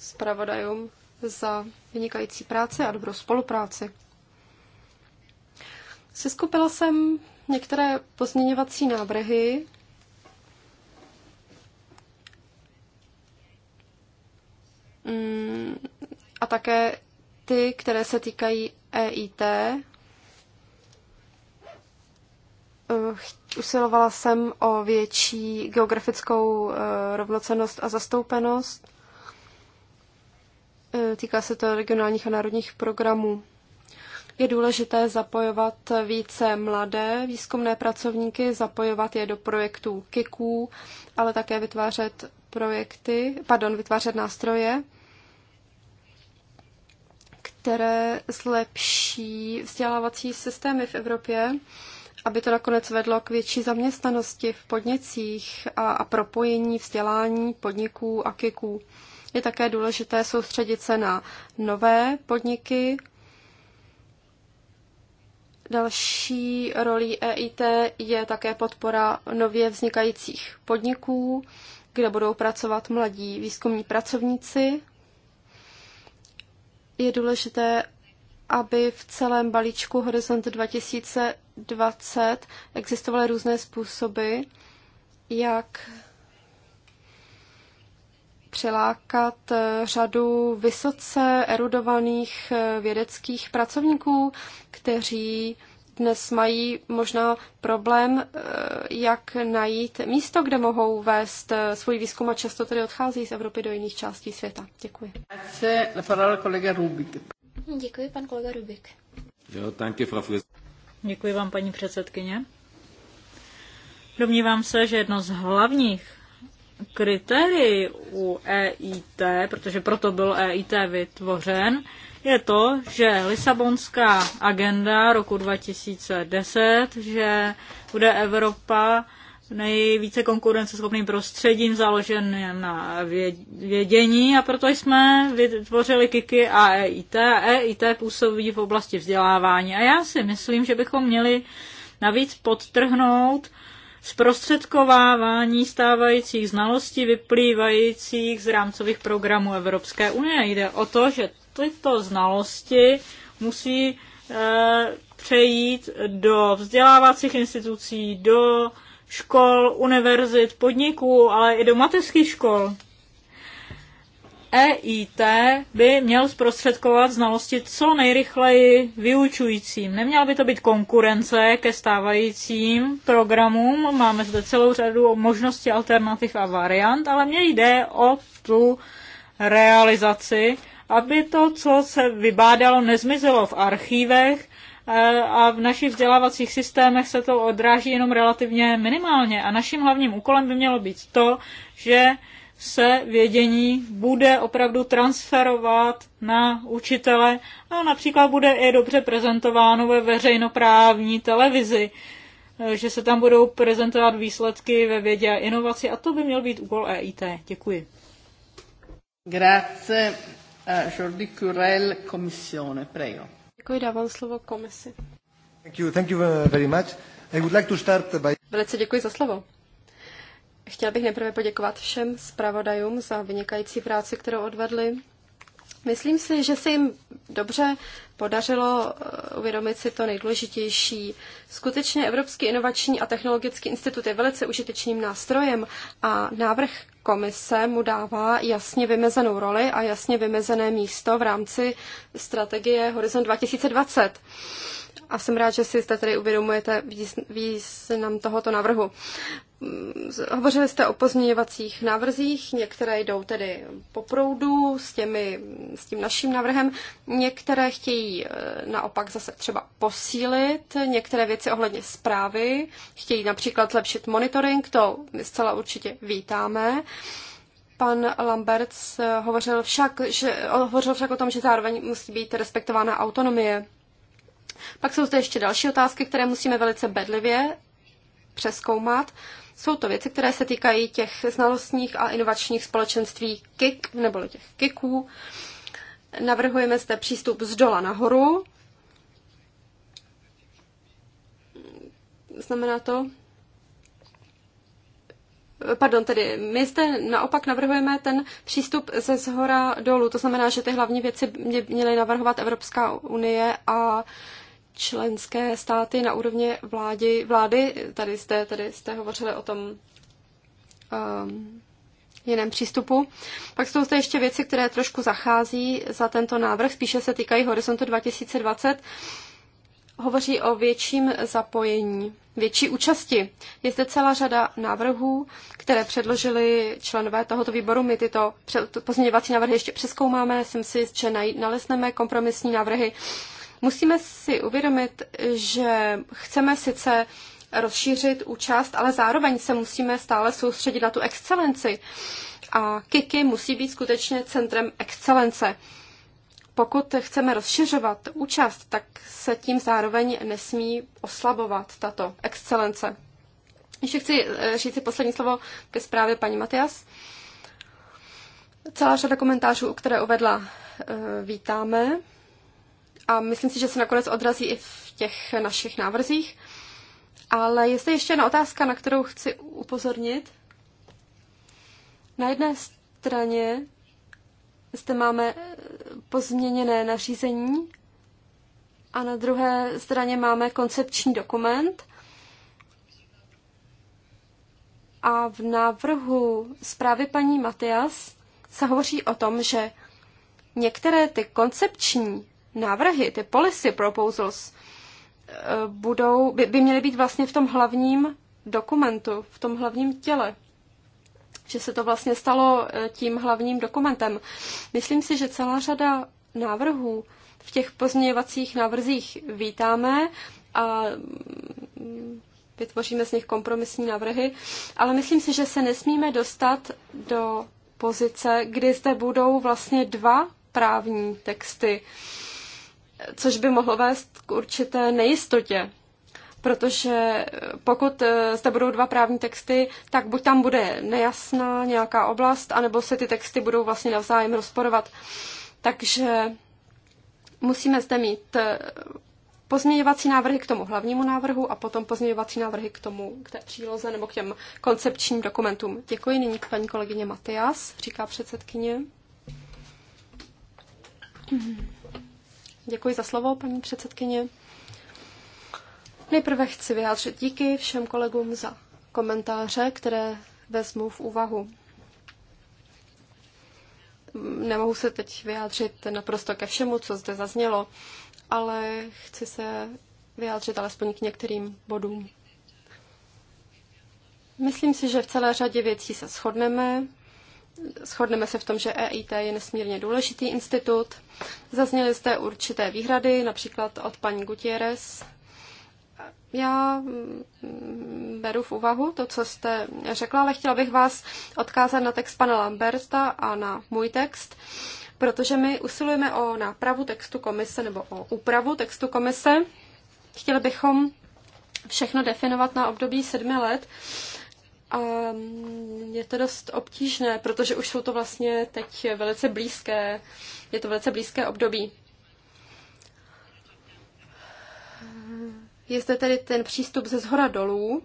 zpravodajům za vynikající práci a dobrou spolupráci. Seskupila jsem některé pozměňovací návrhy, mm, a také ty, které se týkají EIT. Eh, usilovala jsem o větší geografickou eh, rovnocenost a zastoupenost. Eh, týká se to regionálních a národních programů. Je důležité zapojovat více mladé výzkumné pracovníky, zapojovat je do projektů KIKů, ale také vytvářet projekty, pardon, vytvářet nástroje, které zlepší vzdělávací systémy v Evropě, aby to nakonec vedlo k větší zaměstnanosti v podnicích a, a propojení vzdělání podniků a KIKů. Je také důležité soustředit se na nové podniky. Další rolí EIT je také podpora nově vznikajících podniků, kde budou pracovat mladí výzkumní pracovníci. Je důležité, aby v celém balíčku Horizont 2020 existovaly různé způsoby, jak přilákat eh, řadu vysoce erudovaných eh, vědeckých pracovníků, kteří dnes mají možná problém, eh, jak najít místo, kde mohou vést svůj výzkum a často tedy odchází z Evropy do jiných částí světa. Děkuji. Děkuji, pan kolega Rubik. Děkuji vám, paní předsedkyně. Domnívám se, že jedno z hlavních kritérii u EIT, protože proto byl EIT vytvořen, je to, že Lisabonská agenda roku 2010, že bude Evropa nejvíce konkurenceschopným prostředím založeným na vědění a proto jsme vytvořili KIKY a EIT a EIT působí v oblasti vzdělávání a já si myslím, že bychom měli navíc podtrhnout zprostředkovávání stávajících znalostí vyplývajících z rámcových programů Evropské unie. Jde o to, že tyto znalosti musí e, přejít do vzdělávacích institucí, do škol, univerzit, podniků, ale i do mateřských škol. EIT by měl zprostředkovat znalosti co nejrychleji vyučujícím. Neměla by to být konkurence ke stávajícím programům. Máme zde celou řadu možností, alternativ a variant, ale mně jde o tu realizaci, aby to, co se vybádalo, nezmizelo v archívech eh, a v našich vzdělávacích systémech se to odráží jenom relativně minimálně. A naším hlavním úkolem by mělo být to, že se vědění bude opravdu transferovat na učitele a například bude i dobře prezentováno ve veřejnoprávní televizi, eh, že se tam budou prezentovat výsledky ve vědě a inovaci a to by měl být úkol EIT. Děkuji. Grazie. Eh, Jordi Curel, komisione, prego. Děkuji, dávám slovo komisi. Thank you, thank you eh, very much. I would like to start by... Velice děkuji za slovo. Chtěl bych nejprve poděkovat všem zpravodajům za vynikající práci, kterou odvedli. Myslím si, že se jim dobře podařilo eh, uvědomit si to nejdůležitější. Skutečně Evropský inovační a technologický institut je velice užitečným nástrojem a návrh komise mu dává jasně vymezenou roli a jasně vymezené místo v rámci strategie Horizon 2020. A jsem rád, že si zde tady uvědomujete význam tohoto návrhu hovořili jste o pozměňovacích návrzích, některé jdou tedy po proudu s, těmi, s tím naším návrhem, některé chtějí eh, naopak zase třeba posílit některé věci ohledně zprávy, chtějí například zlepšit monitoring, to my zcela určitě vítáme. Pan Lamberts eh, hovořil však, že, hovořil však o tom, že zároveň musí být respektována autonomie. Pak jsou zde ještě další otázky, které musíme velice bedlivě přeskoumat. Jsou to věci, které se týkají těch znalostních a inovačních společenství KIK, nebo těch KIKů. Navrhujeme zde přístup z dola nahoru. Znamená to, pardon, tedy my zde naopak navrhujeme ten přístup ze zhora dolů. To znamená, že ty hlavní věci měly navrhovat Evropská unie a členské státy na úrovni vlády, vlády tady jste, tady jste hovořili o tom um, jiném přístupu. Pak jsou zde ještě věci, které trošku zachází za tento návrh, spíše se týkají horizontu 2020. Hovoří o větším zapojení, větší účasti. Je zde celá řada návrhů, které předložili členové tohoto výboru. My tyto pozměňovací návrhy ještě přeskoumáme. Jsem si, že nalezneme kompromisní návrhy, Musíme si uvědomit, že chceme sice rozšířit účast, ale zároveň se musíme stále soustředit na tu excelenci. A Kiki musí být skutečně centrem excelence. Pokud chceme rozšiřovat účast, tak se tím zároveň nesmí oslabovat tato excelence. Ještě chci eh, říct si poslední slovo ke zprávě paní Matias. Celá řada komentářů, které uvedla, eh, vítáme a myslím si, že se nakonec odrazí i v těch našich návrzích. Ale jestli ještě jedna otázka, na kterou chci upozornit. Na jedné straně zde máme eh, pozměněné nařízení a na druhé straně máme koncepční dokument. A v návrhu zprávy paní Matias se hovoří o tom, že některé ty koncepční návrhy, ty policy proposals, eh, budou, by, by měly být vlastně v tom hlavním dokumentu, v tom hlavním těle. Že se to vlastně stalo eh, tím hlavním dokumentem. Myslím si, že celá řada návrhů v těch pozměňovacích návrzích vítáme a mm, vytvoříme z nich kompromisní návrhy, ale myslím si, že se nesmíme dostat do pozice, kdy zde budou vlastně dva právní texty. Uh, což by mohlo vést k určité nejistotě. Protože pokud eh, zde budou dva právní texty, tak buď tam bude nejasná nějaká oblast, anebo se ty texty budou vlastně navzájem rozporovat. Takže musíme zde mít eh, pozměňovací návrhy k tomu hlavnímu návrhu a potom pozměňovací návrhy k tomu, k té příloze nebo k těm koncepčním dokumentům. Děkuji nyní k paní kolegyně Matias, říká předsedkyně. Mm-hmm. Děkuji za slovo, paní předsedkyně. Nejprve chci vyjádřit díky všem kolegům za komentáře, které vezmu v úvahu. Nemohu se teď vyjádřit naprosto ke všemu, co zde zaznělo, ale chci se vyjádřit alespoň k některým bodům. Myslím si, že v celé řadě věcí se shodneme, Shodneme se v tom, že EIT je nesmírně důležitý institut. Zazněly zde určité výhrady, například od paní Gutierrez. Já mm, beru v úvahu to, co jste řekla, ale chtěla bych vás odkázat na text pana Lamberta a na můj text, protože my usilujeme o nápravu textu komise nebo o úpravu textu komise. Chtěli bychom všechno definovat na období sedmi let a mm, je to dost obtížné, protože už jsou to vlastně teď velice blízké, je to velice blízké období. Je zde tedy ten přístup ze zhora dolů,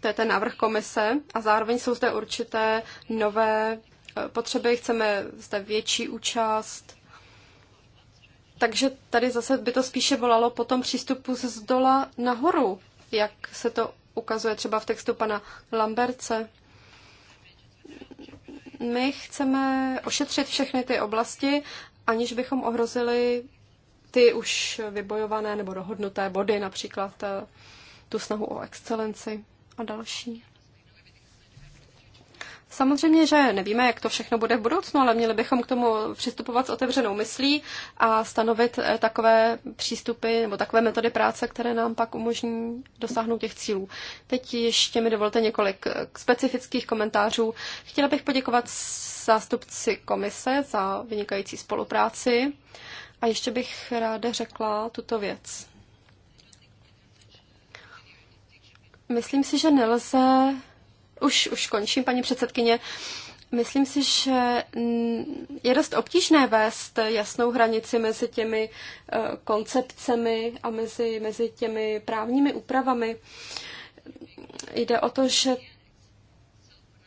to je ten návrh komise, a zároveň jsou zde určité nové eh, potřeby, chceme zde větší účast. Takže tady zase by to spíše volalo po tom přístupu z dola nahoru, jak se to ukazuje třeba v textu pana Lamberce. My chceme ošetřit všechny ty oblasti, aniž bychom ohrozili ty už vybojované nebo dohodnuté body, například eh, tu snahu o excelenci a další. Samozřejmě, že nevíme, jak to všechno bude v budoucnu, ale měli bychom k tomu přistupovat s otevřenou myslí a stanovit eh, takové přístupy nebo takové metody práce, které nám pak umožní dosáhnout těch cílů. Teď ještě mi dovolte několik eh, specifických komentářů. Chtěla bych poděkovat zástupci komise za vynikající spolupráci a ještě bych ráda řekla tuto věc. Myslím si, že nelze už, už končím, paní předsedkyně. Myslím si, že mm, je dost obtížné vést jasnou hranici mezi těmi eh, koncepcemi a mezi, mezi těmi právními úpravami. Jde o to, že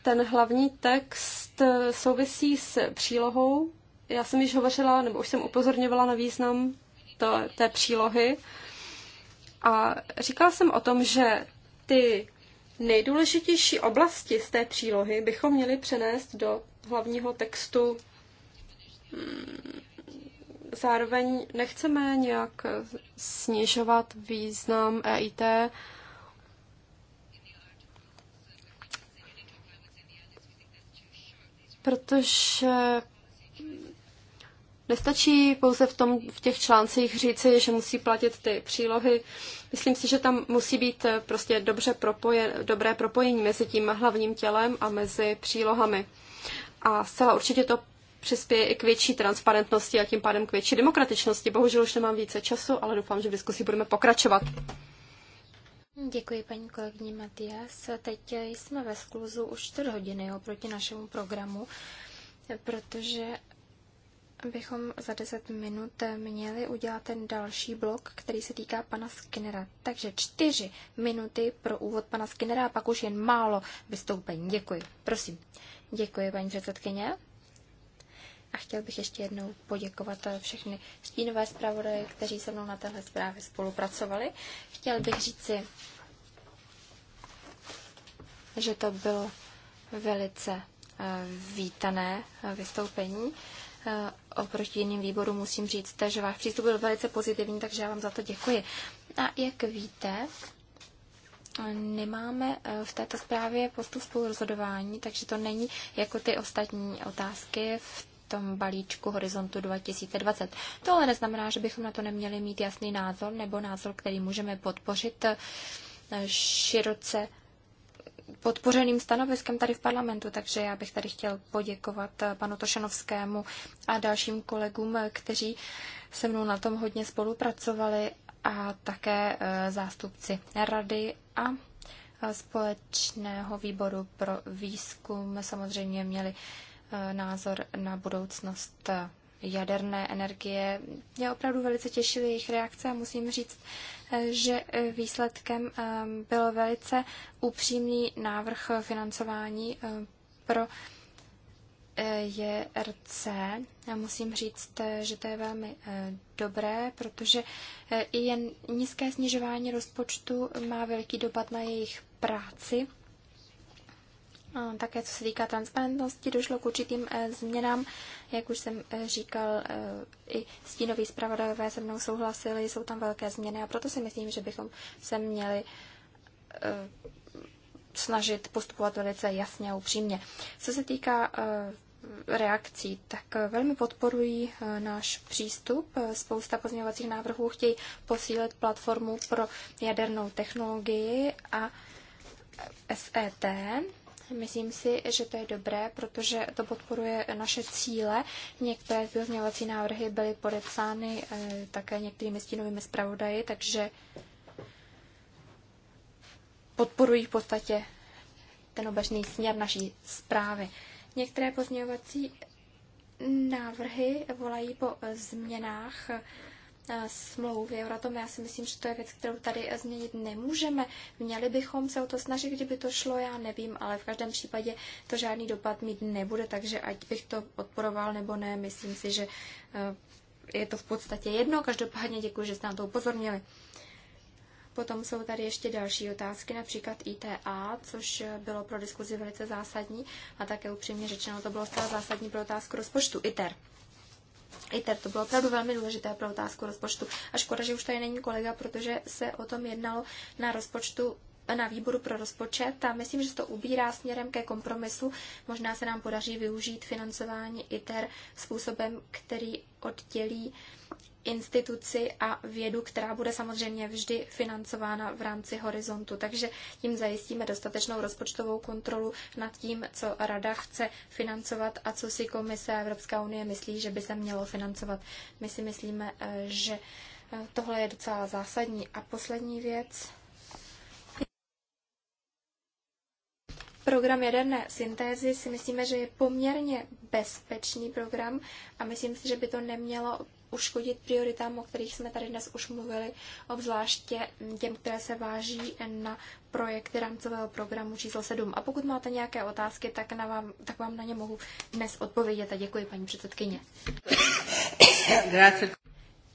ten hlavní text eh, souvisí s přílohou. Já jsem již hovořila, nebo už jsem upozorňovala na význam to, té přílohy. A říkala jsem o tom, že ty Nejdůležitější oblasti z té přílohy bychom měli přenést do hlavního textu. Hmm, zároveň nechceme nějak snižovat význam EIT. Protože nestačí pouze v, tom, v těch článcích říci, že musí platit ty přílohy. Myslím si, že tam musí být eh, prostě dobře propoje, dobré propojení mezi tím hlavním tělem a mezi přílohami. A zcela určitě to přispěje i k větší transparentnosti a tím pádem k větší demokratičnosti. Bohužel už nemám více času, ale doufám, že v diskusi budeme pokračovat. Děkuji paní kolegyni Matias. Teď jsme ve skluzu už 4 hodiny oproti našemu programu, protože bychom za 10 minut měli udělat ten další blok, který se týká pana Skinnera. Takže čtyři minuty pro úvod pana Skinnera a pak už jen málo vystoupení. Děkuji. Prosím. Děkuji, paní předsedkyně. A chtěl bych ještě jednou poděkovat všechny stínové zpravodaje, kteří se mnou na téhle zprávě spolupracovali. Chtěl bych říci, že to bylo velice eh, vítané eh, vystoupení. Eh, oproti jiným výborům musím říct, že váš přístup byl velice pozitivní, takže já vám za to děkuji. A jak víte, nemáme eh, v této zprávě postup rozhodování, takže to není jako ty ostatní otázky v tom balíčku Horizontu 2020. To ale neznamená, že bychom na to neměli mít jasný názor nebo názor, který můžeme podpořit eh, široce podpořeným stanoviskem tady v parlamentu, takže já bych tady chtěl poděkovat eh, panu Tošanovskému a dalším kolegům, eh, kteří se mnou na tom hodně spolupracovali a také eh, zástupci rady a společného výboru pro výzkum samozřejmě měli názor na budoucnost jaderné energie. Mě opravdu velice těšily jejich reakce a musím říct, eh, že eh, výsledkem ehm, byl velice upřímný návrh financování eh, pro JRC. Já musím říct, že to je velmi dobré, protože i jen nízké snižování rozpočtu má velký dopad na jejich práci No, také co se týká transparentnosti, došlo k určitým eh, změnám. Jak už jsem eh, říkal, eh, i stínoví zpravodajové se mnou souhlasili, jsou tam velké změny a proto si myslím, že bychom se měli snažit postupovat velice jasně a upřímně. Co se týká reakcí, tak velmi podporují náš přístup. Spousta pozměňovacích návrhů chtějí posílit platformu pro jadernou technologii a SET Myslím si, že to je dobré, protože to podporuje naše cíle. Některé pozměňovací návrhy byly podepsány eh, také některými stínovými zpravodaji, takže podporují v podstatě ten obecný směr naší zprávy. Některé pozměňovací návrhy volají po změnách E, smlouvy Euratom. Já si myslím, že to je věc, kterou tady změnit nemůžeme. Měli bychom se o to snažit, kdyby to šlo, já nevím, ale v každém případě to žádný dopad mít nebude, takže ať bych to podporoval nebo ne, myslím si, že e, je to v podstatě jedno. Každopádně děkuji, že jste na to upozornili. Potom jsou tady ještě další otázky, například ITA, což bylo pro diskuzi velice zásadní a také upřímně řečeno to bylo zcela zásadní pro otázku rozpočtu ITER. ITER. To bylo opravdu velmi důležité pro otázku rozpočtu. A škoda, že už tady není kolega, protože se o tom jednalo na rozpočtu na výboru pro rozpočet a myslím, že se to ubírá směrem ke kompromisu. Možná se nám podaří využít financování ITER způsobem, který oddělí instituci a vědu, která bude samozřejmě vždy financována v rámci horizontu. Takže tím zajistíme dostatečnou rozpočtovou kontrolu nad tím, co Rada chce financovat a co si Komise Evropská unie myslí, že by se mělo financovat. My si myslíme, eh, že eh, tohle je docela zásadní. A poslední věc. Program jaderné syntézy si myslíme, že je poměrně bezpečný program a myslím si, že by to nemělo uškodit prioritám, o kterých jsme tady dnes už mluvili, obzvláště těm, které se váží na projekty rámcového programu číslo 7. A pokud máte nějaké otázky, tak, na vám, tak vám na ně mohu dnes odpovědět a děkuji, paní předsedkyně.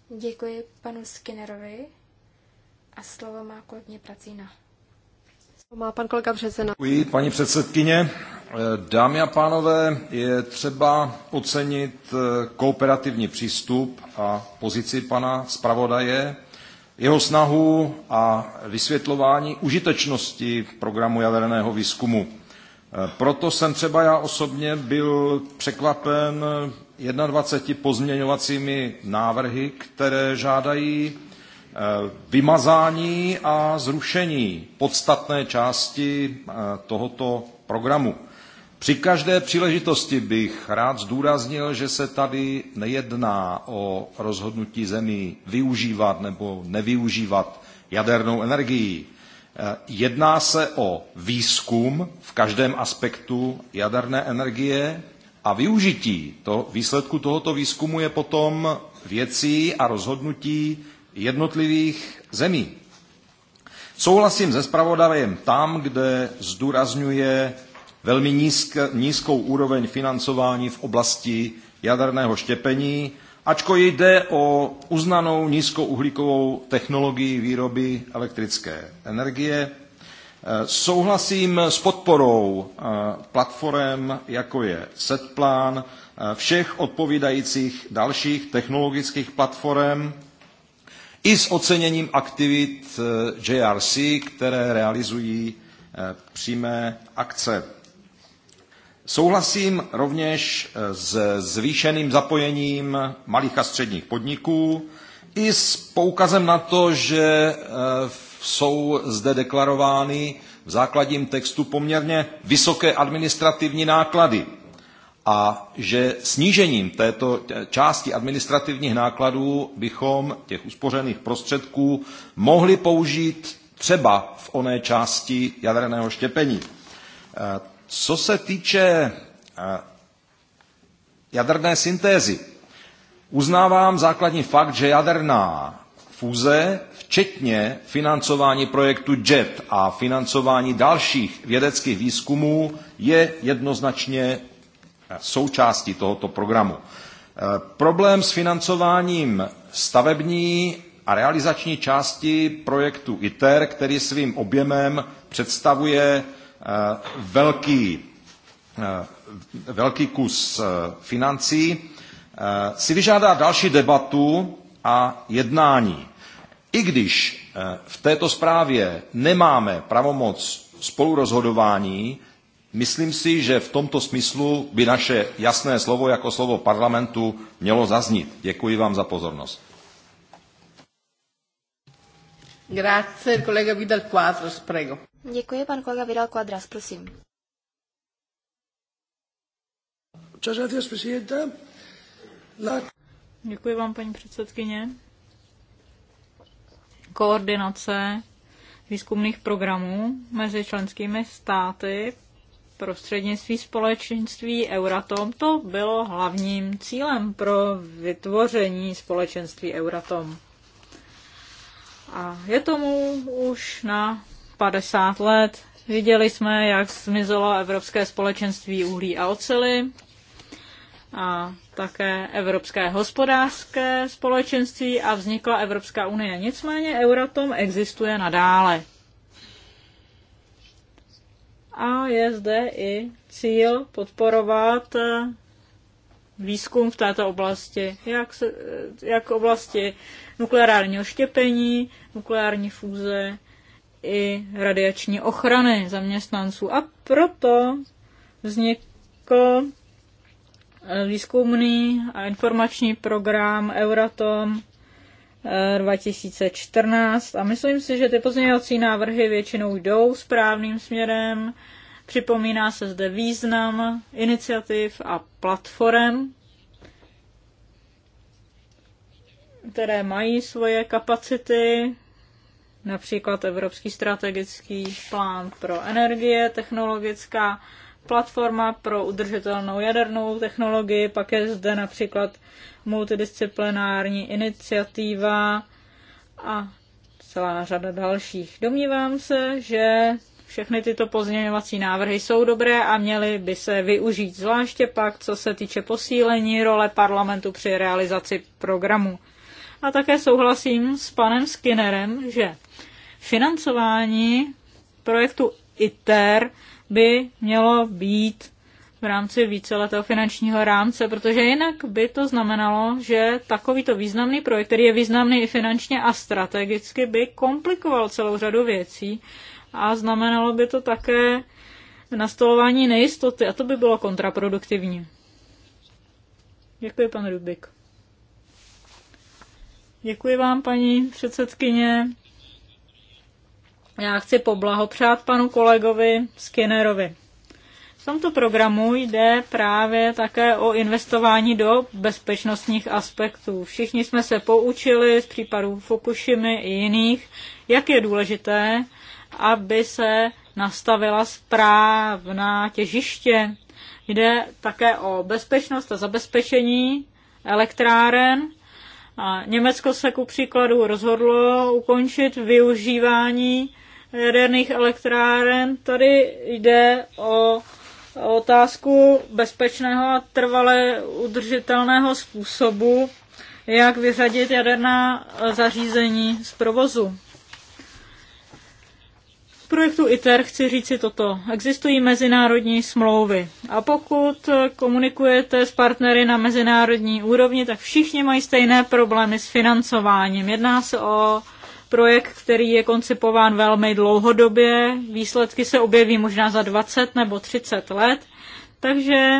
Děkuji panu Skinnerovi a slovo má kolegyně Pracína. Má pan kolega Březena. Děkuji, paní předsedkyně. Dámy a pánové, je třeba ocenit eh, kooperativní přístup a pozici pana zpravodaje, jeho snahu a vysvětlování užitečnosti programu jaderného výzkumu. Eh, proto jsem třeba já osobně byl překvapen 21 eh, pozměňovacími návrhy, které žádají Eh, vymazání a zrušení podstatné části eh, tohoto programu. Při každé příležitosti bych rád zdůraznil, že se tady nejedná o rozhodnutí zemí využívat nebo nevyužívat jadernou energii. Eh, jedná se o výzkum v každém aspektu jaderné energie a využití to, výsledku tohoto výzkumu je potom věcí a rozhodnutí jednotlivých zemí. Souhlasím se spravodajem tam, kde zdůrazňuje velmi nízk, nízkou úroveň financování v oblasti jaderného štěpení, ačkoliv jde o uznanou nízkouhlíkovou technologii výroby elektrické energie. Souhlasím s podporou eh, platform, jako je SETPLAN, eh, všech odpovídajících dalších technologických platform, i s oceněním aktivit eh, JRC, které realizují eh, přímé akce. Souhlasím rovněž eh, s zvýšeným zapojením malých a středních podniků i s poukazem na to, že jsou zde deklarovány v základním textu poměrně vysoké administrativní náklady a že snížením této části administrativních nákladů bychom těch uspořených prostředků mohli použít třeba v oné části jaderného štěpení. E, co se týče e, jaderné syntézy, uznávám základní fakt, že jaderná fúze, včetně financování projektu JET a financování dalších vědeckých výzkumů, je jednoznačně Eh, součástí tohoto programu. Eh, problém s financováním stavební a realizační části projektu ITER, který svým objemem představuje eh, velký, velký kus financí, si vyžádá další debatu a jednání. I když v této zprávě nemáme pravomoc spolurozhodování, Myslím si, že v tomto smyslu by naše jasné slovo jako slovo parlamentu mělo zaznít. Děkuji vám za pozornost. Grazie, kolega Vidal Quadras, prego. Děkuji, pan kolega Vidal Quadras, prosím. Děkuji vám, paní předsedkyně. Koordinace výzkumných programů mezi členskými státy prostřednictví společenství Euratom. To bylo hlavním cílem pro vytvoření společenství Euratom. A je tomu už na 50 let. Viděli jsme, jak zmizelo Evropské společenství uhlí a ocely a také Evropské hospodářské společenství a vznikla Evropská unie. Nicméně Euratom existuje nadále. A je zde i cíl podporovat eh, výzkum v této oblasti, jak, se, eh, jak oblasti nukleárního štěpení, nukleární fúze i radiační ochrany zaměstnanců. A proto vznikl eh, výzkumný a informační program Euratom 2014 eh, a myslím si, že ty pozměňovací návrhy většinou jdou správným směrem. Připomíná se zde význam iniciativ a platform, které mají svoje kapacity, například Evropský strategický plán pro energie, technologická platforma pro udržitelnou jadernou technologii, pak je zde například multidisciplinární iniciativa a celá řada dalších. Domnívám se, že všechny tyto pozměňovací návrhy jsou dobré a měly by se využít, zvláště pak, co se týče posílení role parlamentu při realizaci programu. A také souhlasím s panem Skinnerem, že financování projektu ITER by mělo být v rámci víceletého finančního rámce, protože jinak by to znamenalo, že takovýto významný projekt, který je významný i finančně a strategicky, by komplikoval celou řadu věcí a znamenalo by to také nastolování nejistoty a to by bylo kontraproduktivní. Děkuji, pan Rubik. Děkuji vám, paní předsedkyně. Já chci poblahopřát panu kolegovi Skinnerovi. V tomto programu jde právě také o investování do bezpečnostních aspektů. Všichni jsme se poučili z případů Fukushimy i jiných, jak je důležité, aby se nastavila správná těžiště. Jde také o bezpečnost a zabezpečení elektráren. A Německo se ku příkladu rozhodlo ukončit využívání jaderných elektráren. Tady jde o otázku bezpečného a trvale udržitelného způsobu, jak vyřadit jaderná zařízení z provozu. V projektu ITER chci říci toto. Existují mezinárodní smlouvy a pokud komunikujete s partnery na mezinárodní úrovni, tak všichni mají stejné problémy s financováním. Jedná se o projekt, který je koncipován velmi dlouhodobě. Výsledky se objeví možná za 20 nebo 30 let. Takže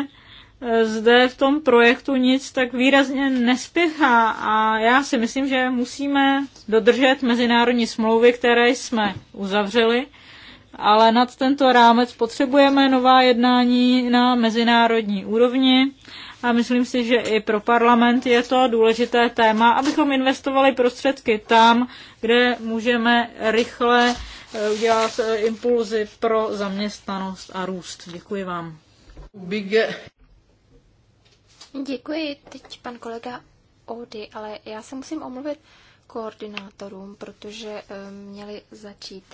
eh, zde v tom projektu nic tak výrazně nespěchá a já si myslím, že musíme dodržet mezinárodní smlouvy, které jsme uzavřeli, ale nad tento rámec potřebujeme nová jednání na mezinárodní úrovni a myslím si, že i pro parlament je to důležité téma, abychom investovali prostředky tam, kde můžeme rychle eh, udělat eh, impulzy pro zaměstnanost a růst. Děkuji vám. Big. Děkuji. Teď pan kolega Ody, ale já se musím omluvit koordinátorům, protože eh, měli začít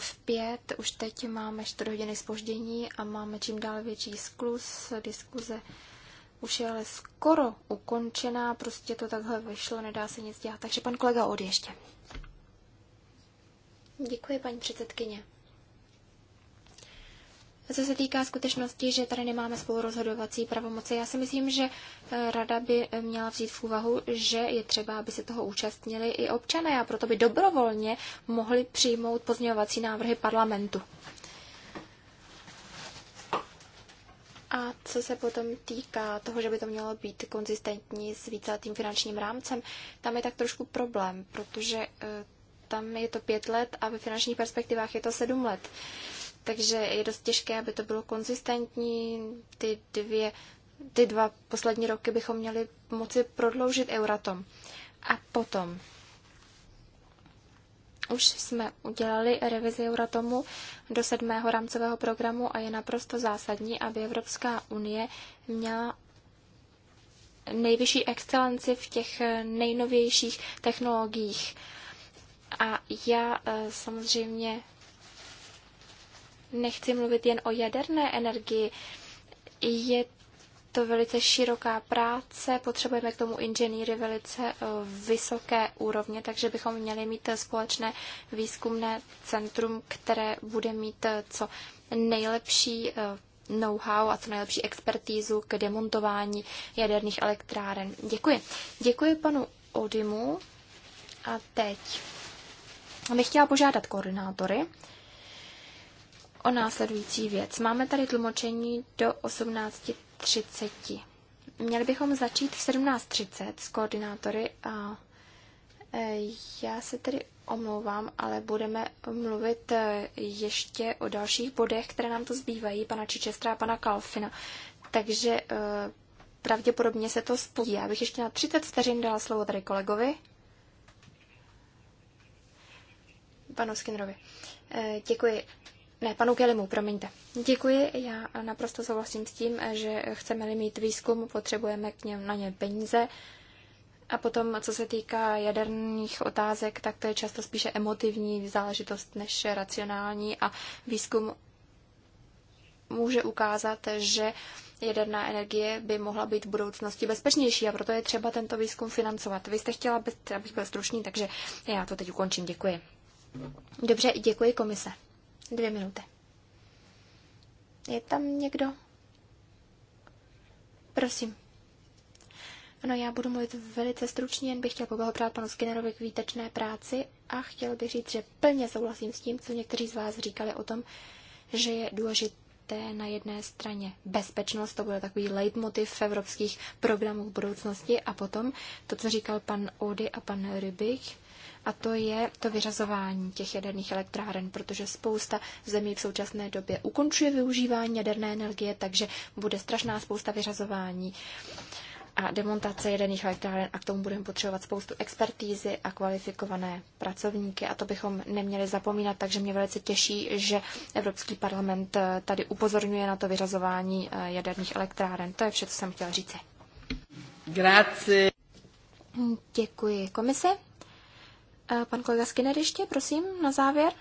v pět, už teď máme 4 hodiny spoždění a máme čím dál větší sklus, diskuze už je ale skoro ukončená, prostě to takhle vyšlo, nedá se nic dělat. Takže pan kolega, odještě. Děkuji, paní předsedkyně. Co se týká skutečnosti, že tady nemáme spolurozhodovací pravomoci, já si myslím, že eh, rada by eh, měla vzít v úvahu, že je třeba, aby se toho účastnili i občané a proto by dobrovolně mohli přijmout pozměňovací návrhy parlamentu. A co se potom týká toho, že by to mělo být konzistentní s víceletým finančním rámcem, tam je tak trošku problém, protože eh, tam je to pět let a ve finančních perspektivách je to sedm let takže je dost těžké, aby to bylo konzistentní. Ty, dvě, ty dva poslední roky bychom měli moci prodloužit Euratom. A potom už jsme udělali revizi Euratomu do sedmého rámcového programu a je naprosto zásadní, aby Evropská unie měla nejvyšší excelenci v těch nejnovějších technologiích. A já eh, samozřejmě nechci mluvit jen o jaderné energii. Je to velice široká práce, potřebujeme k tomu inženýry velice eh, vysoké úrovně, takže bychom měli mít společné výzkumné centrum, které bude mít eh, co nejlepší eh, know-how a co nejlepší expertízu k demontování jaderných elektráren. Děkuji. Děkuji panu Odimu. A teď bych chtěla požádat koordinátory, o následující věc. Máme tady tlumočení do 18.30. Měli bychom začít v 17.30 s koordinátory a e, já se tedy omlouvám, ale budeme mluvit e, ještě o dalších bodech, které nám to zbývají, pana Čičestra a pana Kalfina. Takže e, pravděpodobně se to spojí. Já bych ještě na 30 vteřin dala slovo tady kolegovi. Panu Skinnerovi. Děkuji. Ne, panu Kelimu, promiňte. Děkuji, já naprosto souhlasím s tím, že chceme-li mít výzkum, potřebujeme k něm na ně peníze. A potom, co se týká jaderných otázek, tak to je často spíše emotivní záležitost než racionální a výzkum může ukázat, že jaderná energie by mohla být v budoucnosti bezpečnější a proto je třeba tento výzkum financovat. Vy jste chtěla, abych byl stručný, takže já to teď ukončím. Děkuji. Dobře, děkuji komise. Dvě minuty. Je tam někdo? Prosím. Ano, já budu mluvit velice stručně, jen bych chtěl poblahopřát panu Skinnerovi k výtečné práci a chtěl bych říct, že plně souhlasím s tím, co někteří z vás říkali o tom, že je důležité na jedné straně bezpečnost, to bude takový leitmotiv evropských programů v budoucnosti, a potom to, co říkal pan Ody a pan Rybich, a to je to vyřazování těch jaderných elektráren, protože spousta zemí v současné době ukončuje využívání jaderné energie, takže bude strašná spousta vyřazování a demontace jaderných elektráren a k tomu budeme potřebovat spoustu expertízy a kvalifikované pracovníky a to bychom neměli zapomínat, takže mě velice těší, že Evropský parlament eh, tady upozorňuje na to vyřazování eh, jaderných elektráren. To je vše, co jsem chtěla říct. Grazie. Děkuji komise. Pan kolega Skinner ještě, prosím, na závěr.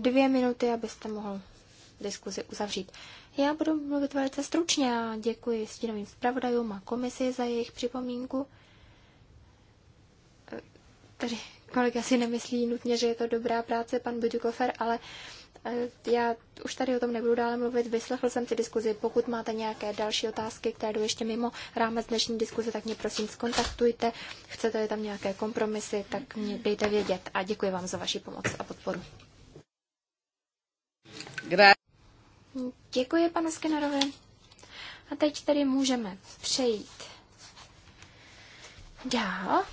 Dvě minuty, abyste mohl diskuzi uzavřít. Já budu mluvit velice stručně a děkuji stínovým zpravodajům a komisi za jejich připomínku. Tady kolega si nemyslí nutně, že je to dobrá práce, pan Budukofer, ale uh, já už tady o tom nebudu dále mluvit, vyslechl jsem ty diskuzi. Pokud máte nějaké další otázky, které jdou ještě mimo rámec dnešní diskuze, tak mě prosím skontaktujte. Chcete tam nějaké kompromisy, tak mě dejte vědět. A děkuji vám za vaši pomoc a podporu. Děkuji panu Skinnerovi. A teď tedy můžeme přejít dál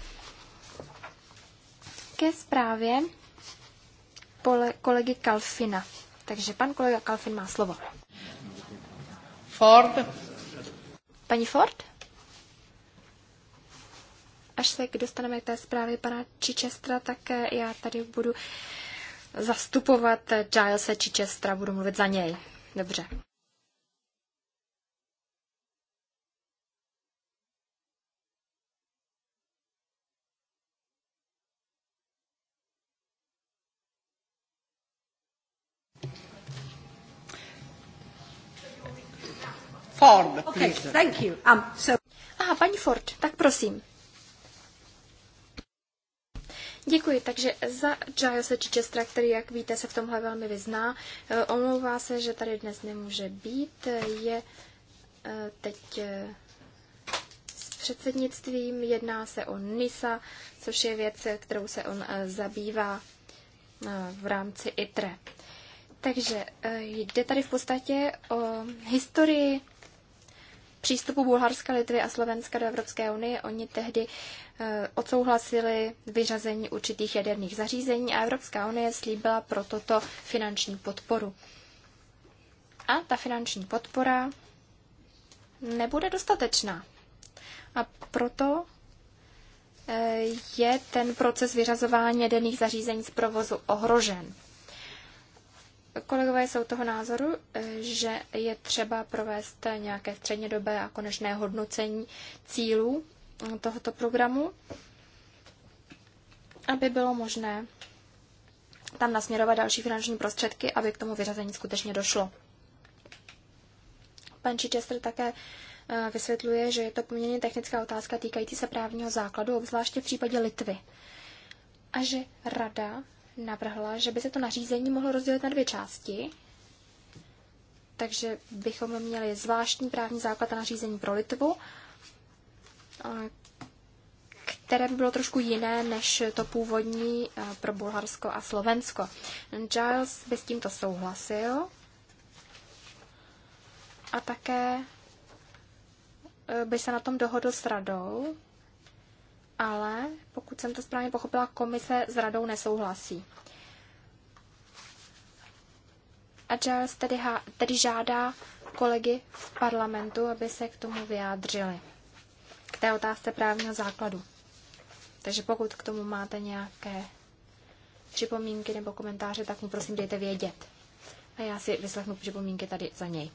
ke zprávě pole, kolegy Kalfina. Takže pan kolega Kalfin má slovo. Ford. Paní Ford? Až se dostaneme k té zprávě pana Čičestra, tak eh, já tady budu zastupovat Gilesa Čičestra, budu mluvit za něj. Dobře. Ford, okay, thank you. Um, so... Aha, paní Ford, tak prosím. Děkuji, takže za Giles Chichestra, který, jak víte, se v tomhle velmi vyzná, eh, omlouvá se, že tady dnes nemůže být, je eh, teď eh, s předsednictvím, jedná se o NISA, což je věc, kterou se on zabývá v rámci ITRE. Takže jde tady v podstatě o historii přístupu Bulharska, Litvy a Slovenska do Evropské unie, oni tehdy eh, odsouhlasili vyřazení určitých jaderných zařízení a Evropská unie slíbila pro toto finanční podporu. A ta finanční podpora nebude dostatečná. A proto eh, je ten proces vyřazování jaderných zařízení z provozu ohrožen. Kolegové jsou toho názoru, eh, že je třeba provést nějaké střednědobé a konečné hodnocení cílů tohoto programu, aby bylo možné tam nasměrovat další finanční prostředky, aby k tomu vyřazení skutečně došlo. Pan Chichester také eh, vysvětluje, že je to poměrně technická otázka týkající se právního základu, obzvláště v případě Litvy. A že rada navrhla, že by se to nařízení mohlo rozdělit na dvě části, takže bychom měli zvláštní právní základ a nařízení pro Litvu, které by bylo trošku jiné než to původní pro Bulharsko a Slovensko. Giles by s tímto souhlasil a také e, by se na tom dohodl s radou, ale pokud jsem to správně pochopila, komise s radou nesouhlasí. Agile tedy, ha, tedy žádá kolegy v parlamentu, aby se k tomu vyjádřili. K té otázce právního základu. Takže pokud k tomu máte nějaké připomínky nebo komentáře, tak mu prosím dejte vědět. A já si vyslechnu připomínky tady za něj.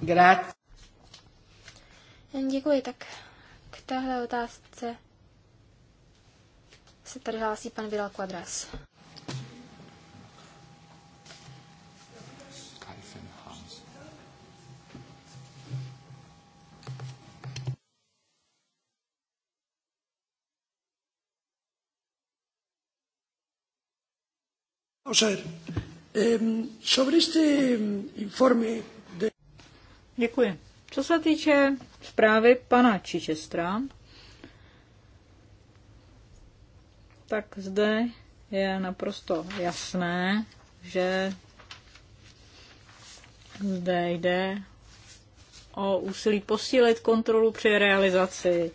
Grazie. Děkuji, tak k téhle otázce se tady hlásí pan Vidal Quadras. Vamos a ver. Eh, sobre este informe de... Děkuji. Co se týče zprávy pana Čičestra, tak zde je naprosto jasné, že zde jde o úsilí posílit kontrolu při realizaci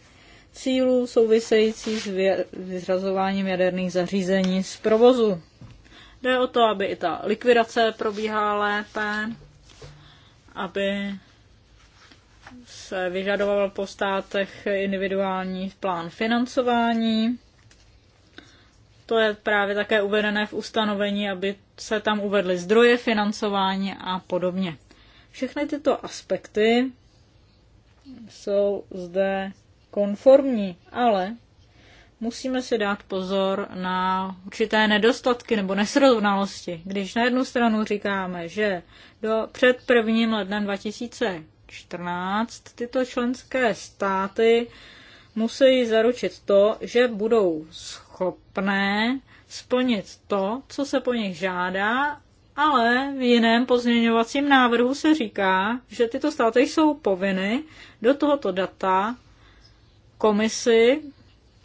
cílů související s vyřazováním jaderných zařízení z provozu. Jde o to, aby i ta likvidace probíhala lépe, aby se vyžadoval po státech individuální plán financování. To je právě také uvedené v ustanovení, aby se tam uvedly zdroje financování a podobně. Všechny tyto aspekty jsou zde konformní, ale musíme si dát pozor na určité nedostatky nebo nesrovnalosti. Když na jednu stranu říkáme, že do, před 1. lednem 2000 2014 tyto členské státy musí zaručit to, že budou schopné splnit to, co se po nich žádá, ale v jiném pozměňovacím návrhu se říká, že tyto státy jsou povinny do tohoto data komisi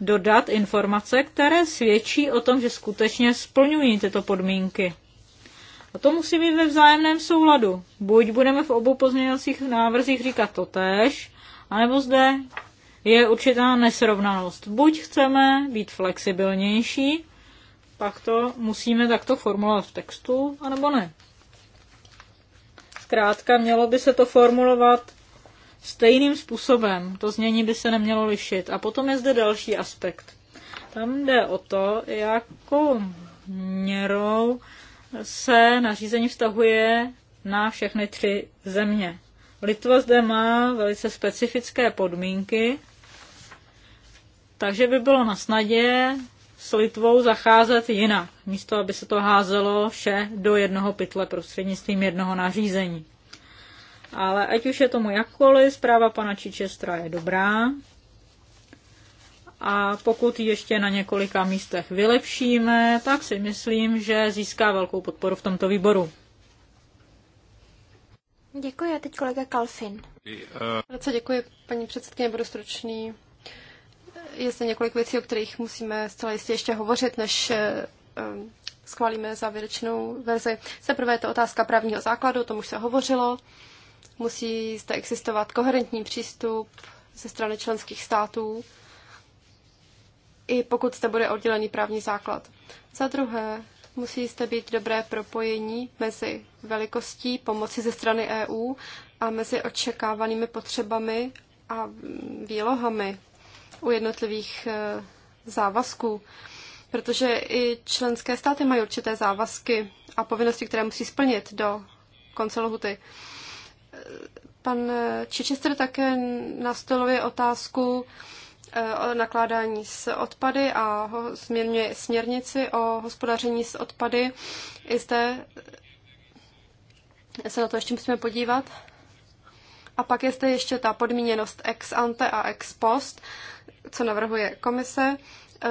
dodat informace, které svědčí o tom, že skutečně splňují tyto podmínky to musí být ve vzájemném souladu. Buď budeme v obou pozměňovacích návrzích říkat to tež, anebo zde je určitá nesrovnalost. Buď chceme být flexibilnější, pak to musíme takto formulovat v textu, anebo ne. Zkrátka, mělo by se to formulovat stejným způsobem. To znění by se nemělo lišit. A potom je zde další aspekt. Tam jde o to, jakou měrou se nařízení vztahuje na všechny tři země. Litva zde má velice specifické podmínky, takže by bylo na snadě s Litvou zacházet jinak, místo aby se to házelo vše do jednoho pytle prostřednictvím jednoho nařízení. Ale ať už je tomu jakkoliv, zpráva pana Čičestra je dobrá a pokud ještě na několika místech vylepšíme, tak si myslím, že získá velkou podporu v tomto výboru. Děkuji a teď kolega Kalfin. Eh, Velice děkuji, paní předsedkyně, budu stručný. Je zde několik věcí, o kterých musíme zcela jistě ještě hovořit, než eh, eh, schválíme závěrečnou verzi. Za prvé je to otázka právního základu, o tom už se hovořilo. Musí zde existovat koherentní přístup ze strany členských států i pokud zde bude oddělený právní základ. Za druhé, musí zde být dobré propojení mezi velikostí pomoci ze strany EU a mezi očekávanými potřebami a výlohami u jednotlivých e, závazků, protože i členské státy mají určité závazky a povinnosti, které musí splnit do konce lohuty. Pan Čičester také nastoluje otázku Eh, nakládání s odpady a ho změňuje směrnici o hospodaření s odpady. I zde se na to ještě musíme podívat. A pak je zde ještě ta podmíněnost ex ante a ex post, co navrhuje komise.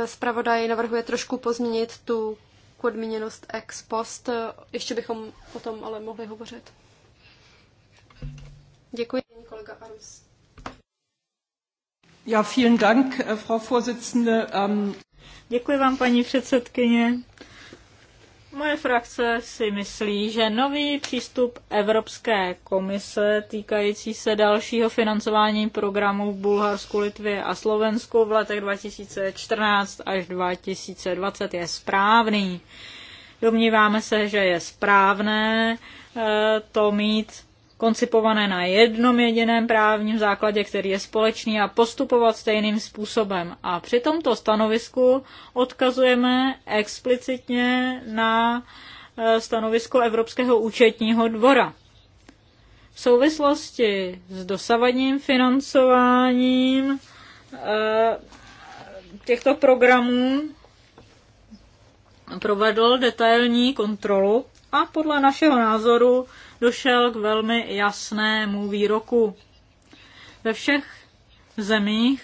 Spravodaj eh, navrhuje trošku pozměnit tu podmíněnost ex post. Ještě bychom o tom ale mohli hovořit. Děkuji, kolega Ja, vielen Dank, äh, Frau Vorsitzende. Ähm, Děkuji vám, paní předsedkyně. Moje frakce si myslí, že nový přístup Evropské komise týkající se dalšího financování programů v Bulharsku, Litvě a Slovensku v letech 2014 až 2020 je správný. Domníváme se, že je správné eh, to mít koncipované na jednom jediném právním základě, který je společný a postupovat stejným způsobem. A při tomto stanovisku odkazujeme explicitně na e, stanovisko Evropského účetního dvora. V souvislosti s dosavadním financováním e, těchto programů provedl detailní kontrolu a podle našeho názoru došel k velmi jasnému výroku. Ve všech zemích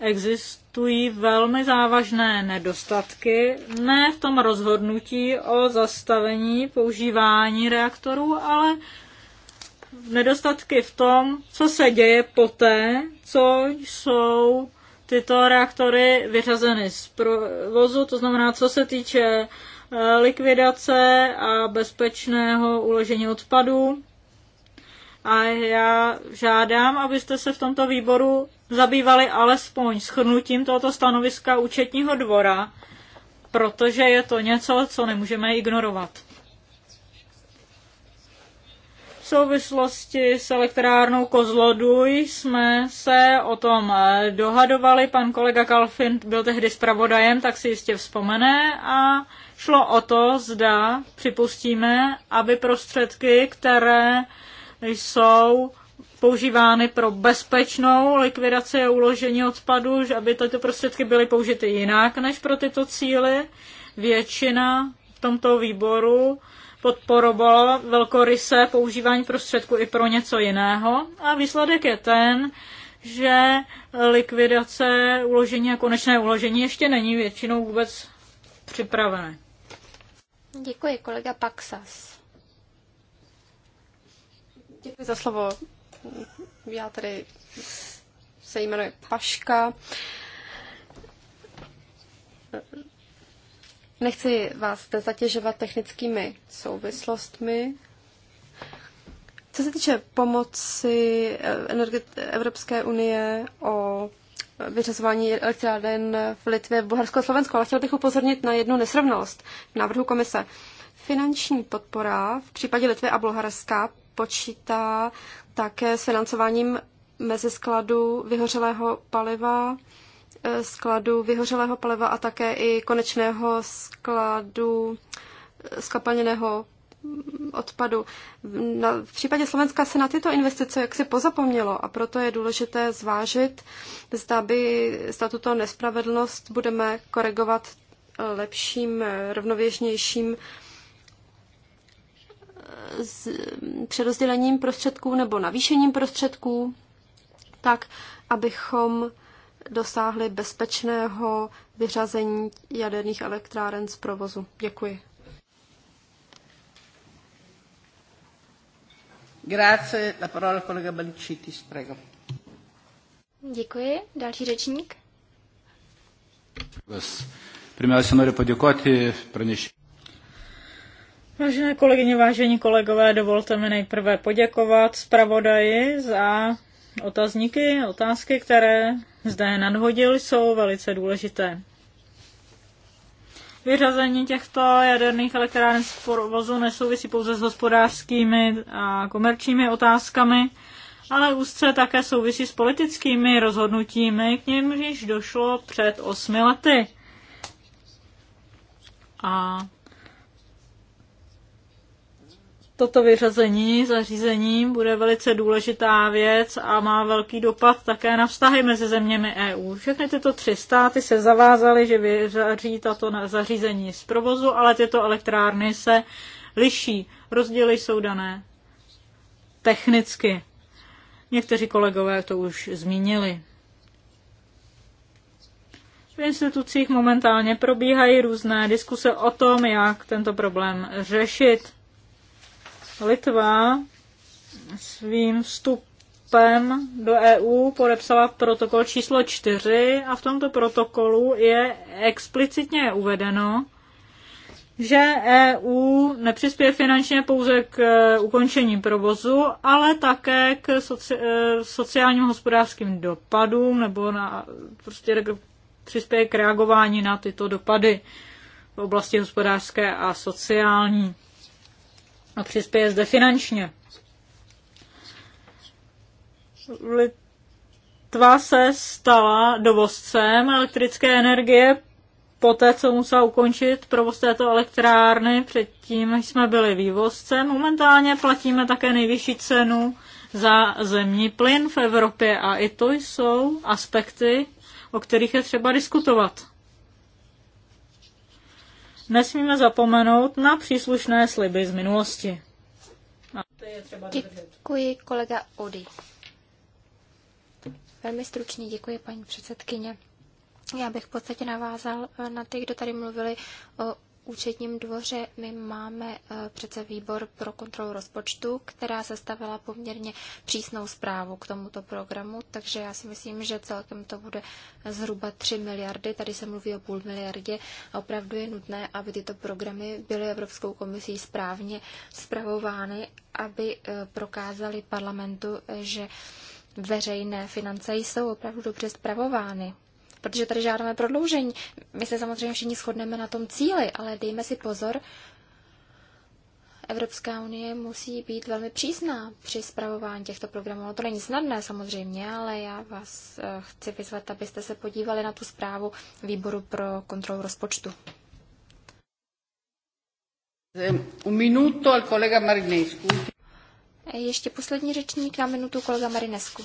existují velmi závažné nedostatky, ne v tom rozhodnutí o zastavení používání reaktorů, ale nedostatky v tom, co se děje poté, co jsou tyto reaktory vyřazeny z provozu, to znamená, co se týče Eh, likvidace a bezpečného uložení odpadů. A já žádám, abyste se v tomto výboru zabývali alespoň schrnutím tohoto stanoviska účetního dvora, protože je to něco, co nemůžeme ignorovat. V souvislosti s elektrárnou Kozloduj jsme se o tom eh, dohadovali. Pan kolega Kalfin byl tehdy zpravodajem, tak si jistě vzpomene a Šlo o to, zda připustíme, aby prostředky, které jsou používány pro bezpečnou likvidaci a uložení odpadu, že aby tyto prostředky byly použity jinak než pro tyto cíly. Většina v tomto výboru podporovala velkoryse používání prostředků i pro něco jiného a výsledek je ten, že likvidace uložení a konečné uložení ještě není většinou vůbec připravené. Děkuji, kolega Paxas. Děkuji za slovo. Já tady se jmenuji Paška. Nechci vás zatěžovat technickými souvislostmi. Co se týče pomoci eh, Evropské unie o vyřazování elektráren v Litvě, v Bulharsku a Slovensku, ale chtěl bych upozornit na jednu nesrovnalost v návrhu komise. Finanční podpora v případě Litvy a Bulharska počítá také s financováním skladu vyhořelého paliva, eh, skladu vyhořelého paliva a také i konečného skladu eh, skapalněného odpadu. Na, v případě Slovenska se na tyto investice jaksi pozapomnělo a proto je důležité zvážit, zda by zda tuto nespravedlnost budeme koregovat eh, lepším, eh, rovnověžnějším eh, s mm, přerozdělením prostředků nebo navýšením prostředků, tak abychom dosáhli bezpečného vyřazení jaderných elektráren z provozu. Děkuji. Grazie, la parola kolega Balicitis, prego. Děkuji. Další řečník. Primárně noriu poděkovat pranešení. Vážené kolegyně, vážení kolegové, dovolte mi nejprve poděkovat zpravodaji za otazníky, otázky, které zde nadhodil, jsou velice důležité. Vyřazení těchto jaderných elektráren z provozu nesouvisí pouze s hospodářskými a komerčními otázkami, ale úzce také souvisí s politickými rozhodnutími, k nimž již došlo před osmi lety. A toto vyřazení zařízením bude velice důležitá věc a má velký dopad také na vztahy mezi zeměmi EU. Všechny tyto tři státy se zavázaly, že vyřaří tato zařízení z provozu, ale tyto elektrárny se liší. Rozdíly jsou dané technicky. Někteří kolegové to už zmínili. V institucích momentálně probíhají různé diskuse o tom, jak tento problém řešit. Litva svým vstupem do EU podepsala protokol číslo 4 a v tomto protokolu je explicitně uvedeno, že EU nepřispěje finančně pouze k eh, ukončení provozu, ale také k soci, eh, sociálním hospodářským dopadům nebo na, prostě přispěje k reagování na tyto dopady v oblasti hospodářské a sociální a přispěje zde finančně. Litva se stala dovozcem elektrické energie poté, co musela ukončit provoz této elektrárny. Předtím jsme byli vývozcem. Momentálně platíme také nejvyšší cenu za zemní plyn v Evropě a i to jsou aspekty, o kterých je třeba diskutovat nesmíme zapomenout na příslušné sliby z minulosti. A to je třeba děkuji, držet. kolega Ody. Velmi stručně děkuji paní předsedkyně. Já bych v podstatě navázal na ty, kdo tady mluvili o účetním dvoře my máme eh, přece výbor pro kontrolu rozpočtu, která sestavila poměrně přísnou zprávu k tomuto programu, takže já si myslím, že celkem to bude zhruba 3 miliardy, tady se mluví o půl miliardě a opravdu je nutné, aby tyto programy byly Evropskou komisí správně zpravovány, aby eh, prokázali parlamentu, eh, že veřejné finance jsou opravdu dobře zpravovány protože tady žádáme prodloužení. My se samozřejmě všichni shodneme na tom cíli, ale dejme si pozor, Evropská unie musí být velmi přísná při zpravování těchto programů. No to není snadné samozřejmě, ale já vás eh, chci vyzvat, abyste se podívali na tu zprávu výboru pro kontrolu rozpočtu. al kolega Marinescu. Eh, ještě poslední řečník na minutu kolega Marinescu.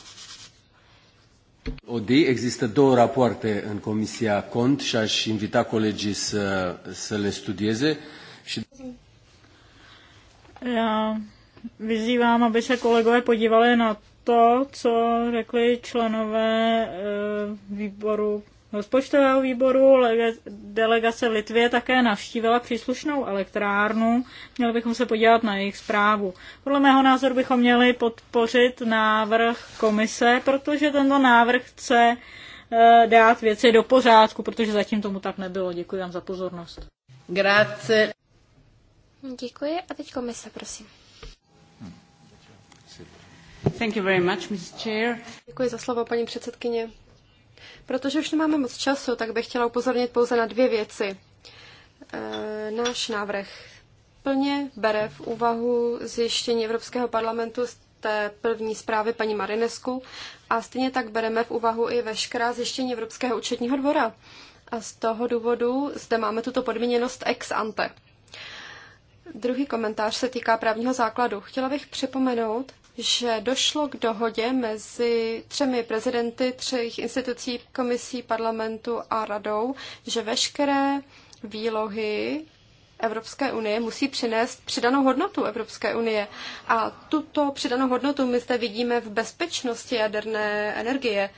OD există două rapoarte în Comisia Cont și aș invita colegii să, să le studieze. Și... Já vyzývám, aby se kolegové podívali na to, co řekli členové eh, výboru rozpočtového výboru. Delegace v Litvě také navštívila příslušnou elektrárnu. Měli bychom se podívat na jejich zprávu. Podle mého názoru bychom měli podpořit návrh komise, protože tento návrh chce eh, dát věci do pořádku, protože zatím tomu tak nebylo. Děkuji vám za pozornost. Grazie. Děkuji a teď komise, prosím. Thank you very much, Mrs. Chair. Děkuji za slovo, paní předsedkyně. Protože už nemáme moc času, tak bych chtěla upozornit pouze na dvě věci. E, náš návrh plně bere v úvahu zjištění Evropského parlamentu z té první zprávy paní Marinesku a stejně tak bereme v úvahu i veškerá zjištění Evropského účetního dvora. A z toho důvodu zde máme tuto podmíněnost ex ante. Druhý komentář se týká právního základu. Chtěla bych připomenout, že došlo k dohodě mezi třemi prezidenty třech institucí, komisí, parlamentu a radou, že veškeré výlohy Evropské unie musí přinést přidanou hodnotu Evropské unie. A tuto přidanou hodnotu my zde vidíme v bezpečnosti jaderné energie.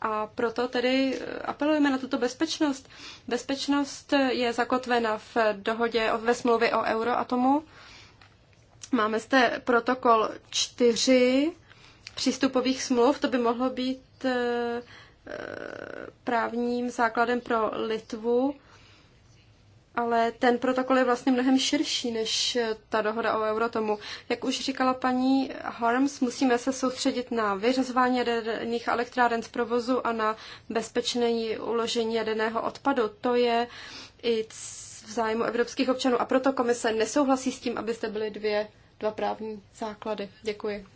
A proto tedy eh, apelujeme na tuto bezpečnost. Bezpečnost je zakotvena v dohodě ve smlouvě o euroatomu Máme zde protokol čtyři přístupových smluv, to by mohlo být eh, eh, právním základem pro Litvu, ale ten protokol je vlastně mnohem širší než eh, ta dohoda o Eurotomu. Jak už říkala paní Harms, musíme se soustředit na vyřazování jaderných elektráren z provozu a na bezpečné uložení jaderného odpadu. To je i v zájmu evropských občanů a proto komise nesouhlasí s tím, abyste byly dvě, dva právní základy. Děkuji.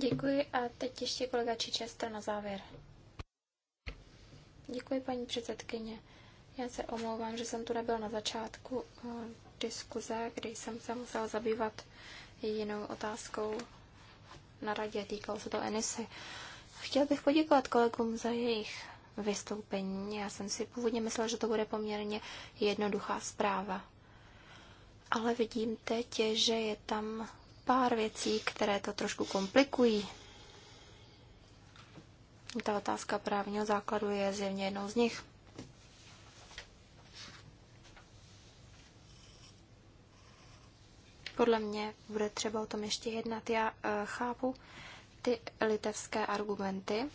Děkuji a teď ještě kolega Čičestr na závěr. Děkuji, paní předsedkyně. Já se omlouvám, že jsem tu nebyl na začátku eh, diskuze, kdy jsem se musel zabývat jinou otázkou na radě, týkalo se to Enisy. Chtěl bych poděkovat kolegům za jejich vystoupení. Já jsem si původně myslela, že to bude poměrně jednoduchá zpráva. Ale vidím teď, že je tam pár věcí, které to trošku komplikují. Ta otázka právního základu je zjevně jednou z nich. Podle mě bude třeba o tom ještě jednat. Já eh, chápu ty litevské argumenty,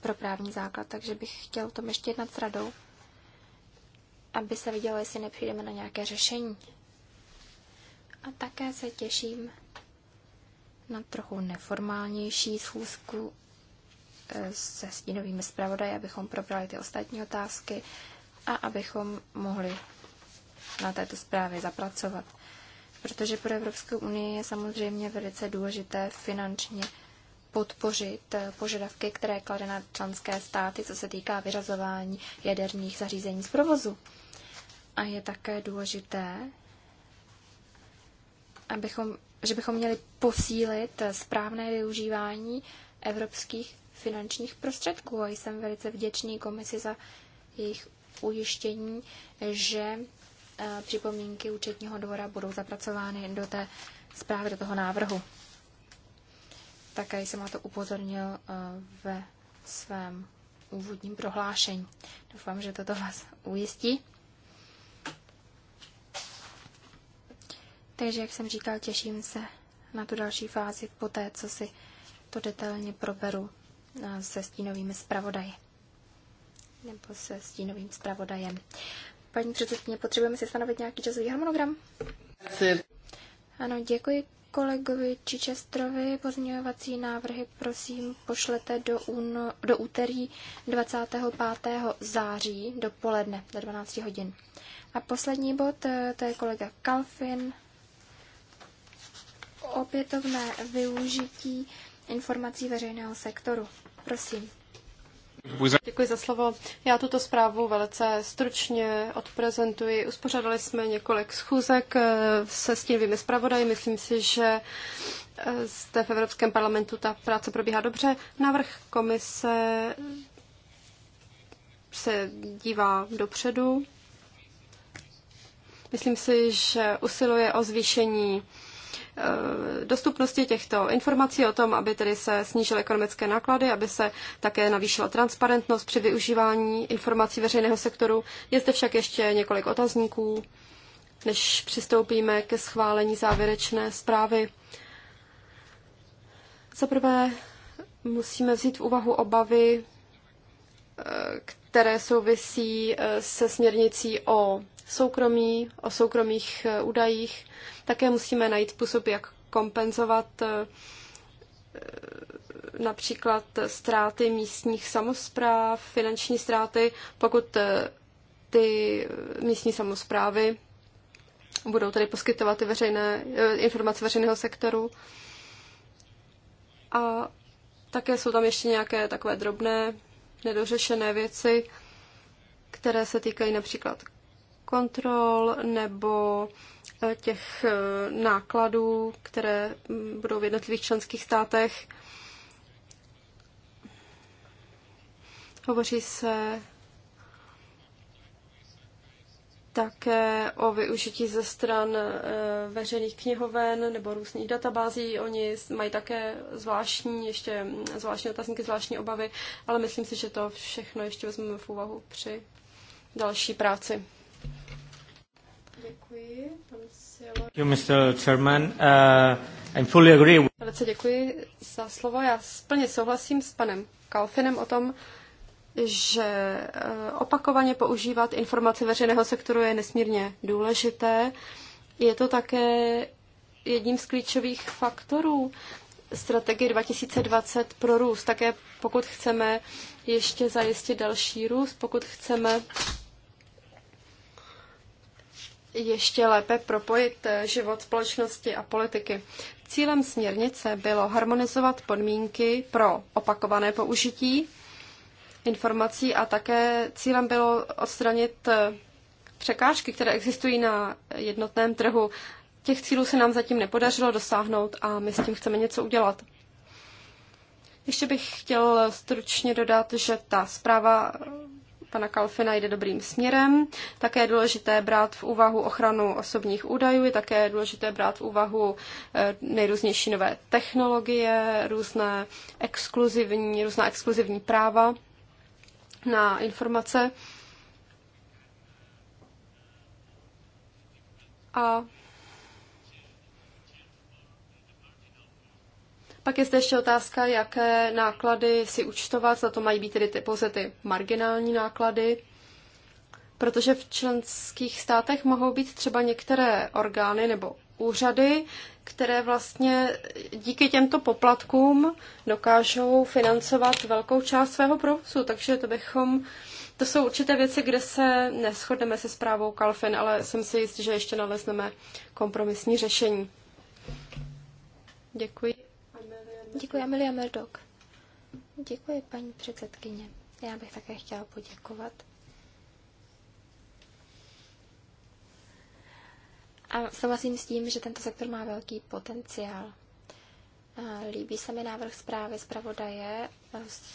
pro právní základ, takže bych chtěl o tom ještě jednat s radou, aby se vidělo, jestli nepřijdeme na nějaké řešení. A také se těším na trochu neformálnější schůzku eh, se stínovými zpravodaji, abychom probrali ty ostatní otázky a abychom mohli na této zprávě zapracovat. Protože pro Evropskou unii je samozřejmě velice důležité finančně podpořit eh, požadavky, které klade na členské státy, co se týká vyřazování jaderných zařízení z provozu. A je také důležité, abychom, že bychom měli posílit eh, správné využívání evropských finančních prostředků. A jsem velice vděčný komisi za jejich ujištění, že eh, připomínky účetního dvora budou zapracovány do té zprávy, do toho návrhu. Také jsem na to upozornil eh, ve svém úvodním prohlášení. Doufám, že toto vás ujistí. Takže, jak jsem říkal, těším se na tu další fázi po té, co si to detailně proberu eh, se stínovými zpravodaji. Nebo se stínovým zpravodajem. Paní předsedkyně, potřebujeme si stanovit nějaký časový harmonogram? Ano, děkuji kolegovi Čičestrovi. Pozměňovací návrhy prosím pošlete do, uno, do úterý 25. září do poledne do 12 hodin. A poslední bod, eh, to je kolega Kalfin. Opětovné využití informací veřejného sektoru. Prosím. Děkuji za slovo. Já tuto zprávu velice stručně odprezentuji. Uspořádali jsme několik schůzek eh, se stínovými zpravodaji. Myslím si, že eh, zde v Evropském parlamentu ta práce probíhá dobře. Návrh komise se dívá dopředu. Myslím si, že usiluje o zvýšení Eh, dostupnosti těchto informací o tom, aby tedy se snížily ekonomické náklady, aby se také navýšila transparentnost při využívání informací veřejného sektoru. Je zde však ještě několik otazníků, než přistoupíme ke schválení závěrečné zprávy. Za prvé musíme vzít v úvahu obavy které souvisí eh, se směrnicí o soukromí, o soukromých eh, údajích. Také musíme najít způsob, jak kompenzovat eh, například ztráty místních samozpráv, finanční ztráty, pokud ty místní samozprávy budou tady poskytovat ty veřejné, informace veřejného sektoru. A také jsou tam ještě nějaké takové drobné nedořešené věci, které se týkají například kontrol nebo eh, těch eh, nákladů, které mm, budou v jednotlivých členských státech. Hovoří se také o využití ze stran eh, veřejných knihoven nebo různých databází. Oni mají také zvláštní, ještě mm, zvláštní otazníky, zvláštní obavy, ale myslím si, že to všechno ještě vezmeme v úvahu při další práci. Děkuji, Mr. Chairman. Uh, I fully agree. Velice děkuji za slovo. Já plně souhlasím s panem Kalfinem o tom, že eh, opakovaně používat informace veřejného sektoru je nesmírně důležité. Je to také jedním z klíčových faktorů strategie 2020 pro růst. Také pokud chceme ještě zajistit další růst, pokud chceme ještě lépe propojit eh, život společnosti a politiky. Cílem směrnice bylo harmonizovat podmínky pro opakované použití informací a také cílem bylo odstranit eh, překážky, které existují na jednotném trhu. Těch cílů se nám zatím nepodařilo dosáhnout a my s tím chceme něco udělat. Ještě bych chtěl stručně dodat, že ta zpráva eh, pana Kalfina jde dobrým směrem. Také je důležité brát v úvahu ochranu osobních údajů, je také důležité brát v úvahu eh, nejrůznější nové technologie, různé exkluzivní, různá exkluzivní práva na informace. A Pak je zde ještě otázka, jaké náklady si účtovat, za to mají být tedy ty, pouze ty marginální náklady, protože v členských státech mohou být třeba některé orgány nebo úřady, které vlastně díky těmto poplatkům dokážou financovat velkou část svého provozu. Takže to bychom, to jsou určité věci, kde se neschodneme se zprávou Kalfin, ale jsem si jistý, že ještě nalezneme kompromisní řešení. Děkuji. Děkuji, Amelia Merdok. Děkuji, paní předsedkyně. Já bych také chtěla poděkovat A souhlasím s tím, že tento sektor má velký potenciál. Líbí se mi návrh zprávy zpravodaje,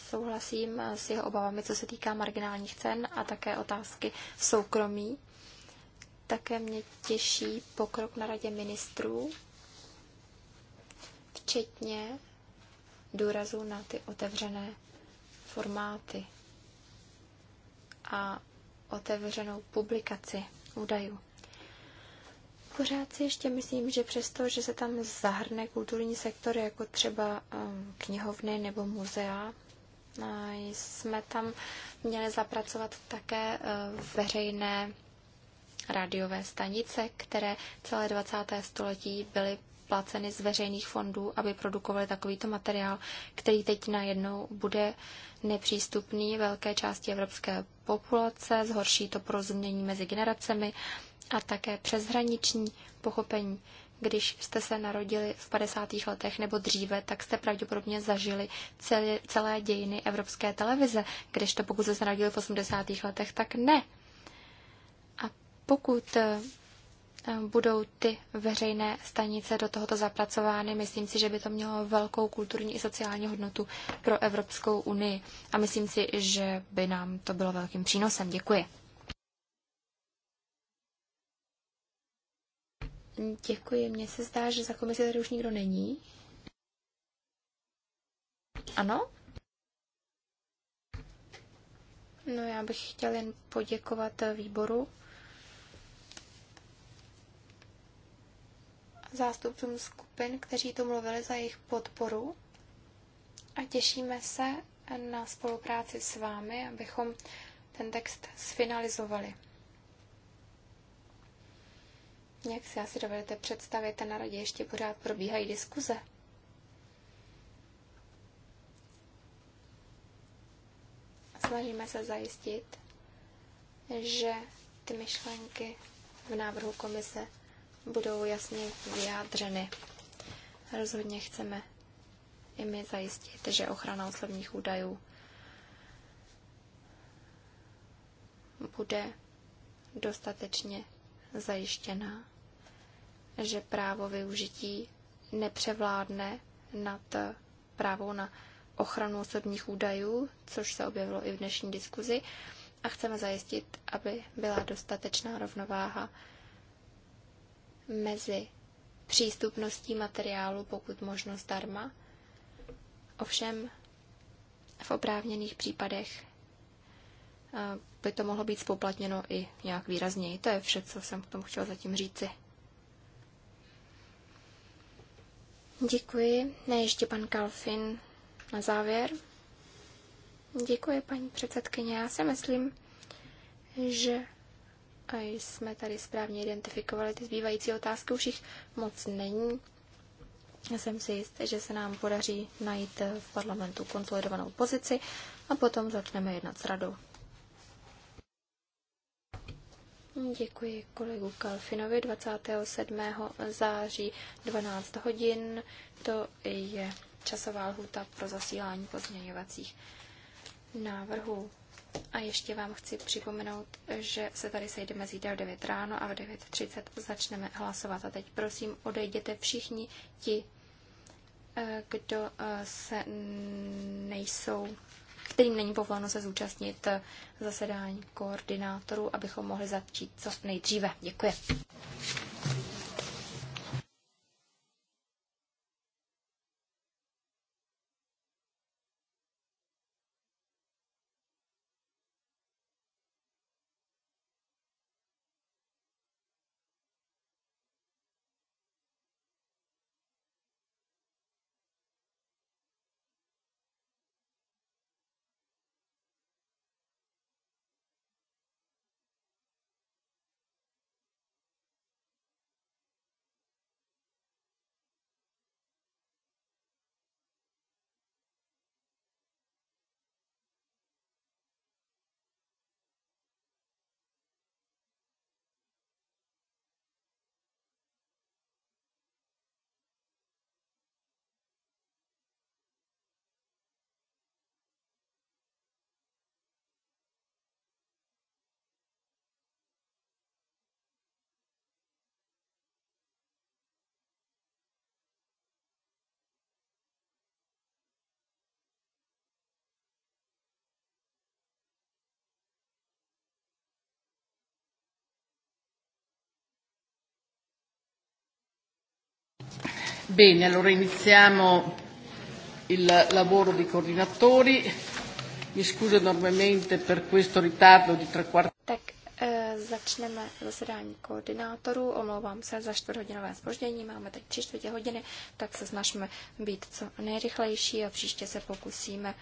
souhlasím s jeho obavami, co se týká marginálních cen a také otázky soukromí. Také mě těší pokrok na radě ministrů, včetně důrazu na ty otevřené formáty a otevřenou publikaci údajů. Pořád si ještě myslím, že přesto, že se tam zahrne kulturní sektor, jako třeba um, knihovny nebo muzea, jsme tam měli zapracovat také uh, veřejné rádiové stanice, které celé 20. století byly placeny z veřejných fondů, aby produkovali takovýto materiál, který teď najednou bude nepřístupný velké části Evropské populace, zhorší to porozumění mezi generacemi a také přeshraniční pochopení. Když jste se narodili v 50. letech nebo dříve, tak jste pravděpodobně zažili celé, celé dějiny evropské televize. Když to pokud jste se narodili v 80. letech, tak ne. A pokud eh, budou ty veřejné stanice do tohoto zapracovány. Myslím si, že by to mělo velkou kulturní i sociální hodnotu pro Evropskou unii a myslím si, že by nám to bylo velkým přínosem. Děkuji. Děkuji. Mně se zdá, že za komisi tady už nikdo není. Ano? No já bych chtěl jen poděkovat výboru zástupcům skupin, kteří tu mluvili za jejich podporu a těšíme se na spolupráci s vámi, abychom ten text sfinalizovali. Jak si asi dovedete představit, na radě ještě pořád probíhají diskuze. Snažíme se zajistit, že ty myšlenky v návrhu komise budou jasně vyjádřeny. Rozhodně chceme i my zajistit, že ochrana osobních údajů bude dostatečně zajištěná, že právo využití nepřevládne nad právo na ochranu osobních údajů, což se objevilo i v dnešní diskuzi, a chceme zajistit, aby byla dostatečná rovnováha mezi přístupností materiálu pokud možno zdarma, ovšem v oprávněných případech eh, by to mohlo být spoplatněno i nějak výrazněji. To je vše, co jsem k tomu chtěla zatím říci. Děkuji. Ne, ještě pan Kalfin na závěr. Děkuji, paní předsedkyně. Já si myslím, že a jsme tady správně identifikovali ty zbývající otázky, už jich moc není. Jsem si jist, že se nám podaří najít v parlamentu konsolidovanou pozici a potom začneme jednat s radou. Děkuji kolegu Kalfinovi 27. září 12 hodin. To je časová lhůta pro zasílání pozměňovacích návrhů. A ještě vám chci připomenout, že se tady sejdeme zítra v 9 ráno a v 9.30 začneme hlasovat. A teď prosím, odejděte všichni ti, eh, kdo eh, se nejsou, kterým není povoleno se zúčastnit eh, zasedání koordinátorů, abychom mohli začít co nejdříve. Děkuji. Bene, allora iniziamo il lavoro dei coordinatori. Mi scuso enormemente per questo ritardo di tre quarti. Tak e, začneme zasedání koordinátorů. Omlouvám se za čtvrthodinové zpoždění. Máme teď tři čtvrtě hodiny, tak se snažíme být co nejrychlejší a příště se pokusíme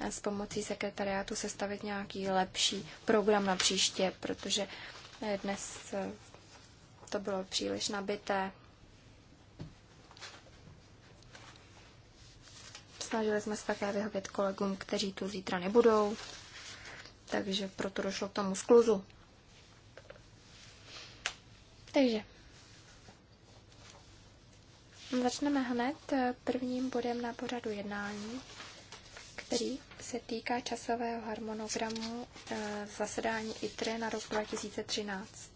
eh, s pomocí sekretariátu sestavit nějaký lepší program na příště, protože eh, dnes to bylo příliš nabité Snažili jsme se také vyhovět kolegům, kteří tu zítra nebudou, takže proto došlo k tomu skluzu. Takže začneme hned prvním bodem na pořadu jednání, který se týká časového harmonogramu eh, zasedání ITRE na rok 2013.